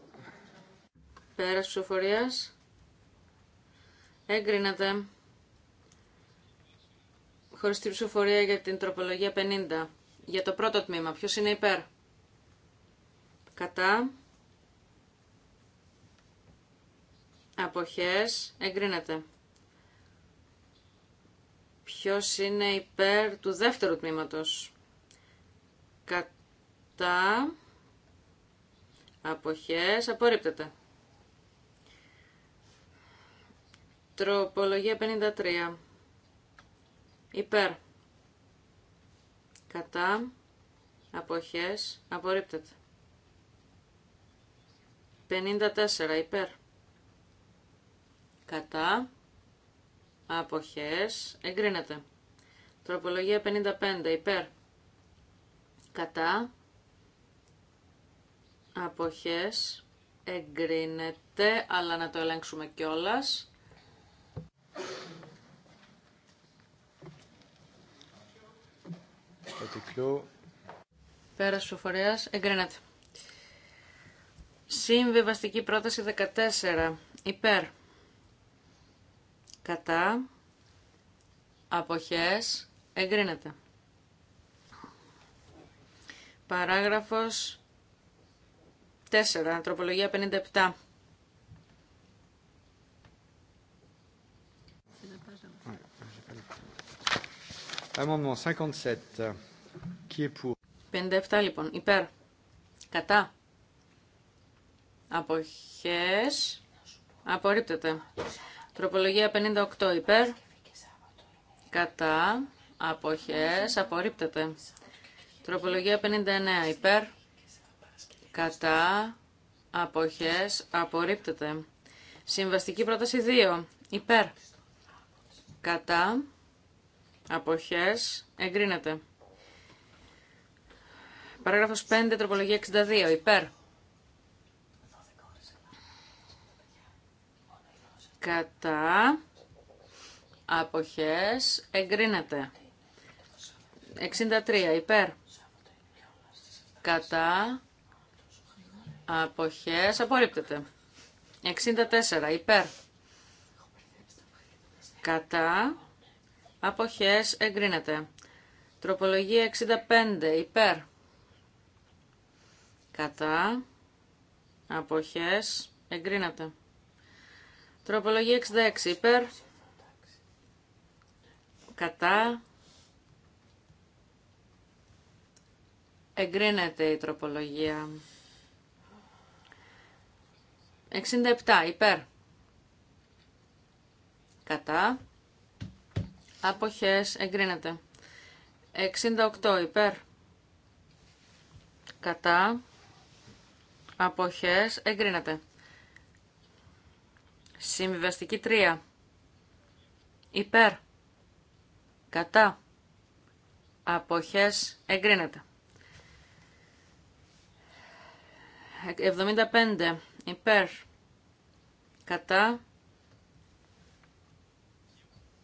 Πέρας ψηφοφορίας. Έγκρινεται. Χωρίς την ψηφοφορία για την τροπολογία 50. Για το πρώτο τμήμα. Ποιος είναι υπέρ. Κατά. αποχές εγκρίνεται. Ποιος είναι υπέρ του δεύτερου τμήματος. Κατά αποχές απορρίπτεται. Τροπολογία 53. Υπέρ. Κατά. Αποχές. Απορρίπτεται. 54. Υπέρ κατά, αποχές, εγκρίνεται. Τροπολογία 55, υπέρ, κατά, αποχές, εγκρίνεται, αλλά να το ελέγξουμε κιόλας. Πέρας ψηφοφορίας, εγκρίνεται. Συμβιβαστική πρόταση 14, υπέρ κατά, αποχές, εγκρίνεται. Παράγραφος 4, τροπολογία 57. 57, 57 λοιπόν, υπέρ, κατά, αποχές, απορρίπτεται. Τροπολογία 58 υπέρ. Κατά. Αποχές. Απορρίπτεται. Τροπολογία 59 υπέρ. Κατά. Αποχές. Απορρίπτεται. Συμβαστική πρόταση 2. Υπέρ. Κατά. Αποχές. Εγκρίνεται. Παράγραφος 5. Τροπολογία 62. Υπέρ. κατά αποχές εγκρίνεται. 63 υπέρ κατά αποχές απορρίπτεται. 64 υπέρ κατά αποχές εγκρίνεται. Τροπολογία 65 υπέρ κατά αποχές εγκρίνεται. Τροπολογία 66 υπέρ. Κατά. Εγκρίνεται η τροπολογία. 67 υπέρ. Κατά. Αποχές εγκρίνεται. 68 υπέρ. Κατά. Αποχές εγκρίνεται. Συμβιβαστική 3. Υπέρ. Κατά. Αποχές εγκρίνεται. 75. Υπέρ. Κατά.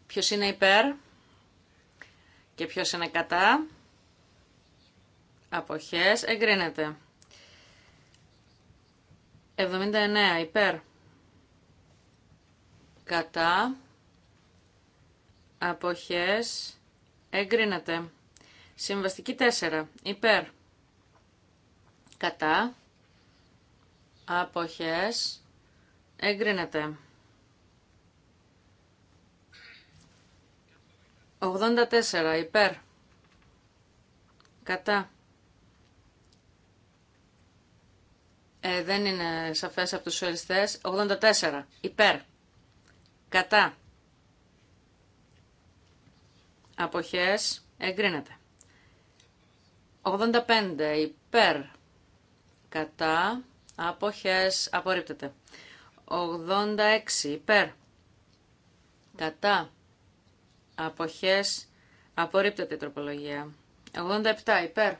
Ποιος είναι υπέρ και ποιος είναι κατά. Αποχές εγκρίνεται. 79. Υπέρ κατά, αποχές, εγκρίνεται. Συμβαστική 4, υπέρ, κατά, αποχές, εγκρίνεται. 84, υπέρ, κατά. Ε, δεν είναι σαφές από τους οριστές. 84, υπέρ. Κατά. Αποχές. Εγκρίνεται. 85. Υπέρ. Κατά. Αποχές. Απορρίπτεται. 86. Υπέρ. Κατά. Αποχές. Απορρίπτεται η τροπολογία. 87. Υπέρ.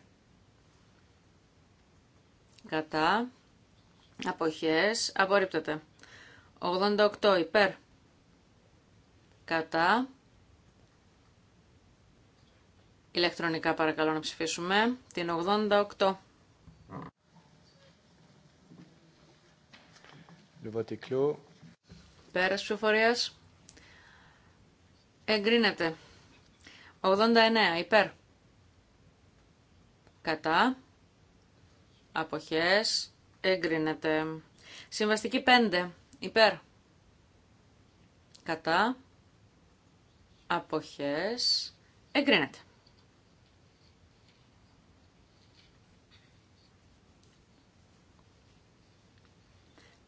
Κατά. Αποχές. Απορρίπτεται. 88. Υπέρ κατά. Ηλεκτρονικά παρακαλώ να ψηφίσουμε την 88. Le vote Πέρας ψηφοφορίας. Εγκρίνεται. 89 υπέρ. Κατά. Αποχές. Εγκρίνεται. Συμβαστική 5 υπέρ. Κατά αποχές εγκρίνεται.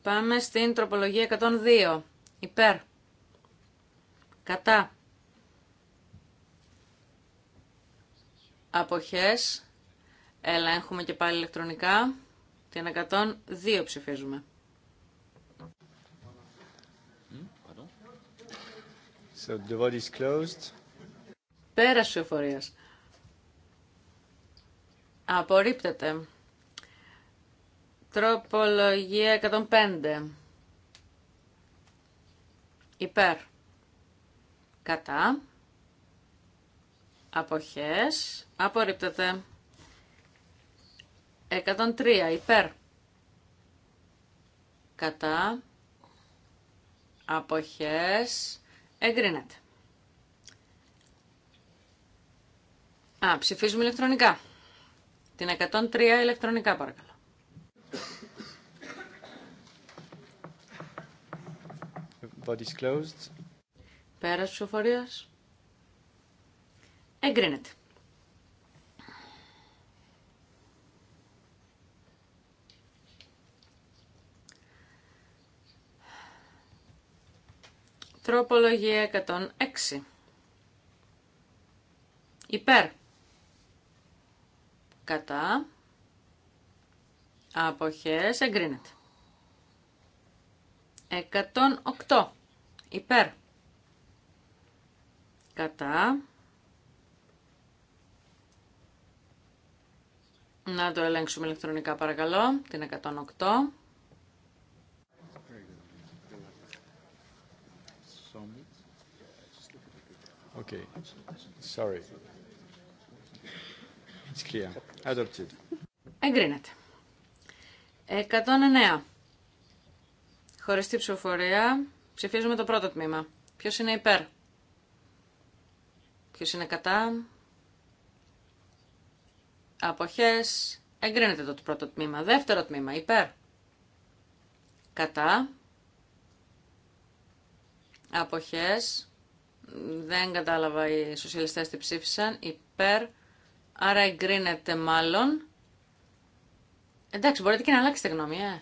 Πάμε στην τροπολογία 102. Υπέρ. Κατά. Αποχές. Έλα, έχουμε και πάλι ηλεκτρονικά. Την 102 ψηφίζουμε. So the vote is closed. ο ψηφοφορίας. Απορρίπτεται. Τροπολογία 105. Υπέρ. Κατά. Αποχές. Απορρίπτεται. 103. Υπέρ. Κατά. Αποχές. Εγκρίνεται. Α, ψηφίζουμε ηλεκτρονικά. Την 103 ηλεκτρονικά παρακαλώ. Body's closed. Πέρας ψηφοφορίας. Εγκρίνεται. Τροπολογία 106. Υπέρ. Κατά. Αποχές εγκρίνεται. 108. Υπέρ. Κατά. Να το ελέγξουμε ηλεκτρονικά παρακαλώ. Την 108. Okay. Sorry. It's clear. Adopted. Εγκρίνεται. 109. Χωριστή ψηφοφορία. Ψηφίζουμε το πρώτο τμήμα. Ποιο είναι υπέρ. Ποιο είναι κατά. Αποχές. Εγκρίνεται το πρώτο τμήμα. Δεύτερο τμήμα. Υπέρ. Κατά. Αποχές δεν κατάλαβα οι σοσιαλιστές τι ψήφισαν, υπέρ, άρα εγκρίνεται μάλλον. Εντάξει, μπορείτε και να αλλάξετε γνώμη, ε.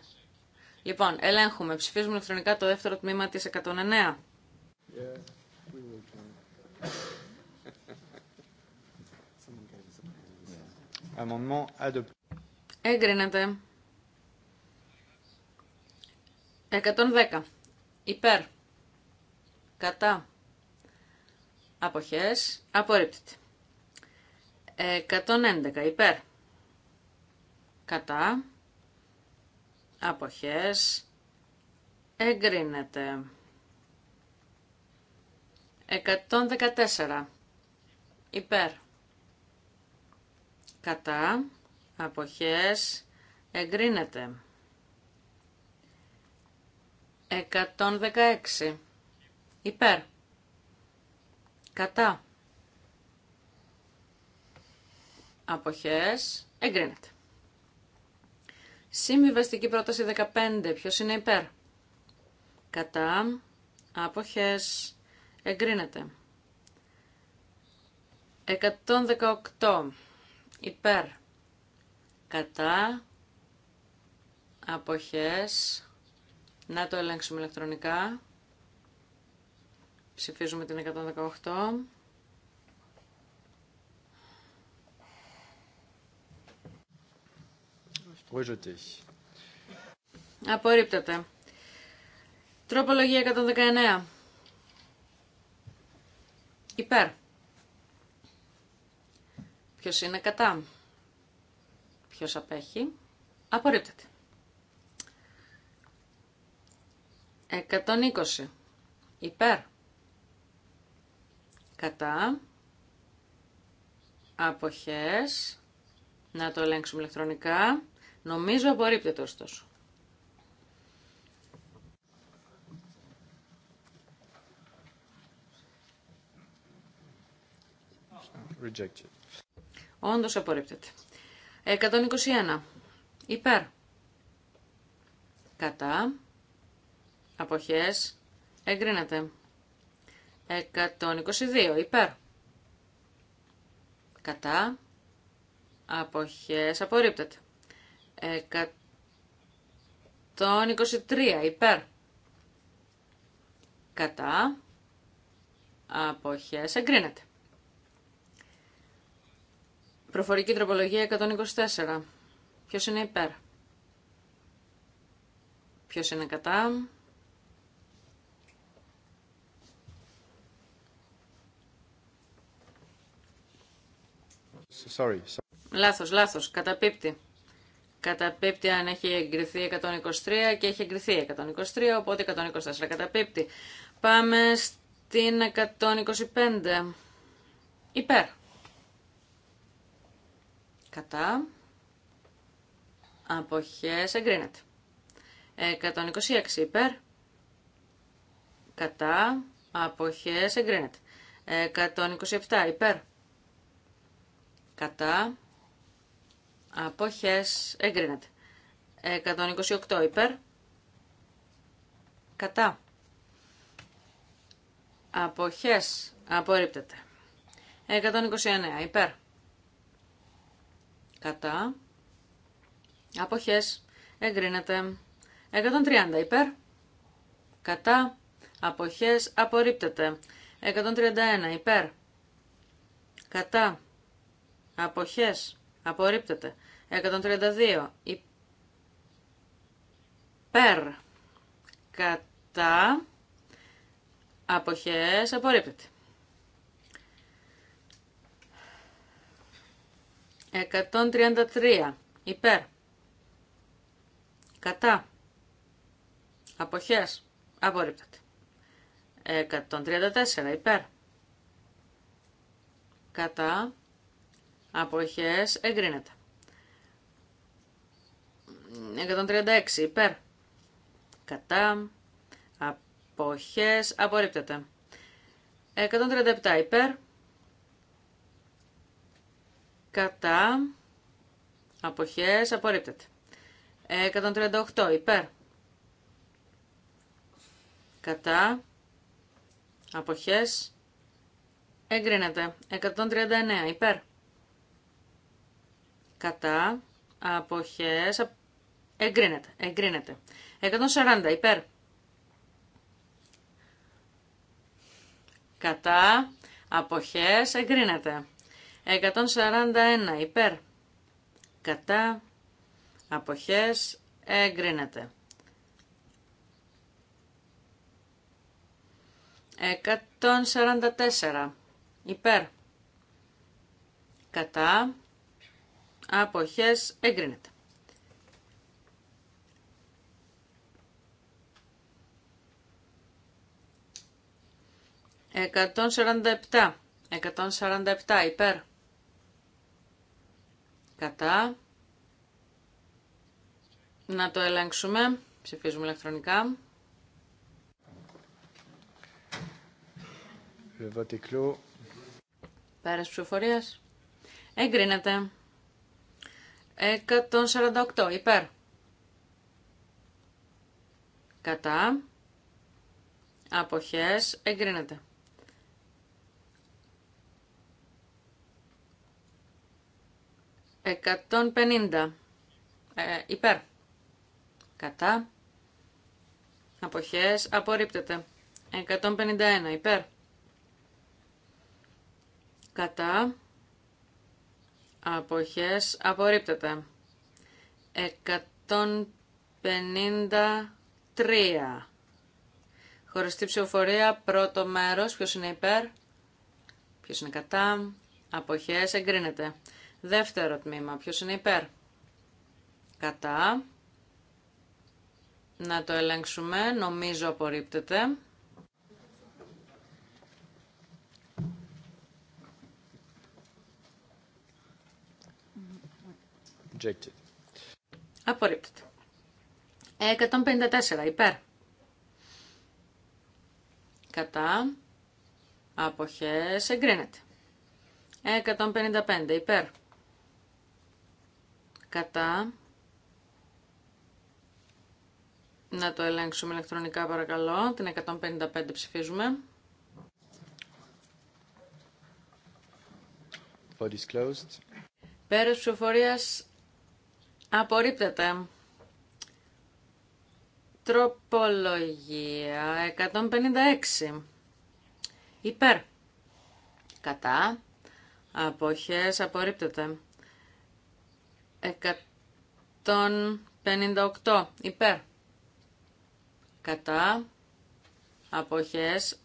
Λοιπόν, ελέγχουμε. Ψηφίζουμε ηλεκτρονικά το δεύτερο τμήμα της 109. Εγκρίνεται. 110. Υπέρ. Κατά. Αποχές. Απορρίπτεται. 111 υπέρ. Κατά. Αποχές. Εγκρίνεται. 114 υπέρ. Κατά. Αποχές. Εγκρίνεται. 116 υπέρ. Κατά. Αποχές. Εγκρίνεται. Συμβιβαστική πρόταση 15. Ποιος είναι υπέρ. Κατά. Αποχές. Εγκρίνεται. 118. Υπέρ. Κατά. Αποχές. Να το ελέγξουμε ηλεκτρονικά. Ψηφίζουμε την 118. Rejeté. Απορρίπτεται. Τροπολογία 119. Υπέρ. Ποιος είναι κατά. Ποιος απέχει. Απορρίπτεται. 120. Υπέρ κατά, αποχές, να το ελέγξουμε ηλεκτρονικά, νομίζω απορρίπτεται ωστόσο. Rejected. Όντως απορρίπτεται. 121. Υπέρ. Κατά. Αποχές. Εγκρίνεται. 122 υπέρ. Κατά. Αποχές απορρίπτεται. 123 υπέρ. Κατά. Αποχές εγκρίνεται. Προφορική τροπολογία 124. Ποιος είναι υπέρ. Ποιος είναι κατά. Sorry. Λάθος, λάθος. Καταπίπτει. Καταπίπτει αν έχει εγκριθεί 123 και έχει εγκριθεί 123, οπότε 124 καταπίπτει. Πάμε στην 125. Υπέρ. Κατά. Αποχές εγκρίνεται. 126 υπέρ. Κατά. Αποχές εγκρίνεται. 127 υπέρ κατά, αποχές, εγκρίνεται. 128 υπέρ, κατά, αποχές, απορρίπτεται. 129 υπέρ, κατά, αποχές, εγκρίνεται. 130 υπέρ, κατά, αποχές, απορρίπτεται. 131 υπέρ, κατά, Αποχές. Απορρίπτεται. 132. Υπέρ. Κατά. Αποχές. Απορρίπτεται. 133. Υπέρ. Κατά. Αποχές. Απορρίπτεται. 134. Υπέρ. Κατά αποχές εγκρίνεται. 136 υπέρ κατά αποχές απορρίπτεται. 137 υπέρ κατά αποχές απορρίπτεται. 138 υπέρ κατά αποχές εγκρίνεται. 139 υπέρ κατά, αποχές, εγκρίνεται, εγκρίνεται. 140 υπέρ. Κατά, αποχές, εγκρίνεται. 141 υπέρ. Κατά, αποχές, εγκρίνεται. 144 υπέρ. Κατά, αποχές εγκρίνεται. 147. 147 υπέρ. Κατά. Να το ελέγξουμε. Ψηφίζουμε ηλεκτρονικά. Πέρας ψηφοφορίας. Εγκρίνεται. 148 υπέρ. Κατά. Αποχές εγκρίνεται. εκατόν πενήντα, ε, υπέρ. Κατά. Αποχές απορρίπτεται. 151 υπέρ. Κατά αποχές απορρίπτεται. 153. Χωριστή ψηφοφορία, πρώτο μέρος, ποιος είναι υπέρ, ποιος είναι κατά, αποχές εγκρίνεται. Δεύτερο τμήμα, ποιος είναι υπέρ, κατά, να το ελέγξουμε, νομίζω απορρίπτεται. Rejected. Απορρίπτεται. 154 υπέρ. Κατά. Αποχές εγκρίνεται. 155 υπέρ. Κατά. Να το ελέγξουμε ηλεκτρονικά παρακαλώ. Την 155 ψηφίζουμε. Πέρα closed. Πέρας ψηφοφορίας Απορρίπτεται. Τροπολογία 156. Υπέρ. Κατά. Αποχές απορρίπτεται. 158. Υπέρ. Κατά. Αποχές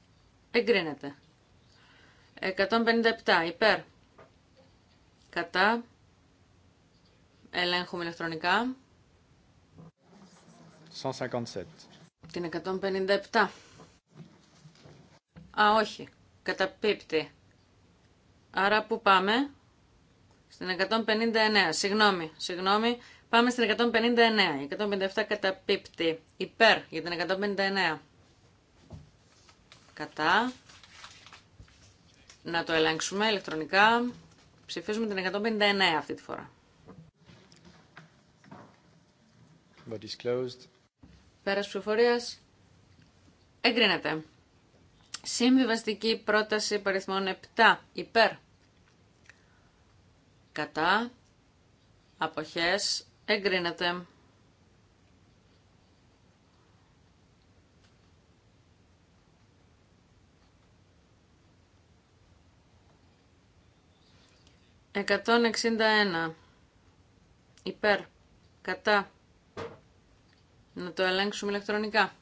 εγκρίνεται. 157. Υπέρ. Κατά. Ελέγχουμε ηλεκτρονικά. 157. Την 157. Α, όχι. Καταπίπτει. Άρα που πάμε. Στην 159. Συγγνώμη, συγγνώμη. Πάμε στην 159. Η 157 καταπίπτει. Υπέρ για την 159. Κατά. Να το ελέγξουμε ηλεκτρονικά. Ψηφίζουμε την 159 αυτή τη φορά. closed. Πέρας Εγκρίνεται. Συμβιβαστική πρόταση παριθμών 7. Υπέρ. Κατά. Αποχές. Εγκρίνεται. Εκατόν εξήντα ένα. Υπέρ. Κατά. Να το ελέγξουμε ηλεκτρονικά.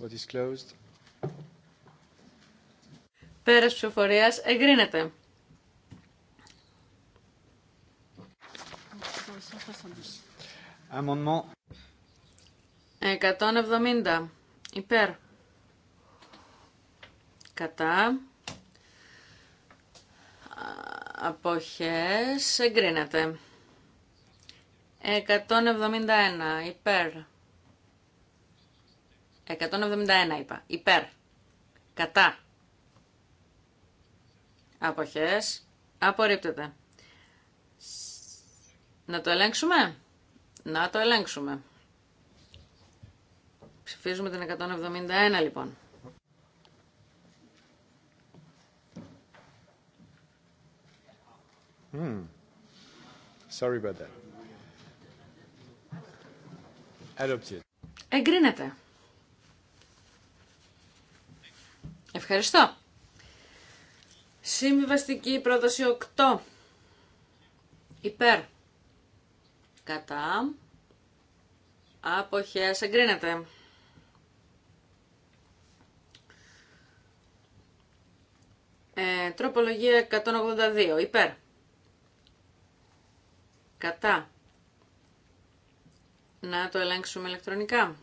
What is closed. Πέρας ψηφοφορίας εγκρίνεται. 170. Υπέρ. Κατά αποχές εγκρίνεται. 171 υπέρ. 171 είπα. Υπέρ. Κατά. Αποχές. Απορρίπτεται. Να το ελέγξουμε. Να το ελέγξουμε. Ψηφίζουμε την 171 λοιπόν. Hmm. Sorry about that. Εγκρίνεται. Ευχαριστώ. Συμβιβαστική πρόταση 8. Υπέρ. Κατά. Αποχές εγκρίνεται. Ε, τροπολογία 182. Υπέρ. Κατά. Να το ελέγξουμε ηλεκτρονικά.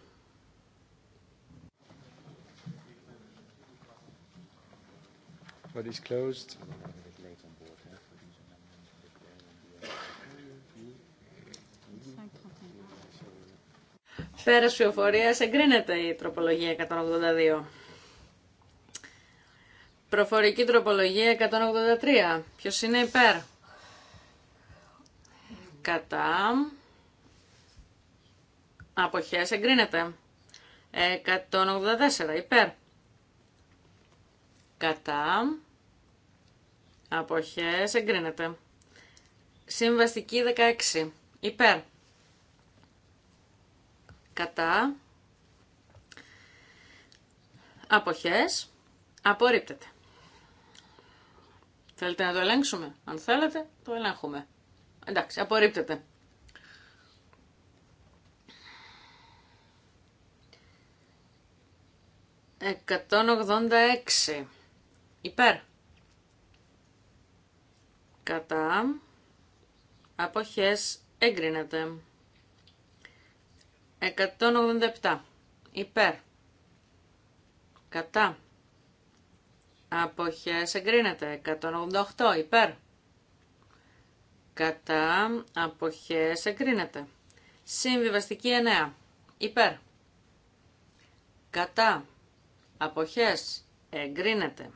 Πέρα is closed. εγκρίνεται η τροπολογία 182. Προφορική τροπολογία 183. Ποιος είναι υπέρ. Κατά. Αποχές εγκρίνεται. 184 υπέρ. Κατά. Αποχές εγκρίνεται. Συμβαστική 16 υπέρ. Κατά. Αποχές απορρίπτεται. Θέλετε να το ελέγξουμε. Αν θέλετε, το ελέγχουμε. Εντάξει, απορρίπτεται. Εκατόν ογδόντα έξι. Υπέρ. Κατά. Αποχές εγκρίνεται. 187. Υπέρ. Κατά. Αποχές εγκρίνεται. 188. Υπέρ. Κατά αποχές εγκρίνεται. Συμβιβαστική 9. Υπέρ. Κατά αποχές εγκρίνεται.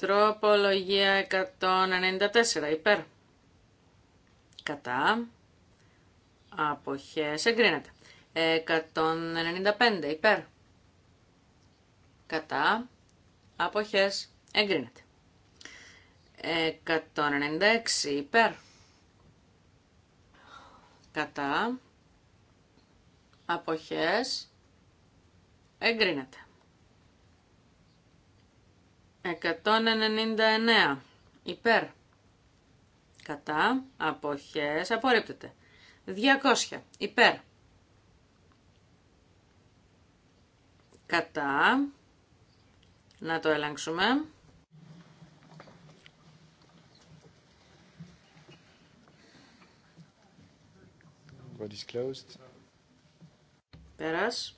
Τροπολογία 194. Υπέρ. Κατά αποχές εγκρίνεται. 195. Υπέρ. Κατά αποχές Εγκρίνεται. 196 υπέρ. Κατά. Αποχές. Εγκρίνεται. 199 υπέρ. Κατά. Αποχές. Απορρίπτεται. 200 υπέρ. Κατά. Να το ελέγξουμε. Πέρα. closed. Πέρας.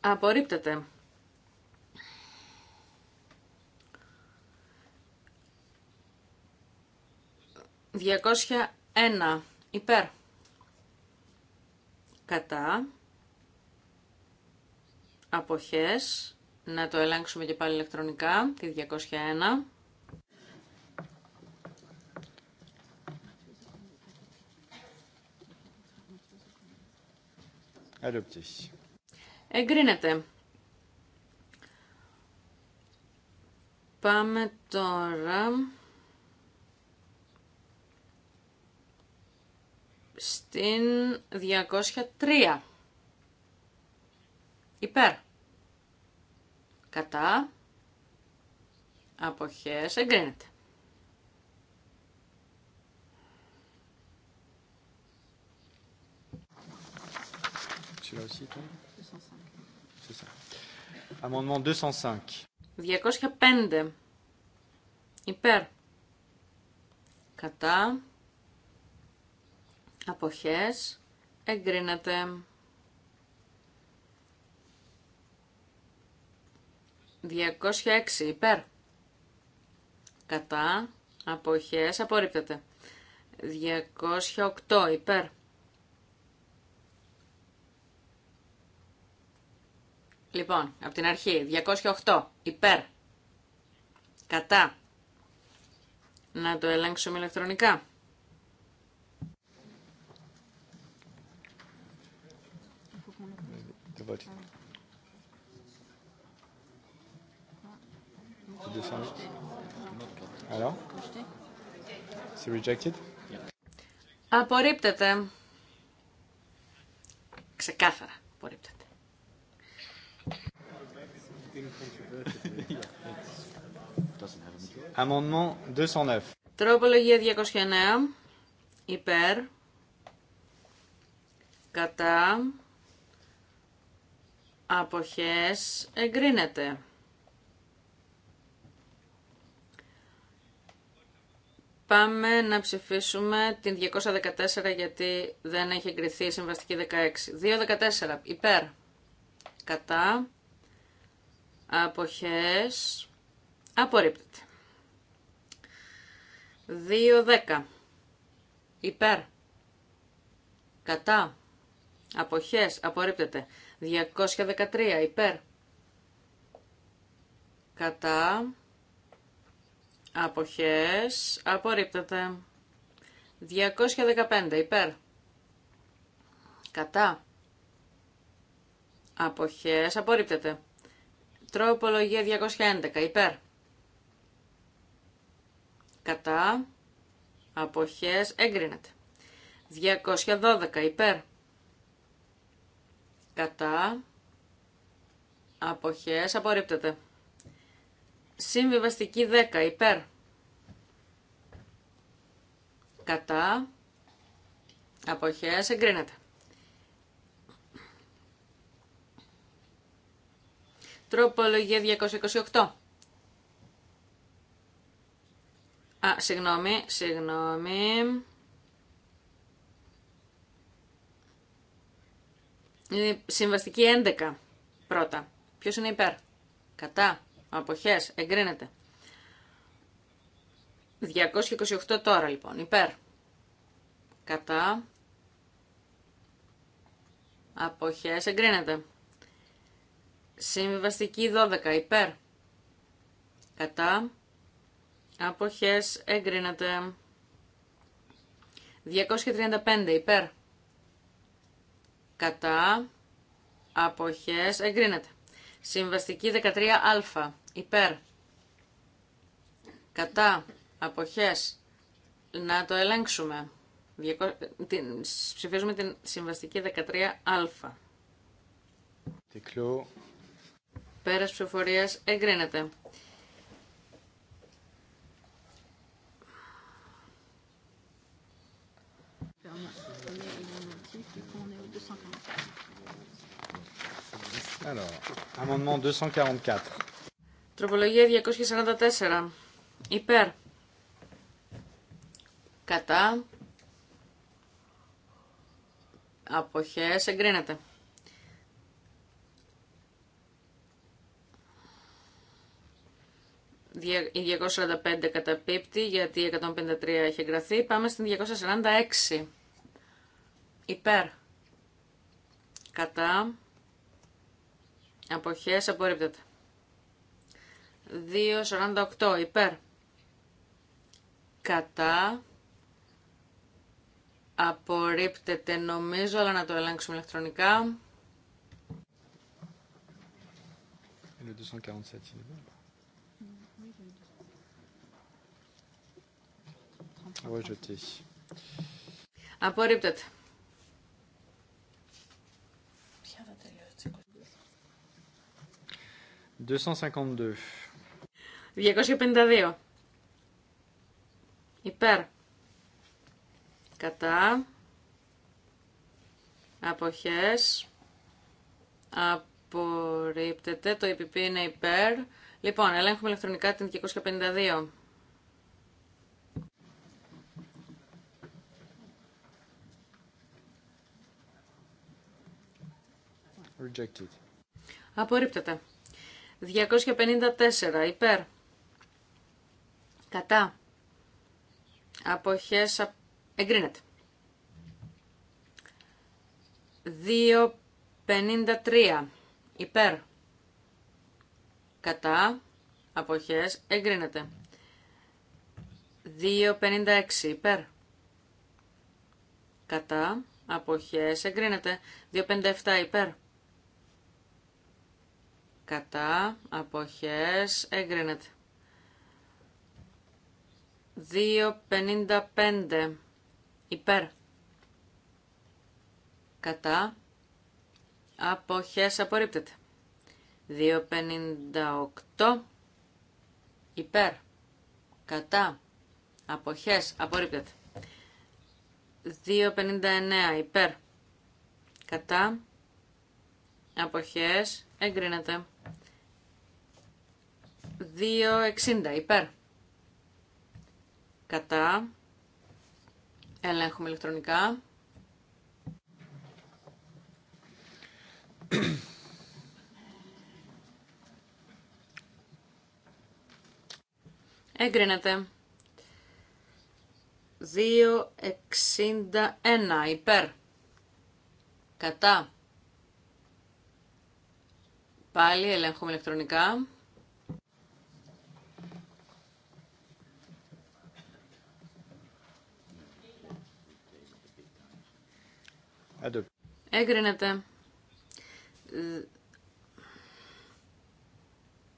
Απορρίπτεται. Διακόσια ένα. Υπέρ. Κατά. Αποχές. Να το ελέγξουμε και πάλι ηλεκτρονικά. Τη 201. Εγκρίνεται. Πάμε τώρα στην 203. Υπέρ. Κατά. Αποχές. Εγκρίνεται. Celui-là aussi tombe 205. C'est ça. Amendement 205. 205. Υπέρ. Κατά. Αποχές. Εγκρίνεται. 206. Υπέρ. Κατά. Αποχές. Απορρίπτεται. 208. Υπέρ. Λοιπόν, από την αρχή, 208, υπέρ, κατά, να το ελέγξουμε ηλεκτρονικά. Απορρίπτεται. Ξεκάθαρα απορρίπτεται. Amendement 209. Τροπολογία 209. Υπέρ. Κατά. Αποχές. Εγκρίνεται. Πάμε να ψηφίσουμε την 214 γιατί δεν έχει εγκριθεί η συμβαστική 16. 214. Υπέρ. Κατά. Αποχές. Απορρίπτεται. 2-10. Υπέρ. Κατά. Αποχές. Απορρίπτεται. 213. Υπέρ. Κατά. Αποχές. Απορρίπτεται. 215. Υπέρ. Κατά. Αποχές. Απορρίπτεται. Τροπολογία 211 υπέρ. Κατά. Αποχές εγκρίνεται. 212 υπέρ. Κατά. Αποχές απορρίπτεται. Συμβιβαστική 10 υπέρ. Κατά. Αποχές εγκρίνεται. Τροπολογία 228. Α, συγγνώμη, συγγνώμη. Συμβαστική 11 πρώτα. Ποιος είναι υπέρ. Κατά. Αποχές. Εγκρίνεται. 228 τώρα λοιπόν. Υπέρ. Κατά. Αποχές. Εγκρίνεται. Συμβαστική 12 υπέρ. Κατά. Αποχές εγκρίνεται. 235 υπέρ. Κατά. Αποχές εγκρίνεται. Συμβαστική 13α υπέρ. Κατά. Αποχές. Να το ελέγξουμε. Ψηφίζουμε την συμβαστική 13α. Πέρας ψηφοφορίας εγκρίνεται. Τροπολογία 244. Υπέρ. Κατά. Αποχές εγκρίνεται. Η 245 καταπίπτει γιατί 153 έχει εγγραφεί. Πάμε στην 246. Υπέρ. Κατά. Αποχές απορρίπτεται. 2.48 υπέρ. Κατά. Απορρίπτεται νομίζω, αλλά να το ελέγξουμε ηλεκτρονικά. Le 247, Απορρίπτεται. 252. 252. Υπέρ. Κατά. Αποχές. Απορρίπτεται. Το EPP είναι υπέρ. Λοιπόν, ελέγχουμε ηλεκτρονικά την 252. Rejected. Απορρίπτεται. 254 υπέρ. Κατά. Αποχές εγκρίνεται. 253 υπέρ. Κατά. Αποχές εγκρίνεται. 256 υπέρ. Κατά. Αποχές εγκρίνεται. 257 υπέρ κατά, αποχές, εγκρίνεται. 2.55 υπέρ, κατά, αποχές, απορρίπτεται. 2.58 υπέρ, κατά, αποχές, απορρίπτεται. 2.59 υπέρ, κατά, αποχές, εγκρίνεται. 2.60 υπέρ. Κατά. Ελέγχουμε ηλεκτρονικά. Έγκρινεται. 2.61 υπέρ. Κατά. Πάλι ελέγχουμε ηλεκτρονικά. Εγκρίνεται.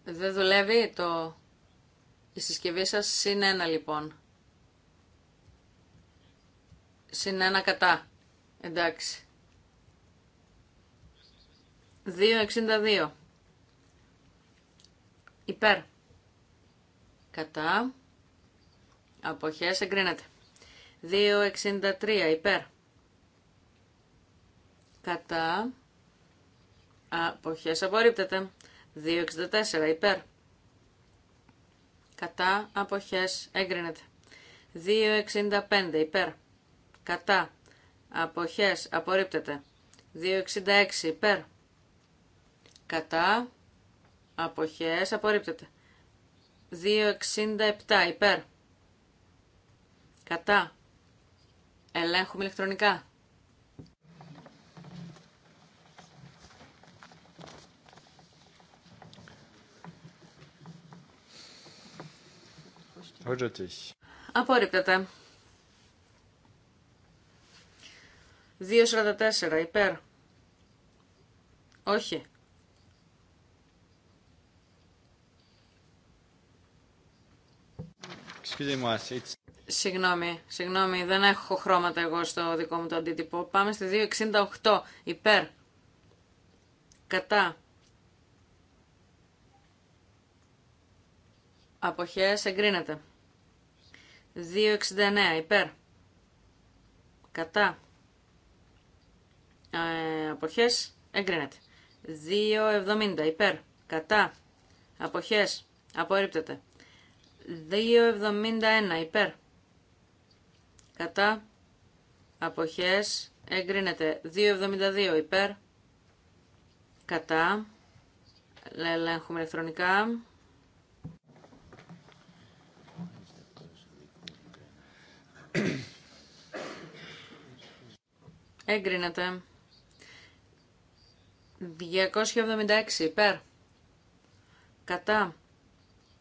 Δεν δουλεύει το... η συσκευή σας. Συν ένα λοιπόν. Συν ένα κατά. Εντάξει. 2,62. Υπέρ. Κατά. Αποχές εγκρίνεται. 2,63 υπέρ κατά, αποχές απορρίπτεται. 264 υπέρ, κατά, αποχές έγκρινεται. 265 υπέρ, κατά, αποχές απορρίπτεται. 266 υπέρ, κατά, αποχές απορρίπτεται. 267 υπέρ, κατά, ελέγχουμε ηλεκτρονικά. Απορρίπτεται. 2.44 υπέρ. Όχι. Συγγνώμη, συγγνώμη, δεν έχω χρώματα εγώ στο δικό μου το αντίτυπο. Πάμε στη 2.68 υπέρ. Κατά. Αποχές εγκρίνεται. 2,69 υπέρ. Κατά. Ε, αποχές εγκρίνεται. 2,70 υπέρ. Κατά. Αποχές απορρίπτεται. 2,71 υπέρ. Κατά. Αποχές εγκρίνεται. 2,72 υπέρ. Κατά. Ελέγχουμε ηλεκτρονικά. Έγκρινεται. 276 υπέρ. Κατά.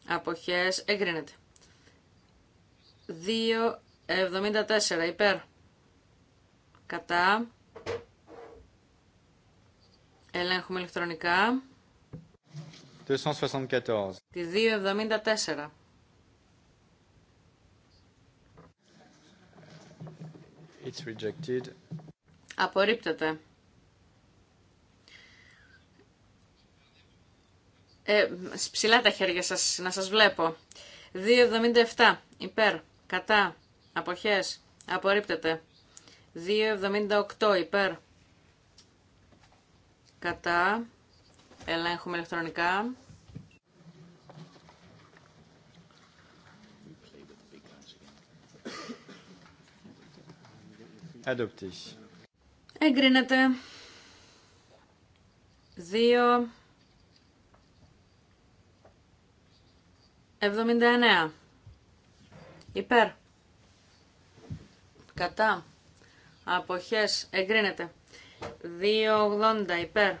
Αποχές. Έγκρινεται. 274 υπέρ. Κατά. Ελέγχουμε ηλεκτρονικά. 274. Τη 274. It's Απορρίπτεται. Ε, ψηλά τα χέρια σας, να σας βλέπω. 2,77 υπέρ, κατά, αποχές, απορρίπτεται. 2,78 υπέρ, κατά, ελέγχουμε ηλεκτρονικά. Adoptez. Εγκρίνεται. 2. 79. Υπέρ. Κατά. Αποχές. Εγκρίνεται. 2.80. Υπέρ.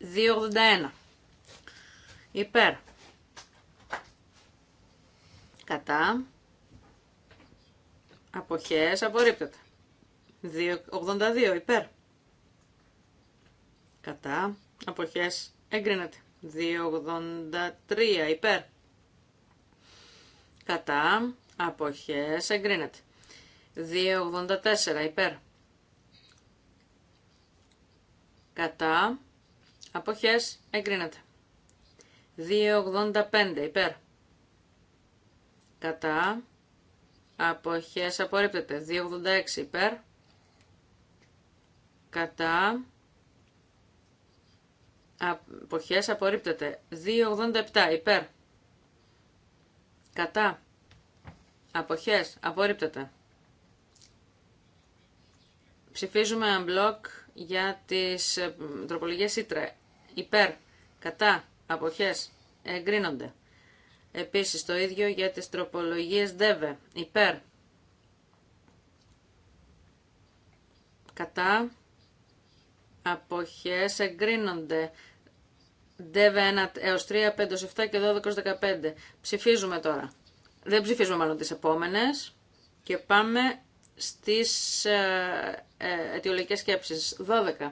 2.81. Υπέρ. Κατά. Αποχές απορρίπτεται. 82 υπέρ. Κατά. Αποχές εγκρίνεται. 283 υπέρ. Κατά. Αποχές εγκρίνεται. 284 υπέρ. Κατά. Αποχές εγκρίνεται. 285 υπέρ. Κατά αποχές απορρίπτεται. 286 υπέρ, κατά, αποχές απορρίπτεται. 287 υπέρ, κατά, αποχές απορρίπτεται. Ψηφίζουμε μπλοκ για τις ε, τροπολογίες ήτρε. Υπέρ, κατά, αποχές εγκρίνονται. Επίσης το ίδιο για τις τροπολογίες ΔΕΒΕ. Υπέρ. Κατά. Αποχές εγκρίνονται. ΔΕΒΕ 1 έως 3, 5 7 και 12 15. Ψηφίζουμε τώρα. Δεν ψηφίζουμε μάλλον τις επόμενες. Και πάμε στις ε, ε, αιτιολογικές σκέψεις. 12.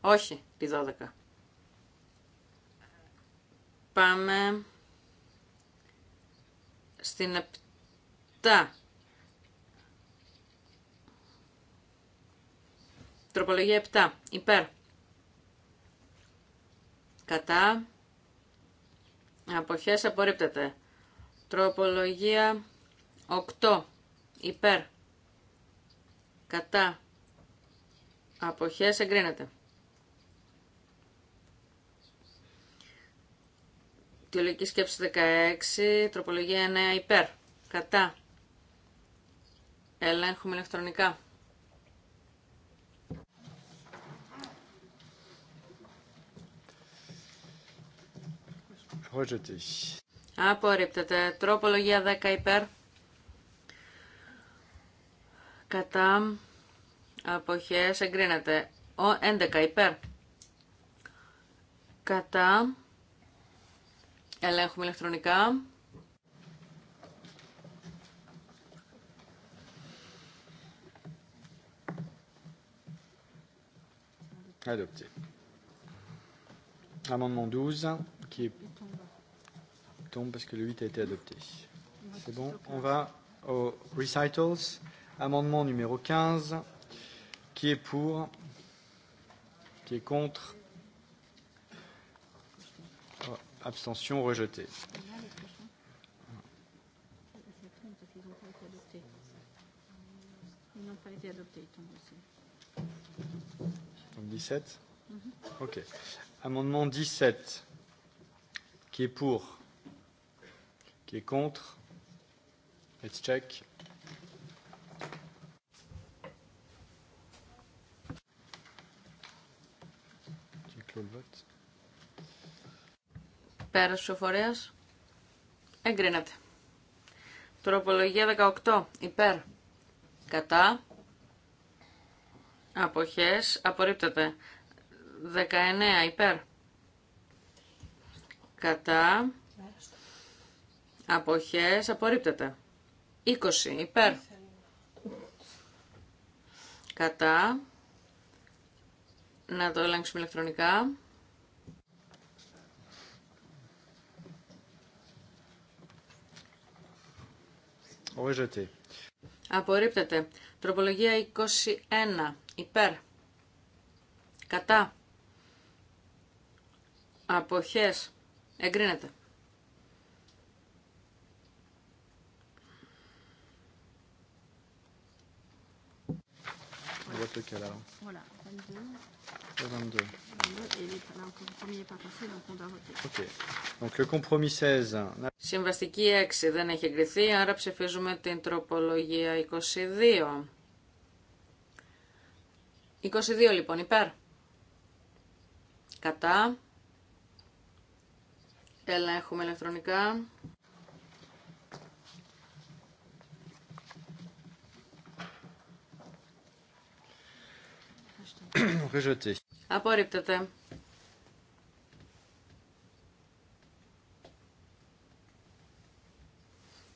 Όχι τη 12. Πάμε στην 7. Τροπολογία 7. Υπέρ. Κατά. Αποχές απορρίπτεται. Τροπολογία 8. Υπέρ. Κατά. Αποχές εγκρίνεται. Αιτιολογική σκέψη 16, τροπολογία 9 υπέρ. Κατά. Ελέγχουμε ηλεκτρονικά. Απορρίπτεται. Τροπολογία 10 υπέρ. Κατά. Αποχές εγκρίνεται. Ο 11 υπέρ. Κατά. Ελέγχουμε ηλεκτρονικά. Adopté. Amendement 12, qui est... tombe parce que le 8 a été adopté. C'est bon. On va aux recitals. Amendement numéro 15, qui est pour, qui est contre, abstention rejetée Donc 17 Ok. Amendement 17. Qui est pour Qui est contre Let's check. Tu clôt le vote στους ψηφοφορίας. Εγκρίνεται. Τροπολογία 18. Υπέρ. Κατά. Αποχές. Απορρίπτεται. 19. Υπέρ. Κατά. Αποχές. Απορρίπτεται. 20. Υπέρ. Κατά. Να το ελέγξουμε ηλεκτρονικά. Ορίζεται. Απορρίπτεται. Τροπολογία 21. Υπέρ. Κατά. Αποχές. Εγκρίνεται. Συμβαστική 6 δεν έχει εγκριθεί, άρα ψηφίζουμε την τροπολογία 22. 22 λοιπόν, υπέρ. Κατά. Ελέγχουμε ηλεκτρονικά. Rejeté. Απορρίπτεται.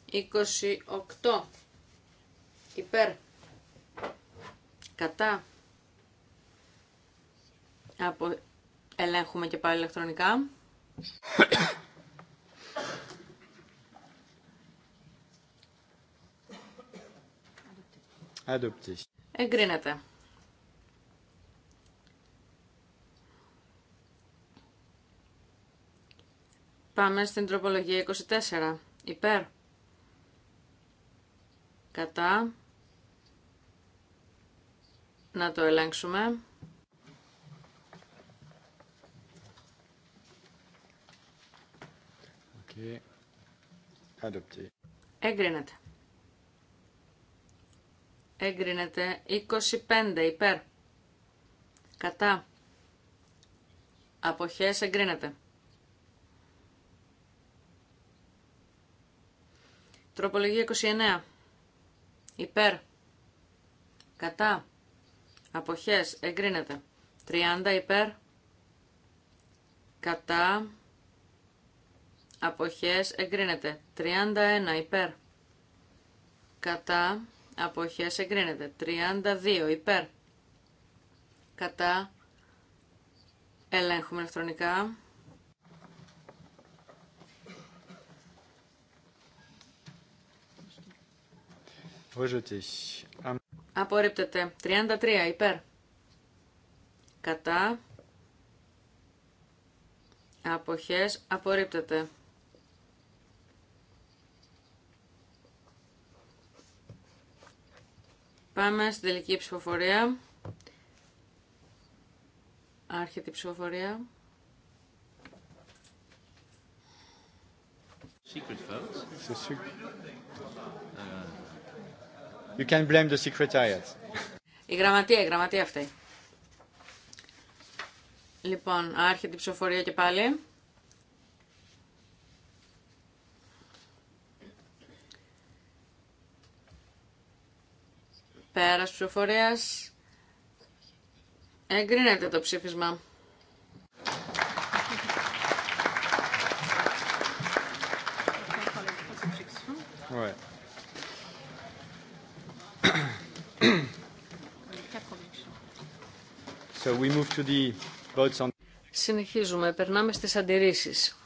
Είκοσι Υπέρ. Κατά. Από... Ελέγχουμε και πάλι ηλεκτρονικά. Εγκρίνεται. Πάμε στην τροπολογία 24. Υπέρ. Κατά. Να το ελέγξουμε. Okay. Εγκρίνεται. Εγκρίνεται 25 υπέρ. Κατά. Αποχές εγκρίνεται. Τροπολογία 29. Υπέρ. Κατά. Αποχές. Εγκρίνεται. 30 υπέρ. Κατά. Αποχές. Εγκρίνεται. 31 υπέρ. Κατά. Αποχές. Εγκρίνεται. 32 υπέρ. Κατά. Ελέγχουμε ηλεκτρονικά. Απορρίπτεται. 33 υπέρ. Κατά. Αποχές. Απορρίπτεται. Πάμε στην τελική ψηφοφορία. Άρχεται η ψηφοφορία. Secret You can blame the secretariat. Η γραμματεία, η γραμματεία αυτή. Λοιπόν, άρχεται η ψηφοφορία και πάλι. Πέρας ψηφοφορίας. Εγκρίνεται το ψήφισμα. Συνεχίζουμε. Περνάμε στις αντιρρήσεις.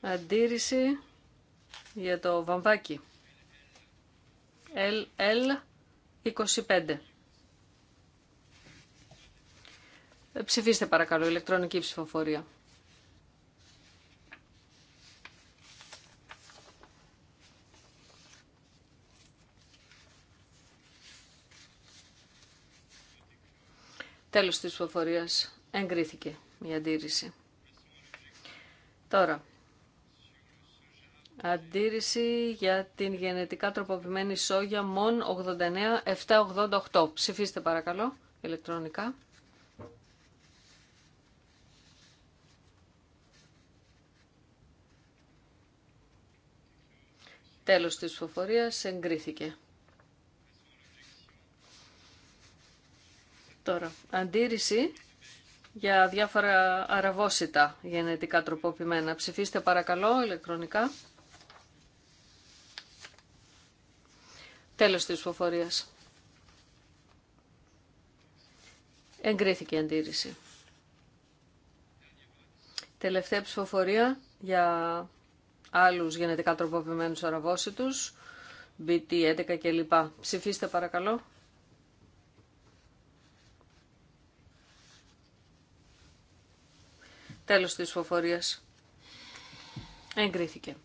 Αντίρρηση για το βαμβάκι. LL25. Ε, ψηφίστε παρακαλώ ηλεκτρονική ψηφοφορία. Τέλος της ψηφοφορίας εγκρίθηκε η αντίρρηση. Τώρα, αντίρρηση για την γενετικά τροποποιημένη σόγια ΜΟΝ 89788. Ψηφίστε παρακαλώ ηλεκτρονικά. Τέλος της ψηφοφορίας εγκρίθηκε. Τώρα, αντίρρηση για διάφορα αραβόσιτα γενετικά τροποποιημένα. Ψηφίστε παρακαλώ ηλεκτρονικά. Τέλος της ψηφοφορίας. Εγκρίθηκε η αντίρρηση. Τελευταία ψηφοφορία για άλλους γενετικά τροποποιημένους αραβόσιτους, BT11 κλπ. Ψηφίστε παρακαλώ. Τέλος της φοφορίας. Εγκρίθηκε.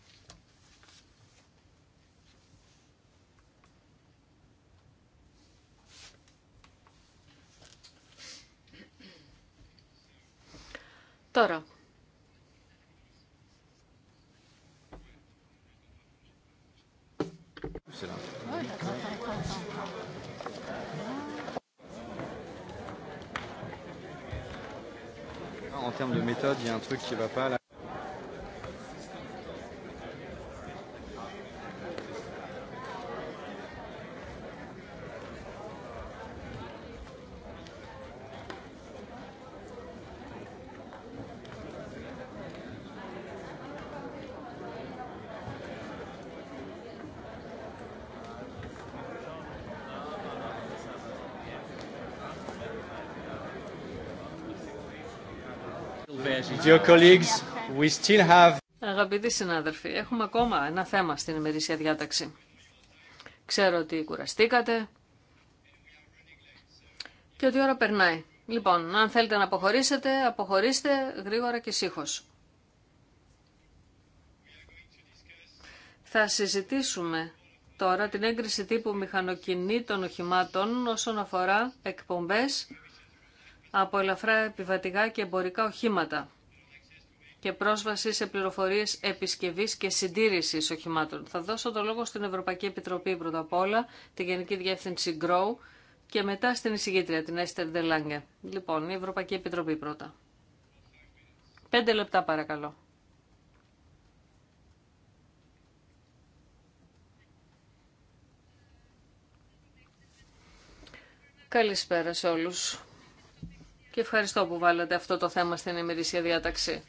Τώρα. en termes de méthode, il y a un truc qui va pas là. Dear colleagues, we still have... Αγαπητοί συνάδελφοι, έχουμε ακόμα ένα θέμα στην ημερήσια διάταξη. Ξέρω ότι κουραστήκατε και ότι η ώρα περνάει. Λοιπόν, αν θέλετε να αποχωρήσετε, αποχωρήστε γρήγορα και σύχως. Θα συζητήσουμε τώρα την έγκριση τύπου μηχανοκινήτων οχημάτων όσον αφορά εκπομπές από ελαφρά επιβατικά και εμπορικά οχήματα και πρόσβαση σε πληροφορίε επισκευή και συντήρησης οχημάτων. Θα δώσω το λόγο στην Ευρωπαϊκή Επιτροπή πρώτα απ' όλα, την Γενική Διεύθυνση GROW και μετά στην εισηγήτρια, την Έστερ Ντελάνγκε. Λοιπόν, η Ευρωπαϊκή Επιτροπή πρώτα. Πέντε λεπτά παρακαλώ. Καλησπέρα σε όλους και ευχαριστώ που βάλατε αυτό το θέμα στην ημερήσια διάταξη.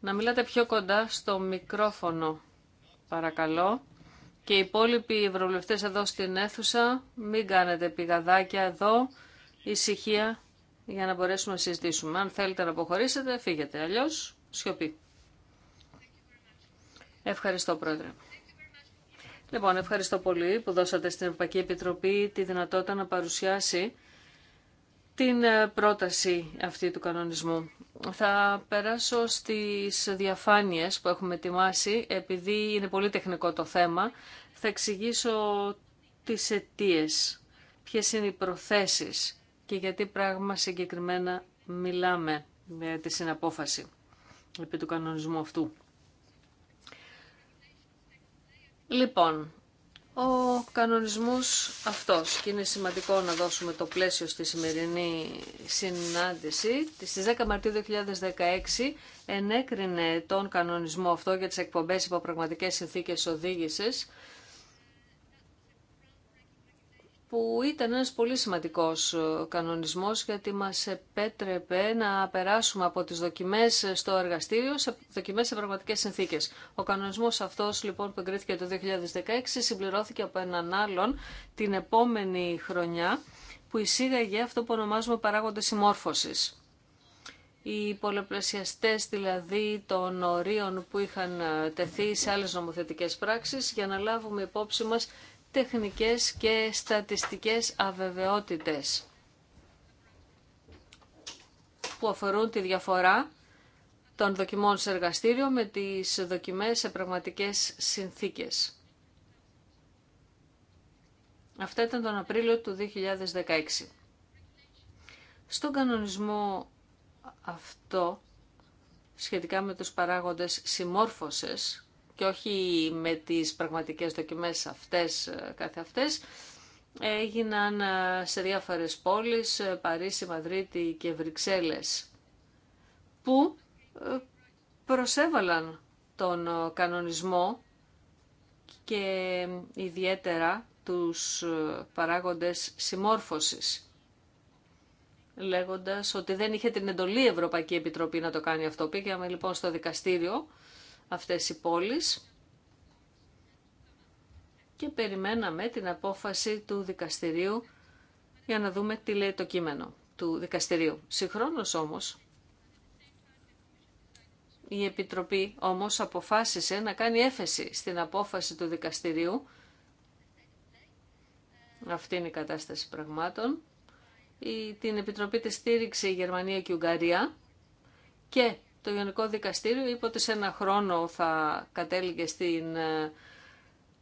Να μιλάτε πιο κοντά στο μικρόφωνο, παρακαλώ. Και οι υπόλοιποι ευρωβουλευτές εδώ στην αίθουσα, μην κάνετε πηγαδάκια εδώ, ησυχία, για να μπορέσουμε να συζητήσουμε. Αν θέλετε να αποχωρήσετε, φύγετε. Αλλιώς, σιωπή. Ευχαριστώ, Πρόεδρε. Λοιπόν, ευχαριστώ πολύ που δώσατε στην Ευρωπαϊκή Επιτροπή τη δυνατότητα να παρουσιάσει την ε, πρόταση αυτή του κανονισμού. Θα περάσω στις διαφάνειες που έχουμε ετοιμάσει, επειδή είναι πολύ τεχνικό το θέμα. Θα εξηγήσω τις αιτίε, ποιες είναι οι προθέσεις και γιατί πράγμα συγκεκριμένα μιλάμε με τη συναπόφαση επί του κανονισμού αυτού. Λοιπόν, ο κανονισμός αυτός και είναι σημαντικό να δώσουμε το πλαίσιο στη σημερινή συνάντηση. Στις 10 Μαρτίου 2016 ενέκρινε τον κανονισμό αυτό για τις εκπομπές υπό πραγματικές συνθήκες οδήγησης που ήταν ένας πολύ σημαντικός ε, κανονισμός γιατί μας επέτρεπε να περάσουμε από τις δοκιμές στο εργαστήριο σε δοκιμές σε πραγματικές συνθήκες. Ο κανονισμός αυτός λοιπόν που εγκρίθηκε το 2016 συμπληρώθηκε από έναν άλλον την επόμενη χρονιά που εισήγαγε αυτό που ονομάζουμε παράγοντες συμμόρφωσης. Οι πολλαπλασιαστές δηλαδή των ορίων που είχαν ε, τεθεί σε άλλες νομοθετικές πράξεις για να λάβουμε υπόψη μας τεχνικές και στατιστικές αβεβαιότητες που αφορούν τη διαφορά των δοκιμών σε εργαστήριο με τις δοκιμές σε πραγματικές συνθήκες. Αυτά ήταν τον Απρίλιο του 2016. Στον κανονισμό αυτό, σχετικά με τους παράγοντες συμμόρφωσης και όχι με τις πραγματικές δοκιμές αυτές, ε, κάθε αυτές, έγιναν ε, σε διάφορες πόλεις, ε, Παρίσι, Μαδρίτη και Βρυξέλλες, που προσέβαλαν τον κανονισμό και ιδιαίτερα τους παράγοντες συμμόρφωσης λέγοντας ότι δεν είχε την εντολή η Ευρωπαϊκή Επιτροπή να το κάνει αυτό. Πήγαμε λοιπόν στο δικαστήριο αυτές οι πόλεις και περιμέναμε την απόφαση του δικαστηρίου για να δούμε τι λέει το κείμενο του δικαστηρίου. Συγχρόνως όμως, η Επιτροπή όμως αποφάσισε να κάνει έφεση στην απόφαση του δικαστηρίου. Αυτή είναι η κατάσταση πραγμάτων. Η, την Επιτροπή της στήριξε η Γερμανία και η Ουγγαρία και το Γενικό Δικαστήριο είπε ότι σε ένα χρόνο θα κατέληγε στην ε,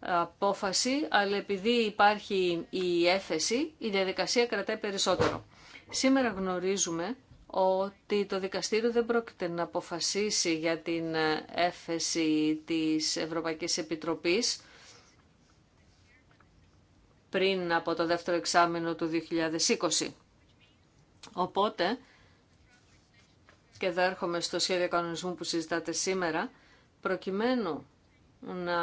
απόφαση, αλλά επειδή υπάρχει η έφεση, η διαδικασία κρατάει περισσότερο. Σήμερα γνωρίζουμε ότι το δικαστήριο δεν πρόκειται να αποφασίσει για την ε, έφεση της Ευρωπαϊκής Επιτροπής πριν από το δεύτερο εξάμεινο του 2020. Οπότε, και εδώ έρχομαι στο σχέδιο κανονισμού που συζητάτε σήμερα, προκειμένου να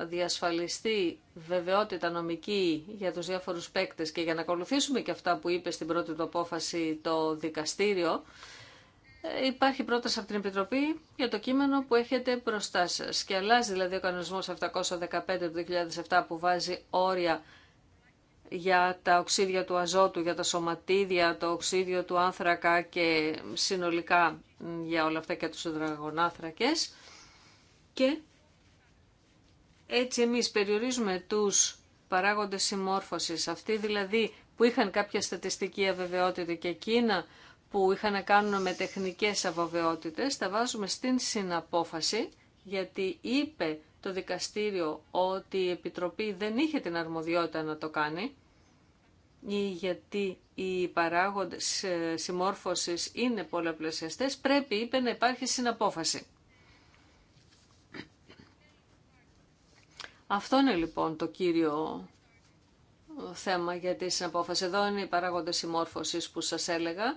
διασφαλιστεί βεβαιότητα νομική για τους διάφορους παίκτες και για να ακολουθήσουμε και αυτά που είπε στην πρώτη του απόφαση το δικαστήριο, ε, υπάρχει πρόταση από την Επιτροπή για το κείμενο που έχετε μπροστά σα. Και αλλάζει δηλαδή ο κανονισμός 715 του 2007 που βάζει όρια για τα οξύδια του αζότου, για τα σωματίδια, το οξύδιο του άνθρακα και συνολικά για όλα αυτά και τους υδραγωνάθρακες. Και έτσι εμείς περιορίζουμε τους παράγοντες συμμόρφωσης, αυτοί δηλαδή που είχαν κάποια στατιστική αβεβαιότητα και εκείνα που είχαν να κάνουν με τεχνικές αβεβαιότητες, τα βάζουμε στην συναπόφαση, γιατί είπε το δικαστήριο ότι η Επιτροπή δεν είχε την αρμοδιότητα να το κάνει ή γιατί οι παράγοντες ε, συμμόρφωσης είναι πολλαπλασιαστές, πρέπει, είπε, να υπάρχει συναπόφαση. Αυτό είναι λοιπόν το κύριο θέμα για τη συναπόφαση. Εδώ είναι οι παράγοντες συμμόρφωσης που σας έλεγα,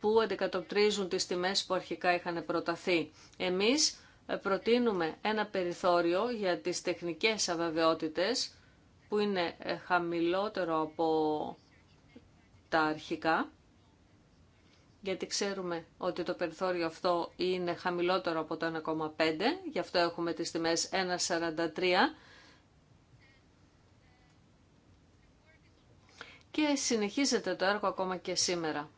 που αντικατοπτρίζουν τις τιμές που αρχικά είχαν προταθεί. Εμείς προτείνουμε ένα περιθώριο για τις τεχνικές αβεβαιότητες που είναι ε, χαμηλότερο από τα αρχικά γιατί ξέρουμε ότι το περιθώριο αυτό είναι χαμηλότερο από το 1,5, γι' αυτό έχουμε τις τιμές 1,43 και συνεχίζεται το έργο ακόμα και σήμερα.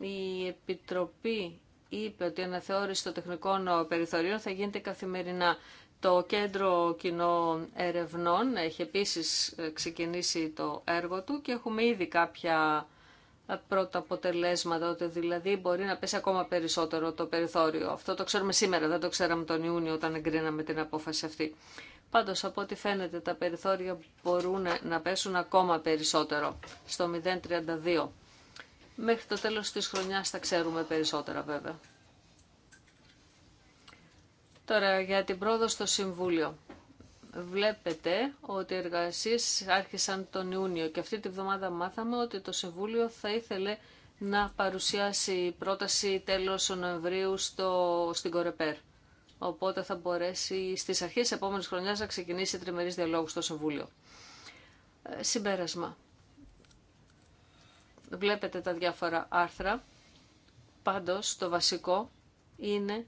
Η Επιτροπή είπε ότι η αναθεώρηση των τεχνικών περιθωρίων θα γίνεται καθημερινά. Το Κέντρο Κοινό Ερευνών έχει επίσης ε, ξεκινήσει το έργο του και έχουμε ήδη κάποια ε, πρώτα αποτελέσματα, ότι δηλαδή μπορεί να πέσει ακόμα περισσότερο το περιθώριο. Αυτό το ξέρουμε σήμερα, δεν το ξέραμε τον Ιούνιο όταν εγκρίναμε την απόφαση αυτή. Πάντως, από ό,τι φαίνεται, τα περιθώρια μπορούν να πέσουν ακόμα περισσότερο, στο 0,32. Μέχρι το τέλος της χρονιάς θα ξέρουμε περισσότερα βέβαια. Τώρα για την πρόοδο στο Συμβούλιο. Βλέπετε ότι οι εργασίες άρχισαν τον Ιούνιο και αυτή τη βδομάδα μάθαμε ότι το Συμβούλιο θα ήθελε να παρουσιάσει πρόταση τέλος Νοεμβρίου στο, στην Κορεπέρ. Οπότε θα μπορέσει στις αρχές επόμενης χρονιάς να ξεκινήσει τριμερής διαλόγου στο Συμβούλιο. Ε, συμπέρασμα. Βλέπετε τα διάφορα άρθρα. Πάντως, το βασικό είναι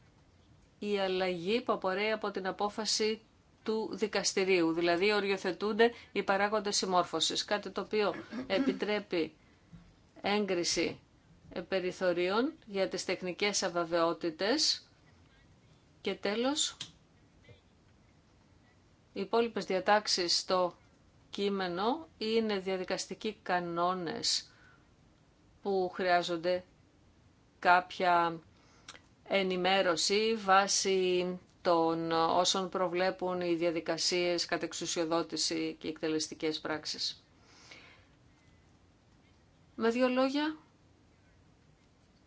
η αλλαγή που απορρέει από την απόφαση του δικαστηρίου. Δηλαδή, οριοθετούνται οι παράγοντες συμμόρφωσης. Κάτι το οποίο επιτρέπει έγκριση περιθωρίων για τις τεχνικές αβαβαιότητες και τέλος οι υπόλοιπε διατάξεις στο κείμενο είναι διαδικαστικοί κανόνες που χρειάζονται κάποια ενημέρωση βάσει των όσων προβλέπουν οι διαδικασίες κατεξουσιοδότηση και εκτελεστικές πράξεις. Με δύο λόγια,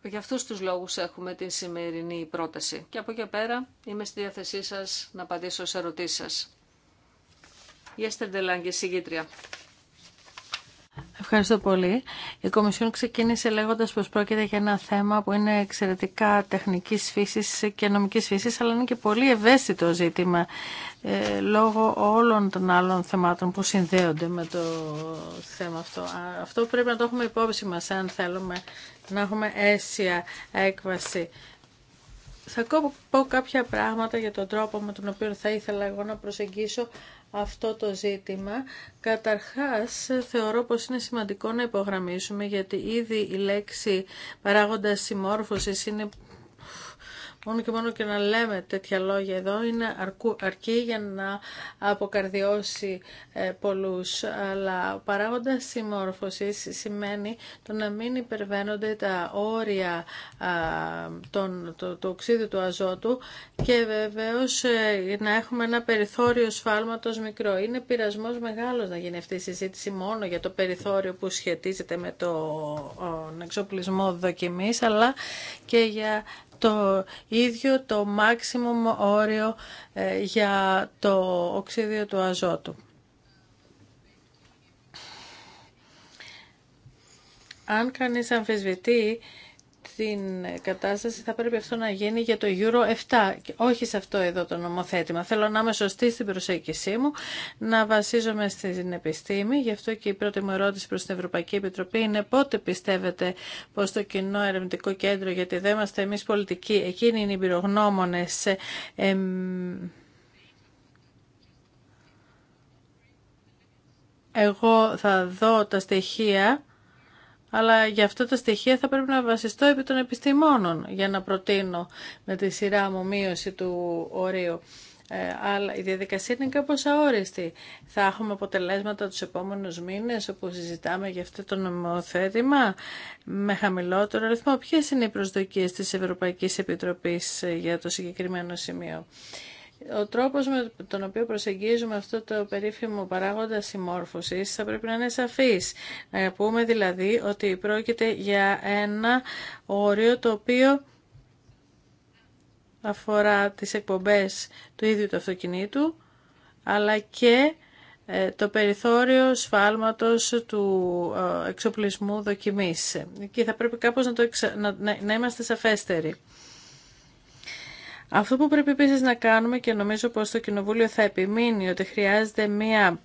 για αυτούς τους λόγους έχουμε την σημερινή πρόταση. Και από εκεί πέρα είμαι στη διάθεσή σας να απαντήσω σε ερωτήσεις σας. Η Έστερ Ευχαριστώ πολύ. Η Κομισιόν ξεκίνησε λέγοντας πως πρόκειται για ένα θέμα που είναι εξαιρετικά τεχνικής φύσης και νομική φύσης, αλλά είναι και πολύ ευαίσθητο ζήτημα ε, λόγω όλων των άλλων θεμάτων που συνδέονται με το θέμα αυτό. Αυτό πρέπει να το έχουμε υπόψη μα αν θέλουμε να έχουμε αίσια έκβαση. Θα πω κάποια πράγματα για τον τρόπο με τον οποίο θα ήθελα εγώ να προσεγγίσω αυτό το ζήτημα. Καταρχάς, θεωρώ πως είναι σημαντικό να υπογραμμίσουμε, γιατί ήδη η λέξη παράγοντας συμμόρφωσης είναι Μόνο και μόνο και να λέμε τέτοια λόγια εδώ είναι αρκού, αρκεί για να αποκαρδιώσει ε, πολλούς. Αλλά ο παράγοντας συμμόρφωσης σημαίνει το να μην υπερβαίνονται τα όρια α, τον, το, το του αζότου και βεβαίως ε, να έχουμε ένα περιθώριο σφάλματος μικρό. Είναι πειρασμός μεγάλος να γίνει αυτή η συζήτηση μόνο για το περιθώριο που σχετίζεται με τον εξοπλισμό δοκιμής αλλά και για το ίδιο το maximum όριο ε, για το οξύδιο του αζότου. Αν κανείς αμφισβητεί στην κατάσταση θα πρέπει αυτό να γίνει για το Euro 7 και όχι σε αυτό εδώ το νομοθέτημα. Θέλω να είμαι σωστή στην προσέγγιση μου, να βασίζομαι στην επιστήμη. Γι' αυτό και η πρώτη μου ερώτηση προς την Ευρωπαϊκή Επιτροπή είναι πότε πιστεύετε πως το κοινό ερευνητικό κέντρο, γιατί δεν είμαστε εμείς πολιτικοί, εκείνοι είναι οι πυρογνώμονες, εγώ θα δω τα στοιχεία αλλά για αυτά τα στοιχεία θα πρέπει να βασιστώ επί των επιστημόνων για να προτείνω με τη σειρά μου μείωση του ορίου. Ε, αλλά η διαδικασία είναι κάπως αόριστη. Θα έχουμε αποτελέσματα τους επόμενους μήνες όπου συζητάμε για αυτό το νομοθέτημα με χαμηλότερο αριθμό. Ποιες είναι οι προσδοκίες της Ευρωπαϊκής Επιτροπής ε, για το συγκεκριμένο σημείο. Ο τρόπος με τον οποίο προσεγγίζουμε αυτό το περίφημο παράγοντα συμμόρφωσης θα πρέπει να είναι σαφής. Να πούμε δηλαδή ότι πρόκειται για ένα όριο το οποίο αφορά τις εκπομπές του ίδιου του αυτοκινήτου, αλλά και ε, το περιθώριο σφάλματος του ε, εξοπλισμού δοκιμής. Και θα πρέπει κάπως να, το να... να είμαστε σαφέστεροι. Αυτό που πρέπει επίση να κάνουμε και νομίζω πως το Κοινοβούλιο θα επιμείνει ότι χρειάζεται μία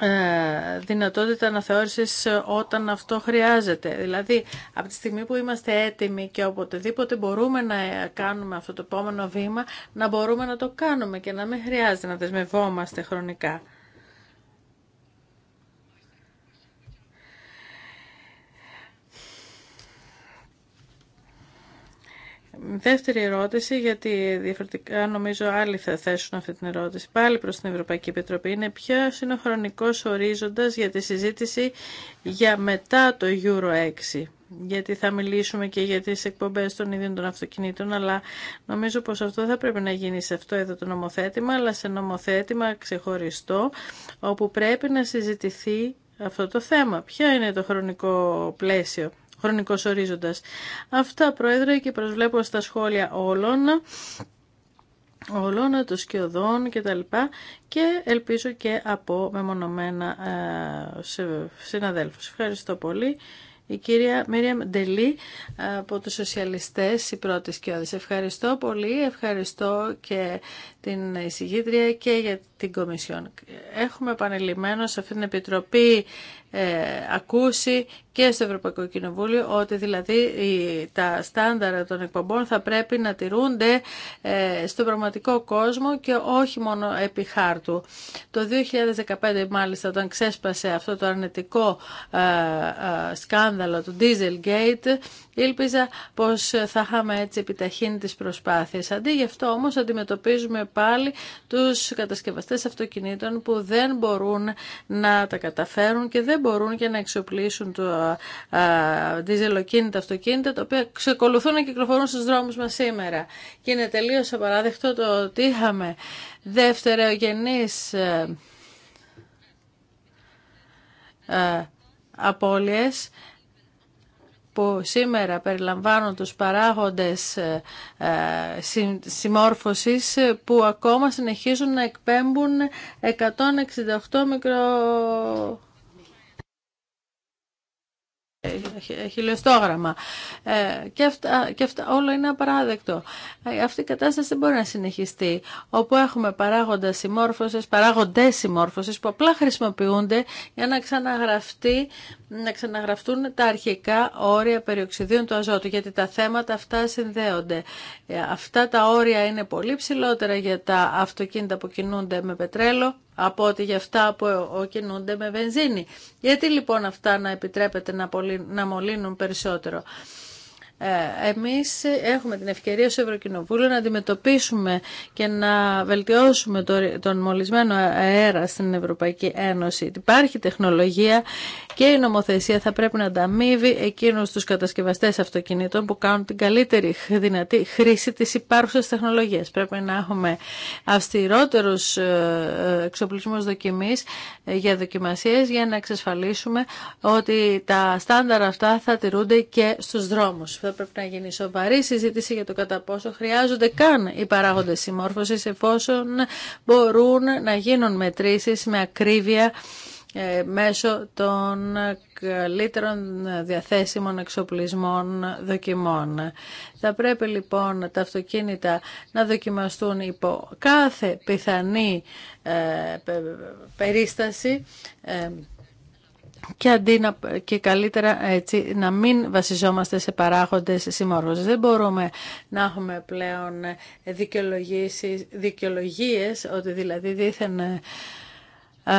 ε, δυνατότητα αναθεώρησης όταν αυτό χρειάζεται. Δηλαδή, από τη στιγμή που είμαστε έτοιμοι και οποτεδήποτε μπορούμε να κάνουμε αυτό το επόμενο βήμα, να μπορούμε να το κάνουμε και να μην χρειάζεται να δεσμευόμαστε χρονικά. Δεύτερη ερώτηση, γιατί διαφορετικά νομίζω άλλοι θα θέσουν αυτή την ερώτηση, πάλι προς την Ευρωπαϊκή Επιτροπή, είναι ποιο είναι ο χρονικός ορίζοντας για τη συζήτηση για μετά το Euro 6 γιατί θα μιλήσουμε και για τις εκπομπές των ίδιων των αυτοκινήτων, αλλά νομίζω πως αυτό θα πρέπει να γίνει σε αυτό εδώ το νομοθέτημα, αλλά σε νομοθέτημα ξεχωριστό, όπου πρέπει να συζητηθεί αυτό το θέμα. Ποιο είναι το χρονικό πλαίσιο χρονικός ορίζοντας. Αυτά, Πρόεδρε, και προσβλέπω στα σχόλια όλων όλων, των σκιωδών και τα λοιπά και ελπίζω και από μεμονωμένα ε, συναδέλφους. Ευχαριστώ πολύ. Η κυρία Μίρια Ντελή ε, από τους Σοσιαλιστές, η πρώτη σκιώδης. Ευχαριστώ πολύ, ευχαριστώ και την εισηγήτρια και για Έχουμε επανειλημμένως σε αυτήν την Επιτροπή ε, ακούσει και στο Ευρωπαϊκό Κοινοβούλιο ότι δηλαδή τα στάνταρα των εκπομπών θα πρέπει να τηρούνται ε, στον πραγματικό κόσμο και όχι μόνο επί χάρτου. Το 2015 μάλιστα όταν ξέσπασε αυτό το αρνητικό ε, ε, σκάνδαλο του Dieselgate Ήλπιζα πως θα είχαμε έτσι επιταχύνει τις προσπάθειες. Αντί γι' αυτό όμως αντιμετωπίζουμε πάλι τους κατασκευαστές αυτοκινήτων που δεν μπορούν να τα καταφέρουν και δεν μπορούν και να εξοπλίσουν το διζελοκίνητα αυτοκίνητα τα οποία ξεκολουθούν να κυκλοφορούν στους δρόμους μας σήμερα. Και είναι τελείως απαράδεκτο το ότι είχαμε δευτερεογενείς ε, ε, απώλειες που σήμερα περιλαμβάνουν τους παράγοντες ε, ε, συμμόρφωσης ε, που ακόμα συνεχίζουν να εκπέμπουν 168 μικρο χιλιοστόγραμμα. Ε, και, αυτά, και αυτά όλο είναι απαράδεκτο. Ε, αυτή η κατάσταση δεν μπορεί να συνεχιστεί. Όπου έχουμε παράγοντα συμμόρφωση, παράγοντες συμμόρφωσης που απλά χρησιμοποιούνται για να, ξαναγραφτεί, να ξαναγραφτούν τα αρχικά όρια περιοξιδίων του αζότου. Γιατί τα θέματα αυτά συνδέονται. Ε, αυτά τα όρια είναι πολύ ψηλότερα για τα αυτοκίνητα που κινούνται με πετρέλαιο από ότι για αυτά που κινούνται με βενζίνη. Γιατί λοιπόν αυτά να επιτρέπεται να μολύνουν περισσότερο. Ε, εμείς έχουμε την ευκαιρία στο Ευρωκοινοβούλιο να αντιμετωπίσουμε και να βελτιώσουμε τον μολυσμένο αέρα στην Ευρωπαϊκή Ένωση. Υπάρχει τεχνολογία και η νομοθεσία θα πρέπει να ανταμείβει εκείνους τους κατασκευαστές αυτοκινήτων που κάνουν την καλύτερη δυνατή χρήση της υπάρχουσας τεχνολογίας. Πρέπει να έχουμε αυστηρότερους ε, ε, εξοπλισμούς δοκιμής για δοκιμασίες για να εξασφαλίσουμε ότι τα στάνταρα αυτά θα τηρούνται και στους δρόμους θα πρέπει να γίνει σοβαρή συζήτηση για το κατά πόσο χρειάζονται καν οι παράγοντες συμμόρφωσης εφόσον μπορούν να γίνουν μετρήσεις με ακρίβεια ε, μέσω των καλύτερων διαθέσιμων εξοπλισμών δοκιμών. Θα πρέπει λοιπόν τα αυτοκίνητα να δοκιμαστούν υπό κάθε πιθανή ε, περίσταση ε, και, αντί και καλύτερα έτσι, να μην βασιζόμαστε σε παράγοντες συμμόρφωσης. Δεν μπορούμε να έχουμε πλέον δικαιολογίες ότι δηλαδή δήθεν ε, α,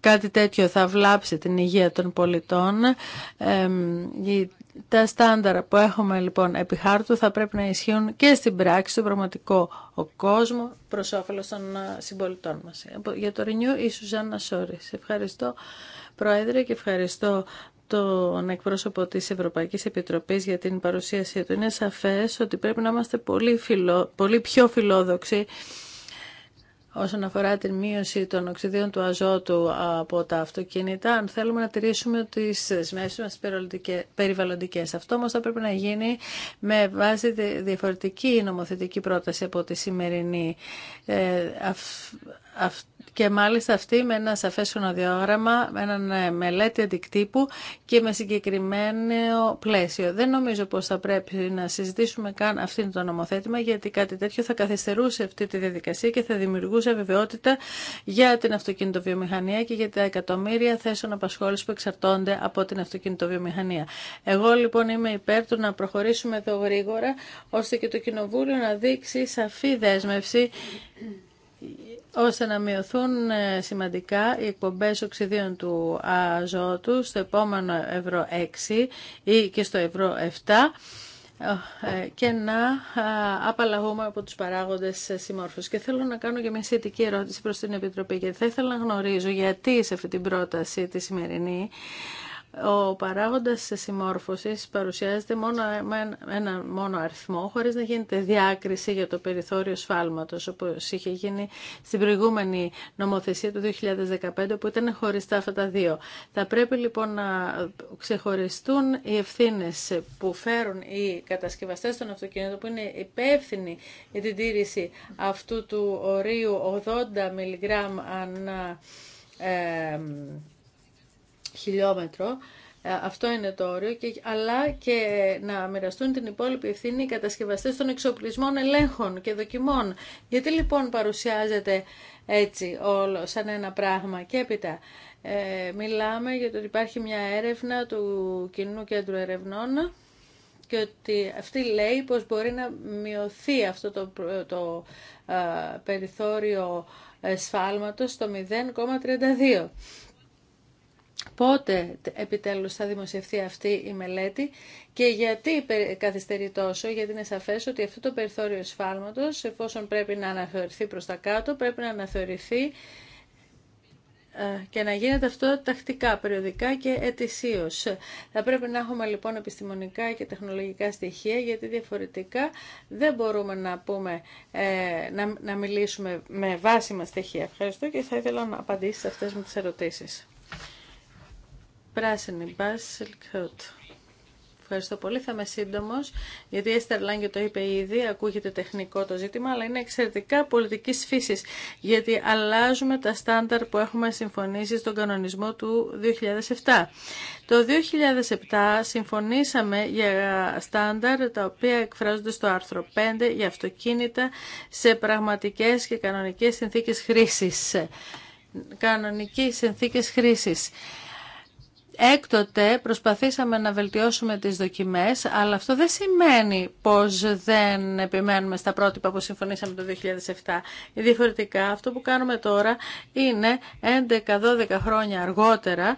κάτι τέτοιο θα βλάψει την υγεία των πολιτών τα στάνταρα που έχουμε λοιπόν επί χάρτου θα πρέπει να ισχύουν και στην πράξη, στον πραγματικό ο κόσμο, προ όφελο των ε, συμπολιτών μας. Για το Ρινιού, η Σουζάννα Σόρη. Ευχαριστώ, Πρόεδρε, και ευχαριστώ τον εκπρόσωπο της Ευρωπαϊκής Επιτροπής για την παρουσίασή του. Είναι σαφές ότι πρέπει να είμαστε πολύ, πολύ πιο φιλόδοξοι όσον αφορά την μείωση των οξυδίων του αζότου από τα αυτοκίνητα, αν θέλουμε να τηρήσουμε τις μέσει μα περιβαλλοντικές. Αυτό όμω θα πρέπει να γίνει με βάση διαφορετική νομοθετική πρόταση από τη σημερινή. Ε, και μάλιστα αυτή με ένα σαφές χρονοδιάγραμμα, με ένα ε, μελέτη αντικτύπου και με συγκεκριμένο πλαίσιο. Δεν νομίζω πως θα πρέπει να συζητήσουμε καν αυτήν το νομοθέτημα γιατί κάτι τέτοιο θα καθυστερούσε αυτή τη διαδικασία και θα δημιουργούσε βεβαιότητα για την αυτοκινητοβιομηχανία και για τα εκατομμύρια θέσεων απασχόληση που εξαρτώνται από την αυτοκινητοβιομηχανία. Εγώ λοιπόν είμαι υπέρ του να προχωρήσουμε εδώ γρήγορα ώστε και το Κοινοβούλιο να δείξει σαφή δέσμευση ώστε να μειωθούν ε, σημαντικά οι εκπομπές οξυδίων του αζώτου στο επόμενο ευρώ 6 ή και στο ευρώ 7 ε, και να απαλλαγούμε από τους παράγοντες συμμόρφωσης. Και θέλω να κάνω και μια σχετική ερώτηση προς την Επιτροπή, γιατί θα ήθελα να γνωρίζω γιατί σε αυτή την πρόταση τη σημερινή ο παράγοντας της συμμόρφωσης παρουσιάζεται μόνο με ένα μόνο αριθμό, χωρίς να γίνεται διάκριση για το περιθώριο σφάλματος, όπως είχε γίνει στην προηγούμενη νομοθεσία του 2015, που ήταν χωριστά αυτά τα δύο. Θα πρέπει λοιπόν να ξεχωριστούν οι ευθύνε που φέρουν οι κατασκευαστές των αυτοκινήτων, που είναι υπεύθυνοι για την τήρηση αυτού του ορίου 80 μιλιγκράμμ ανά... Ε, χιλιόμετρο. Ε, αυτό είναι το όριο, και, αλλά και να μοιραστούν την υπόλοιπη ευθύνη οι κατασκευαστές των εξοπλισμών ελέγχων και δοκιμών. Γιατί λοιπόν παρουσιάζεται έτσι όλο σαν ένα πράγμα και έπειτα. Ε, μιλάμε για το ότι υπάρχει μια έρευνα του Κοινού Κέντρου Ερευνών και ότι αυτή λέει πως μπορεί να μειωθεί αυτό το, το ε, περιθώριο ε, σφάλματος στο 0,32 πότε επιτέλους θα δημοσιευθεί αυτή η μελέτη και γιατί καθυστερεί τόσο, γιατί είναι σαφές ότι αυτό το περιθώριο σφάλματος, εφόσον πρέπει να αναθεωρηθεί προς τα κάτω, πρέπει να αναθεωρηθεί ε, και να γίνεται αυτό τακτικά, περιοδικά και ετησίω. Θα πρέπει να έχουμε λοιπόν επιστημονικά και τεχνολογικά στοιχεία, γιατί διαφορετικά δεν μπορούμε να, πούμε, ε, να, να μιλήσουμε με βάσιμα στοιχεία. Ευχαριστώ και θα ήθελα να απαντήσεις σε αυτές μου τις ερωτήσεις. Πράσινη, Ευχαριστώ πολύ. Θα είμαι σύντομο, γιατί η Έστερ Λάγκη το είπε ήδη, ακούγεται τεχνικό το ζήτημα, αλλά είναι εξαιρετικά πολιτική φύση, γιατί αλλάζουμε τα στάνταρ που έχουμε συμφωνήσει στον κανονισμό του 2007. Το 2007 συμφωνήσαμε για στάνταρ τα οποία εκφράζονται στο άρθρο 5 για αυτοκίνητα σε πραγματικέ και κανονικέ συνθήκε χρήση. Κανονικέ συνθήκε χρήση. Έκτοτε προσπαθήσαμε να βελτιώσουμε τις δοκιμές, αλλά αυτό δεν σημαίνει πως δεν επιμένουμε στα πρότυπα που συμφωνήσαμε το 2007. Διαφορετικά, αυτό που κάνουμε τώρα είναι 11-12 χρόνια αργότερα,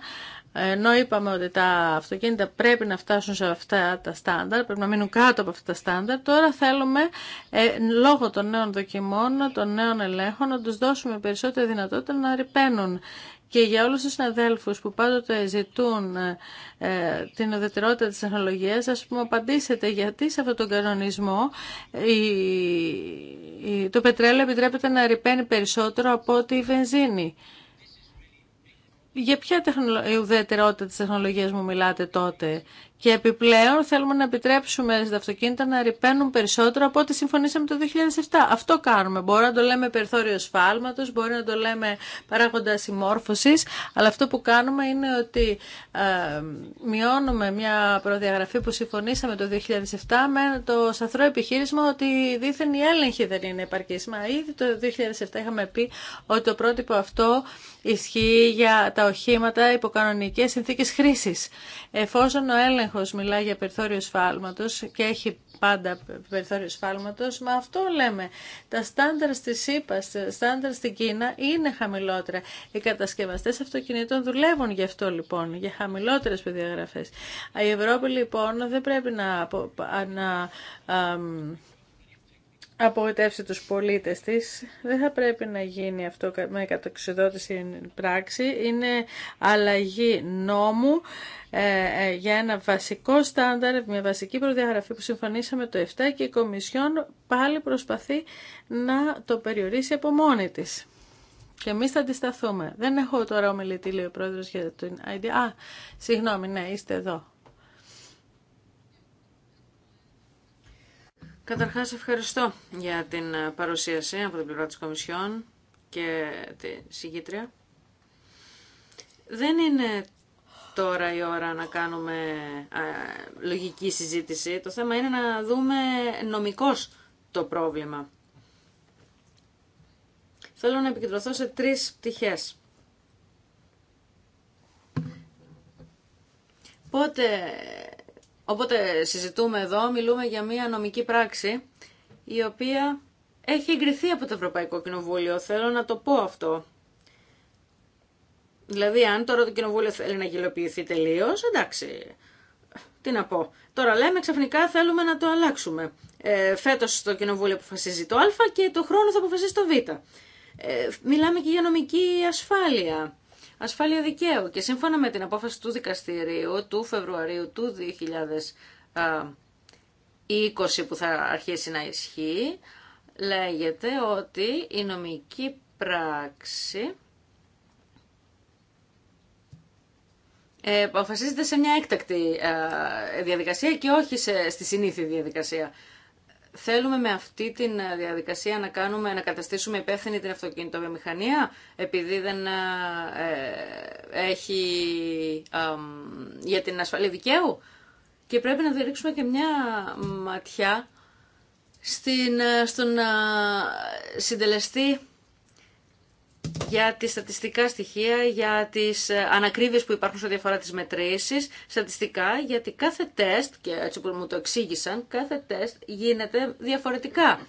ενώ είπαμε ότι τα αυτοκίνητα πρέπει να φτάσουν σε αυτά τα στάνταρ, πρέπει να μείνουν κάτω από αυτά τα στάνταρ, τώρα θέλουμε ε, λόγω των νέων δοκιμών, των νέων ελέγχων, να τους δώσουμε περισσότερη δυνατότητα να ρηπαίνουν. Και για όλους τους συναδέλφους που πάντοτε ζητούν ε, ε, την ουδετερότητα της τεχνολογίας, ας πούμε απαντήσετε γιατί σε αυτόν τον κανονισμό η, το πετρέλαιο επιτρέπεται να ρηπαίνει περισσότερο από ότι η βενζίνη. Για ποια τεχνολο... ουδετερότητα της τεχνολογίας μου μιλάτε τότε και επιπλέον θέλουμε να επιτρέψουμε στα αυτοκίνητα να ρηπαίνουν περισσότερο από ό,τι συμφωνήσαμε το 2007. Αυτό κάνουμε. Μπορεί να το λέμε περιθώριο σφάλματο, μπορεί να το λέμε παράγοντα συμμόρφωσης, αλλά αυτό που κάνουμε είναι ότι ε, μειώνουμε μια προδιαγραφή που συμφωνήσαμε το 2007 με το σαθρό επιχείρημα ότι δήθεν η έλεγχη δεν είναι επαρκή. Μα ήδη το 2007 είχαμε πει ότι το πρότυπο αυτό ισχύει για τα οχήματα υποκανονικέ συνθήκε χρήση. Εφόσον ο έλεγχο έλεγχος μιλά για περιθώριο σφάλματος και έχει πάντα περιθώριο σφάλματος, μα αυτό λέμε. Τα στάνταρ στη ΣΥΠΑ, τα στάνταρ στην Κίνα είναι χαμηλότερα. Οι κατασκευαστές αυτοκινήτων δουλεύουν γι' αυτό λοιπόν, για χαμηλότερες παιδιαγραφές. Η Ευρώπη λοιπόν δεν πρέπει να, να απογοητεύσει τους πολίτες της. Δεν θα πρέπει να γίνει αυτό με κατοξιδότηση πράξη. Είναι αλλαγή νόμου ε, ε, για ένα βασικό στάνταρ, μια βασική προδιαγραφή που συμφωνήσαμε το 7 και η Κομισιόν πάλι προσπαθεί να το περιορίσει από μόνη της. Και εμεί θα αντισταθούμε. Δεν έχω τώρα ομιλητή, λέει ο πρόεδρο για την ID. Α, συγγνώμη, ναι, είστε εδώ. Καταρχάς ευχαριστώ για την παρουσίαση από την πλευρά της Κομισιόν και τη συγκήτρια. Δεν είναι τώρα η ώρα να κάνουμε λογική συζήτηση. Το θέμα είναι να δούμε νομικός το πρόβλημα. Θέλω να επικεντρωθώ σε τρεις πτυχές. Πότε, οπότε συζητούμε εδώ, μιλούμε για μια νομική πράξη η οποία έχει εγκριθεί από το Ευρωπαϊκό Κοινοβούλιο. Θέλω να το πω αυτό. Δηλαδή, αν τώρα το κοινοβούλιο θέλει να γελοποιηθεί τελείω, εντάξει. Τι να πω. Τώρα λέμε ξαφνικά θέλουμε να το αλλάξουμε. Ε, Φέτο το κοινοβούλιο αποφασίζει το Α και το χρόνο θα αποφασίσει το Β. Ε, μιλάμε και για νομική ασφάλεια. Ασφάλεια δικαίου. Και σύμφωνα με την απόφαση του δικαστηρίου του Φεβρουαρίου του 2020 που θα αρχίσει να ισχύει, λέγεται ότι η νομική πράξη ε, αποφασίζεται σε μια έκτακτη ε, διαδικασία και όχι σε, στη συνήθη διαδικασία. Θέλουμε με αυτή τη ε, διαδικασία να, κάνουμε, να καταστήσουμε υπεύθυνη την αυτοκινητοβιομηχανία επειδή δεν ε, έχει για την ασφαλή δικαίου και πρέπει να διρίξουμε και μια ματιά στην, στον συντελεστή για τις στατιστικά στοιχεία, για τις ε, ανακρίβειες που υπάρχουν σε διαφορά τις μετρήσεις, στατιστικά, γιατί κάθε τεστ, και έτσι που μου το εξήγησαν, κάθε τεστ γίνεται διαφορετικά.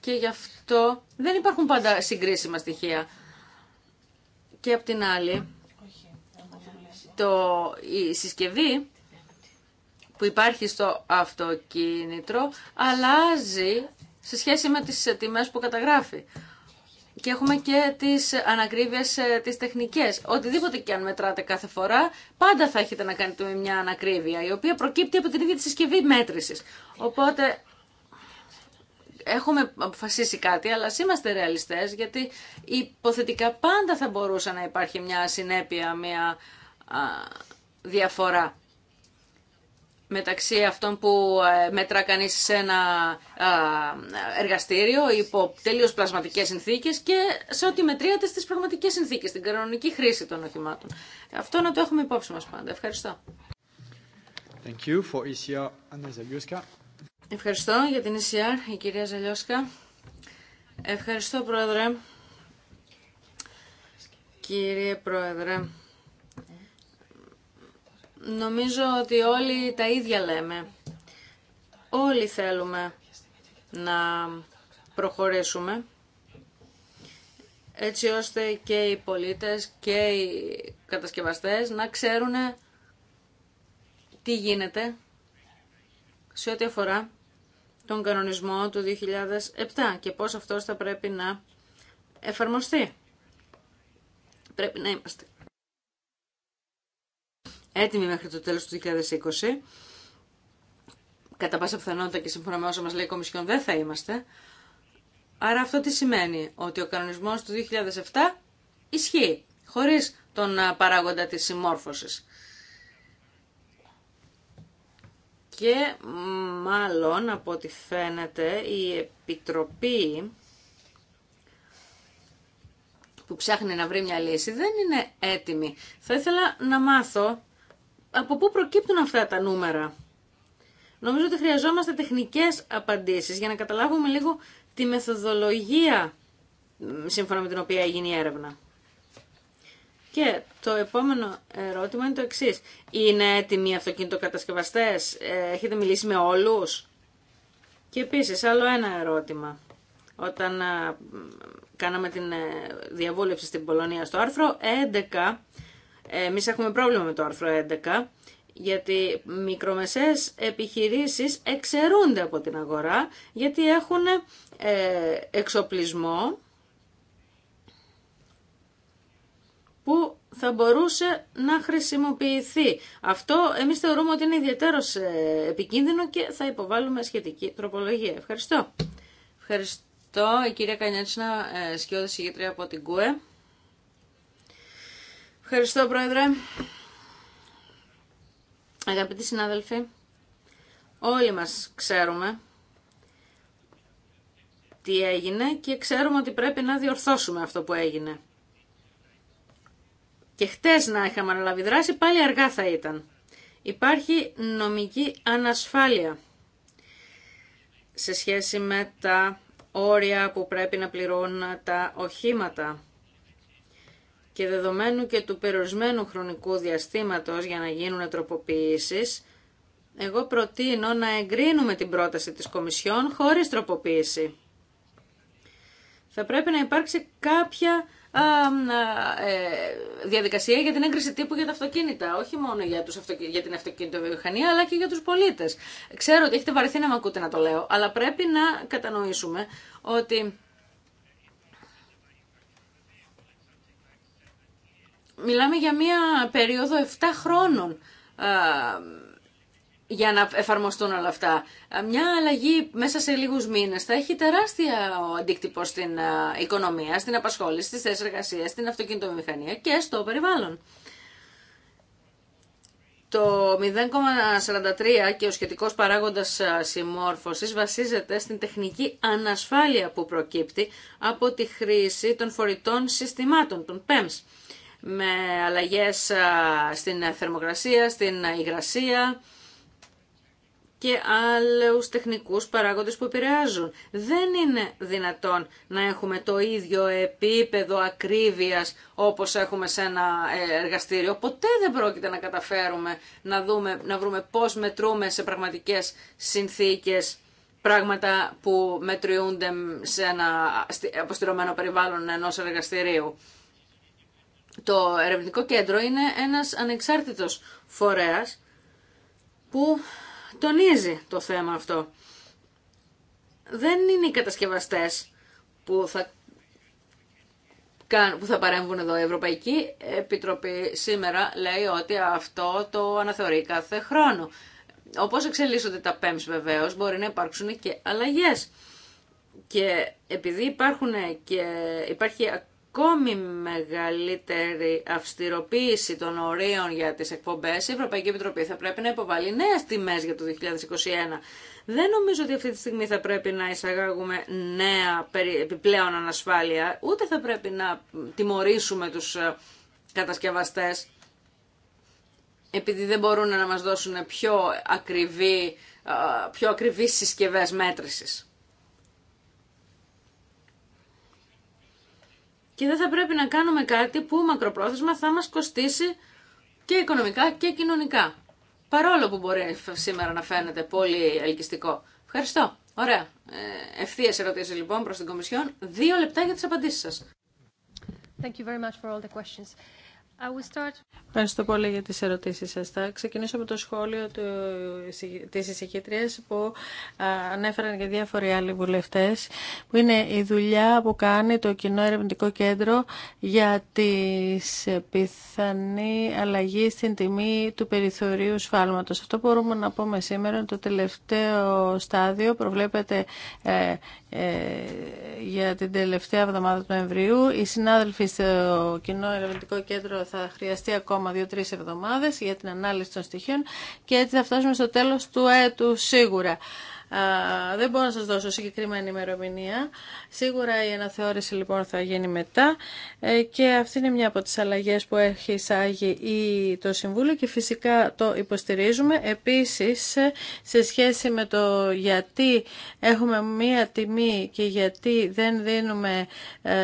Και γι' αυτό δεν υπάρχουν πάντα συγκρίσιμα στοιχεία. Και απ' την άλλη, το, η συσκευή που υπάρχει στο αυτοκίνητρο αλλάζει σε σχέση με τις τιμές που καταγράφει. Και έχουμε και τις ανακρίβειες ε, τις τεχνικές. Οτιδήποτε και αν μετράτε κάθε φορά, πάντα θα έχετε να κάνετε μια ανακρίβεια, η οποία προκύπτει από την ίδια τη συσκευή μέτρησης. Οπότε έχουμε αποφασίσει κάτι, αλλά είμαστε ρεαλιστές, γιατί υποθετικά πάντα θα μπορούσε να υπάρχει μια συνέπεια, μια διαφορά μεταξύ αυτών που ε, μετρά κανείς σε ένα ε, εργαστήριο υπό τελείως πλασματικές συνθήκες και σε ό,τι μετρίαται στις πραγματικές συνθήκες, στην κανονική χρήση των οχημάτων. Αυτό να το έχουμε υπόψη μας πάντα. Ευχαριστώ. Thank you for ECR, Ευχαριστώ για την ECR, η κυρία Ζαλιώσκα. Ευχαριστώ, Πρόεδρε. Κύριε Πρόεδρε νομίζω ότι όλοι τα ίδια λέμε. Όλοι θέλουμε να προχωρήσουμε έτσι ώστε και οι πολίτες και οι κατασκευαστές να ξέρουν τι γίνεται σε ό,τι αφορά τον κανονισμό του 2007 και πώς αυτός θα πρέπει να εφαρμοστεί. Πρέπει να είμαστε έτοιμη μέχρι το τέλος του 2020. Κατά πάσα πιθανότητα και σύμφωνα με όσα μας λέει η Κομισιόν δεν θα είμαστε. Άρα αυτό τι σημαίνει, ότι ο κανονισμός του 2007 ισχύει, χωρίς τον παράγοντα της συμμόρφωσης. Και μάλλον από ό,τι φαίνεται η Επιτροπή που ψάχνει να βρει μια λύση δεν είναι έτοιμη. Θα ήθελα να μάθω από πού προκύπτουν αυτά τα νούμερα. Νομίζω ότι χρειαζόμαστε τεχνικές απαντήσεις για να καταλάβουμε λίγο τη μεθοδολογία σύμφωνα με την οποία έγινε η έρευνα. Και το επόμενο ερώτημα είναι το εξή. Είναι έτοιμοι οι αυτοκινητοκατασκευαστέ, ε, έχετε μιλήσει με όλου. Και επίση, άλλο ένα ερώτημα. Όταν ε, κάναμε την ε, διαβούλευση στην Πολωνία στο άρθρο 11 Εμεί έχουμε πρόβλημα με το άρθρο 11 γιατί μικρομεσαίες επιχειρήσεις εξαιρούνται από την αγορά γιατί έχουν ε, εξοπλισμό που θα μπορούσε να χρησιμοποιηθεί. Αυτό εμείς θεωρούμε ότι είναι ιδιαίτερος ε, επικίνδυνο και θα υποβάλουμε σχετική τροπολογία. Ευχαριστώ. Ευχαριστώ η κυρία Κανιάτσινα, ε, σκιώδη συγγήτρια από την ΚΟΕ. Ευχαριστώ, Πρόεδρε. Αγαπητοί συνάδελφοι, όλοι μας ξέρουμε τι έγινε και ξέρουμε ότι πρέπει να διορθώσουμε αυτό που έγινε. Και χτες να είχαμε αναλάβει δράση, πάλι αργά θα ήταν. Υπάρχει νομική ανασφάλεια σε σχέση με τα όρια που πρέπει να πληρώνουν τα οχήματα και δεδομένου και του περιορισμένου χρονικού διαστήματος για να γίνουν τροποποιήσεις, εγώ προτείνω να εγκρίνουμε την πρόταση της Κομισιόν χωρίς τροποποίηση. Θα πρέπει να υπάρξει κάποια α, ε, διαδικασία για την έγκριση τύπου για τα αυτοκίνητα, όχι μόνο για, τους αυτοκ... για την αυτοκινητοβιομηχανία, αλλά και για τους πολίτες. Ξέρω ότι έχετε βαρεθεί να με ακούτε να το λέω, αλλά πρέπει να κατανοήσουμε ότι μιλάμε για μία περίοδο 7 χρόνων για να εφαρμοστούν όλα αυτά. Μια αλλαγή μέσα σε λίγους μήνες θα έχει τεράστια αντίκτυπο στην οικονομία, στην απασχόληση, στις θέσεις εργασίας, στην αυτοκινητομηχανία και στο περιβάλλον. Το 0,43 και ο σχετικός παράγοντας συμμόρφωσης βασίζεται στην τεχνική ανασφάλεια που προκύπτει από τη χρήση των φορητών συστημάτων, των PEMS με αλλαγές στην θερμοκρασία, στην υγρασία και άλλους τεχνικούς παράγοντες που επηρεάζουν. Δεν είναι δυνατόν να έχουμε το ίδιο επίπεδο ακρίβειας όπως έχουμε σε ένα ε, εργαστήριο. Ποτέ δεν πρόκειται να καταφέρουμε να, δούμε, να βρούμε πώς μετρούμε σε πραγματικές συνθήκες πράγματα που μετριούνται σε ένα αποστηρωμένο περιβάλλον ενός εργαστηρίου το ερευνητικό κέντρο είναι ένας ανεξάρτητος φορέας που τονίζει το θέμα αυτό. Δεν είναι οι κατασκευαστές που θα, που θα παρέμβουν εδώ. Η Ευρωπαϊκή Επιτροπή σήμερα λέει ότι αυτό το αναθεωρεί κάθε χρόνο. Όπως εξελίσσονται τα PEMS βεβαίως μπορεί να υπάρξουν και αλλαγές. Και επειδή υπάρχουν και υπάρχει ακόμη μεγαλύτερη αυστηροποίηση των ορίων για τις εκπομπές, η Ευρωπαϊκή Επιτροπή θα πρέπει να υποβάλει νέες τιμές για το 2021. Δεν νομίζω ότι αυτή τη στιγμή θα πρέπει να εισαγάγουμε νέα επιπλέον ανασφάλεια, ούτε θα πρέπει να τιμωρήσουμε τους ε, κατασκευαστές επειδή δεν μπορούν να μας δώσουν πιο, ακριβή, ε, πιο ακριβείς συσκευές μέτρησης. και δεν θα πρέπει να κάνουμε κάτι που μακροπρόθεσμα θα μας κοστίσει και οικονομικά και κοινωνικά. Παρόλο που μπορεί σήμερα να φαίνεται πολύ ελκυστικό. Ευχαριστώ. Ωραία. Ε, Ευθείε ερωτήσει λοιπόν προ την Κομισιόν. Δύο λεπτά για τι απαντήσει σα. Ευχαριστώ πολύ για τις ερωτήσεις σας. Θα ξεκινήσω με το σχόλιο της εισηγήτριας που ανέφεραν και διάφοροι άλλοι βουλευτές, που είναι η δουλειά που κάνει το Κοινό Ερευνητικό Κέντρο για τις πιθανή αλλαγή στην τιμή του περιθωρίου σφάλματος. Αυτό μπορούμε να πούμε σήμερα το τελευταίο στάδιο, προβλέπεται ε, ε, για την τελευταία εβδομάδα του Νοεμβρίου. Οι συνάδελφοι στο Κοινό Ερευνητικό Κέντρο θα χρειαστεί ακόμα 2-3 εβδομάδες για την ανάλυση των στοιχείων και έτσι θα φτάσουμε στο τέλος του έτου σίγουρα δεν μπορώ να σας δώσω συγκεκριμένη ημερομηνία. Σίγουρα η αναθεώρηση λοιπόν θα γίνει μετά ε, και αυτή είναι μια από τις αλλαγές που έχει εισάγει το Συμβούλιο και φυσικά το υποστηρίζουμε. Επίσης, σε σχέση με το γιατί έχουμε μία τιμή και γιατί δεν δίνουμε ε,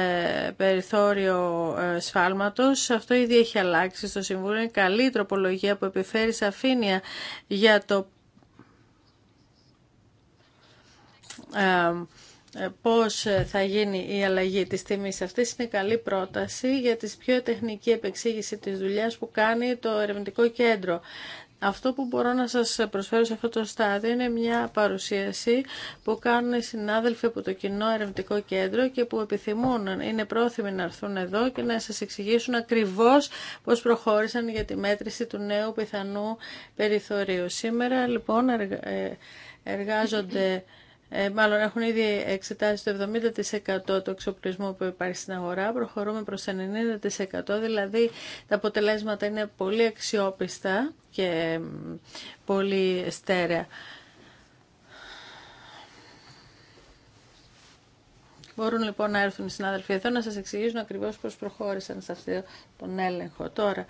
περιθώριο ε, σφάλματος, αυτό ήδη έχει αλλάξει στο Συμβούλιο. Είναι καλή τροπολογία που επιφέρει σαφήνεια για το Ε, πώς ε, θα γίνει η αλλαγή της τιμής αυτής είναι καλή πρόταση για τη πιο τεχνική επεξήγηση της δουλειάς που κάνει το ερευνητικό κέντρο. Αυτό που μπορώ να σας προσφέρω σε αυτό το στάδιο είναι μια παρουσίαση που κάνουν οι συνάδελφοι από το κοινό ερευνητικό κέντρο και που επιθυμούν, είναι πρόθυμοι να έρθουν εδώ και να σας εξηγήσουν ακριβώς πώς προχώρησαν για τη μέτρηση του νέου πιθανού περιθωρίου. Σήμερα λοιπόν ε, εργάζονται ε, μάλλον έχουν ήδη εξετάσει το 70% του εξοπλισμού που υπάρχει στην αγορά, προχωρούμε προς 90%, δηλαδή τα αποτελέσματα είναι πολύ αξιόπιστα και πολύ στέρεα. Μπορούν λοιπόν να έρθουν οι συνάδελφοι εδώ να σας εξηγήσουν ακριβώς πώς προχώρησαν σε αυτόν τον έλεγχο. Τώρα,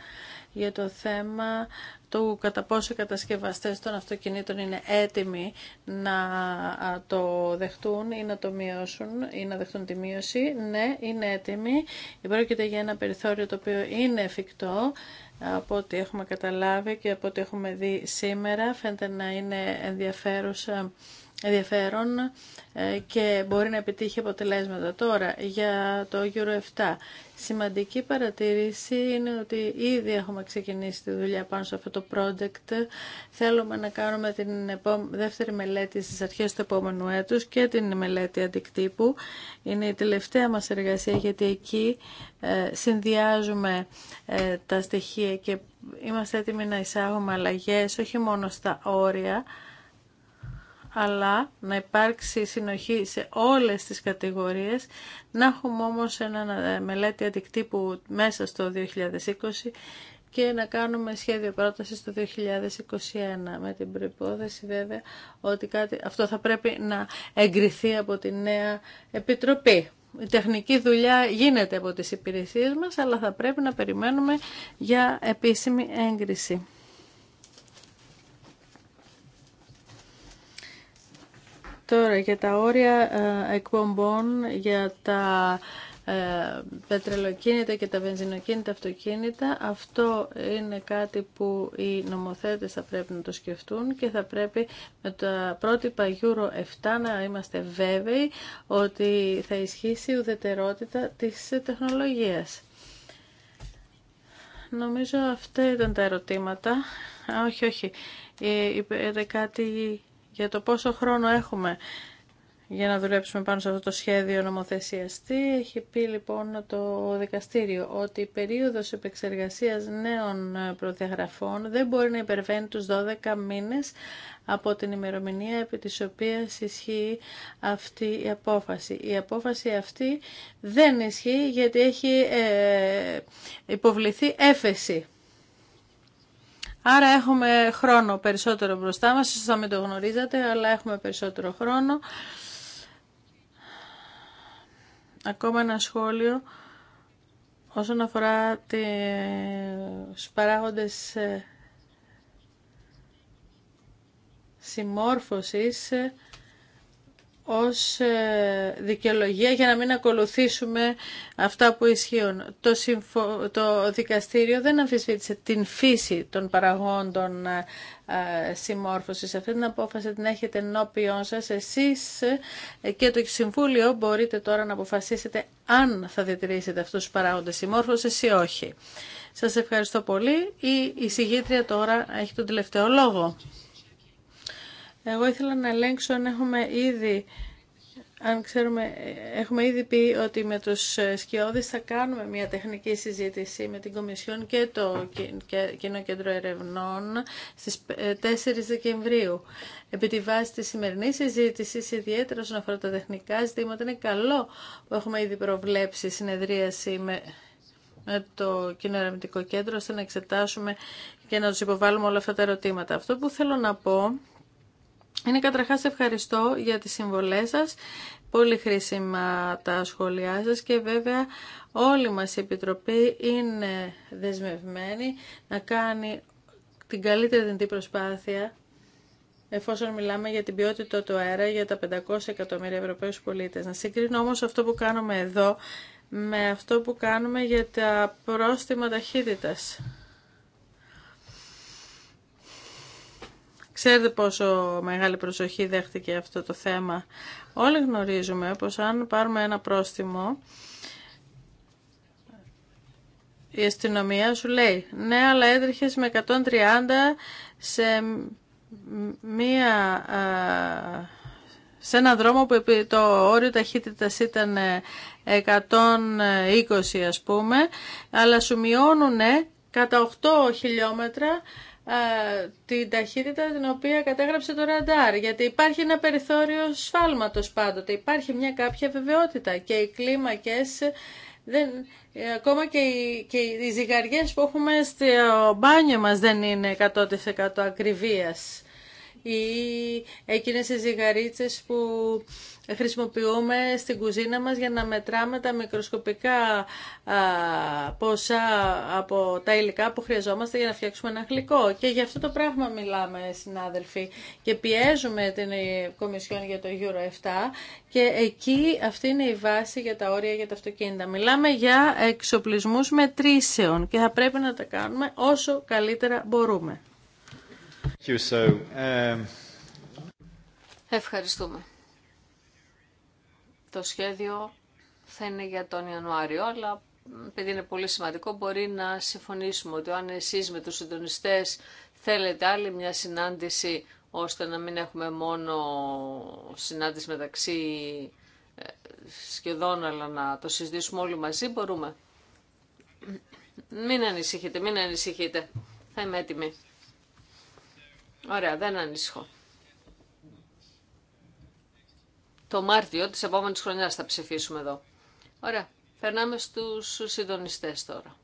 για το θέμα του κατά πόσο οι κατασκευαστές των αυτοκινήτων είναι έτοιμοι να το δεχτούν ή να το μειώσουν ή να δεχτούν τη μείωση. Ναι, είναι έτοιμοι. Πρόκειται για ένα περιθώριο το οποίο είναι εφικτό από ό,τι έχουμε καταλάβει και από ό,τι έχουμε δει σήμερα. Φαίνεται να είναι ενδιαφέρουσα ενδιαφέρον ε, και μπορεί να επιτύχει αποτελέσματα. Τώρα, για το Euro 7, σημαντική παρατήρηση είναι ότι ήδη έχουμε ξεκινήσει τη δουλειά πάνω σε αυτό το project. Θέλουμε να κάνουμε την δεύτερη μελέτη στις αρχές του επόμενου έτους και την μελέτη αντικτύπου. Είναι η τελευταία μας εργασία γιατί εκεί ε, συνδυάζουμε ε, τα στοιχεία και είμαστε έτοιμοι να εισάγουμε αλλαγές όχι μόνο στα όρια, αλλά να υπάρξει συνοχή σε όλες τις κατηγορίες, να έχουμε όμως ένα ε, μελέτη αντικτύπου μέσα στο 2020 και να κάνουμε σχέδιο πρότασης το 2021 με την προϋπόθεση βέβαια ότι κάτι, αυτό θα πρέπει να εγκριθεί από τη νέα Επιτροπή. Η τεχνική δουλειά γίνεται από τις υπηρεσίες μας αλλά θα πρέπει να περιμένουμε για επίσημη έγκριση. Τώρα για τα όρια ε, εκπομπών για τα ε, πετρελοκίνητα και τα βενζινοκίνητα αυτοκίνητα. Αυτό είναι κάτι που οι νομοθέτες θα πρέπει να το σκεφτούν και θα πρέπει με τα πρότυπα Euro 7 να είμαστε βέβαιοι ότι θα ισχύσει η ουδετερότητα της τεχνολογίας. Νομίζω αυτά ήταν τα ερωτήματα. όχι, όχι. Ε, είπατε κάτι για το πόσο χρόνο έχουμε για να δουλέψουμε πάνω σε αυτό το σχέδιο νομοθεσίας. έχει πει λοιπόν το δικαστήριο, ότι η περίοδος επεξεργασίας νέων προδιαγραφών δεν μπορεί να υπερβαίνει τους 12 μήνες από την ημερομηνία επί της οποίας ισχύει αυτή η απόφαση. Η απόφαση αυτή δεν ισχύει γιατί έχει ε, υποβληθεί έφεση. Άρα έχουμε χρόνο περισσότερο μπροστά μας, ίσως θα μην το γνωρίζατε, αλλά έχουμε περισσότερο χρόνο. Ακόμα ένα σχόλιο όσον αφορά τις παράγοντες ε, συμμόρφωσης ε, ως ε, δικαιολογία για να μην ακολουθήσουμε αυτά που ισχύουν. Το, το δικαστήριο δεν αμφισβήτησε την φύση των παραγόντων ε, ε, συμμόρφωσης. Αυτή την απόφαση την έχετε ενώπιόν σας. Εσείς και το Συμβούλιο μπορείτε τώρα να αποφασίσετε αν θα διατηρήσετε αυτούς τους παράγοντες συμμόρφωσης ή όχι. Σας ευχαριστώ πολύ. Η εισηγήτρια τώρα έχει τον τελευταίο λόγο. Εγώ ήθελα να ελέγξω αν έχουμε ήδη αν ξέρουμε, έχουμε ήδη πει ότι με τους ε, σκιώδεις θα κάνουμε μια τεχνική συζήτηση με την Κομισιόν και το Κοινό Κέντρο Ερευνών στις 4 ε, Δεκεμβρίου. Επί τη βάση της σημερινής συζήτησης, ιδιαίτερα όσον αφορά τα τεχνικά ζητήματα, είναι καλό που έχουμε ήδη προβλέψει συνεδρίαση με, με το Κοινό Ερευνητικό Κέντρο, ώστε να εξετάσουμε και να τους υποβάλουμε όλα αυτά τα ερωτήματα. Αυτό που θέλω να πω είναι καταρχάς ευχαριστώ για τις συμβολές σας, πολύ χρήσιμα τα σχόλιά σας και βέβαια όλη μας η Επιτροπή είναι δεσμευμένη να κάνει την καλύτερη δυνατή προσπάθεια εφόσον μιλάμε για την ποιότητα του αέρα για τα 500 εκατομμύρια Ευρωπαίους πολίτες. Να συγκρίνω όμως αυτό που κάνουμε εδώ με αυτό που κάνουμε για τα πρόστιμα ταχύτητας. Ξέρετε πόσο μεγάλη προσοχή δέχτηκε αυτό το θέμα. Όλοι γνωρίζουμε πως αν πάρουμε ένα πρόστιμο, η αστυνομία σου λέει «Ναι, αλλά έτρεχες με 130 σε μία... σε ένα δρόμο που το όριο ταχύτητας ήταν 120 ε, ας πούμε, αλλά σου μειώνουν κατά 8 χιλιόμετρα την ταχύτητα την οποία κατέγραψε το ραντάρ. Γιατί υπάρχει ένα περιθώριο σφάλματος πάντοτε. Υπάρχει μια κάποια βεβαιότητα και οι κλίμακες... Δεν, ακόμα και οι, και οι ζυγαριές που έχουμε στο μπάνιο μας δεν είναι 100% ακριβίας ή εκείνες οι ζυγαρίτσες που χρησιμοποιούμε στην κουζίνα μας για να μετράμε τα μικροσκοπικά ποσά από τα υλικά που χρειαζόμαστε για να φτιάξουμε ένα γλυκό. Και γι' αυτό το πράγμα μιλάμε, συνάδελφοι, και πιέζουμε την Κομισιόν για το Euro 7 και εκεί αυτή είναι η βάση για τα όρια για τα αυτοκίνητα. Μιλάμε για εξοπλισμούς μετρήσεων και θα πρέπει να τα κάνουμε όσο καλύτερα μπορούμε. Um, Ευχαριστούμε. Το σχέδιο θα είναι για τον Ιανουάριο, αλλά επειδή είναι πολύ σημαντικό μπορεί να συμφωνήσουμε ότι αν εσείς με τους συντονιστές θέλετε άλλη μια συνάντηση ώστε να μην έχουμε μόνο συνάντηση μεταξύ ε, σχεδόν, αλλά να το συζητήσουμε όλοι μαζί, μπορούμε. Μην ανησυχείτε, μην ανησυχείτε. Θα είμαι έτοιμη. Ωραία, δεν ανησυχώ. Το Μάρτιο της επόμενης χρονιάς θα ψηφίσουμε εδώ. Ωραία, περνάμε στους συντονιστές τώρα.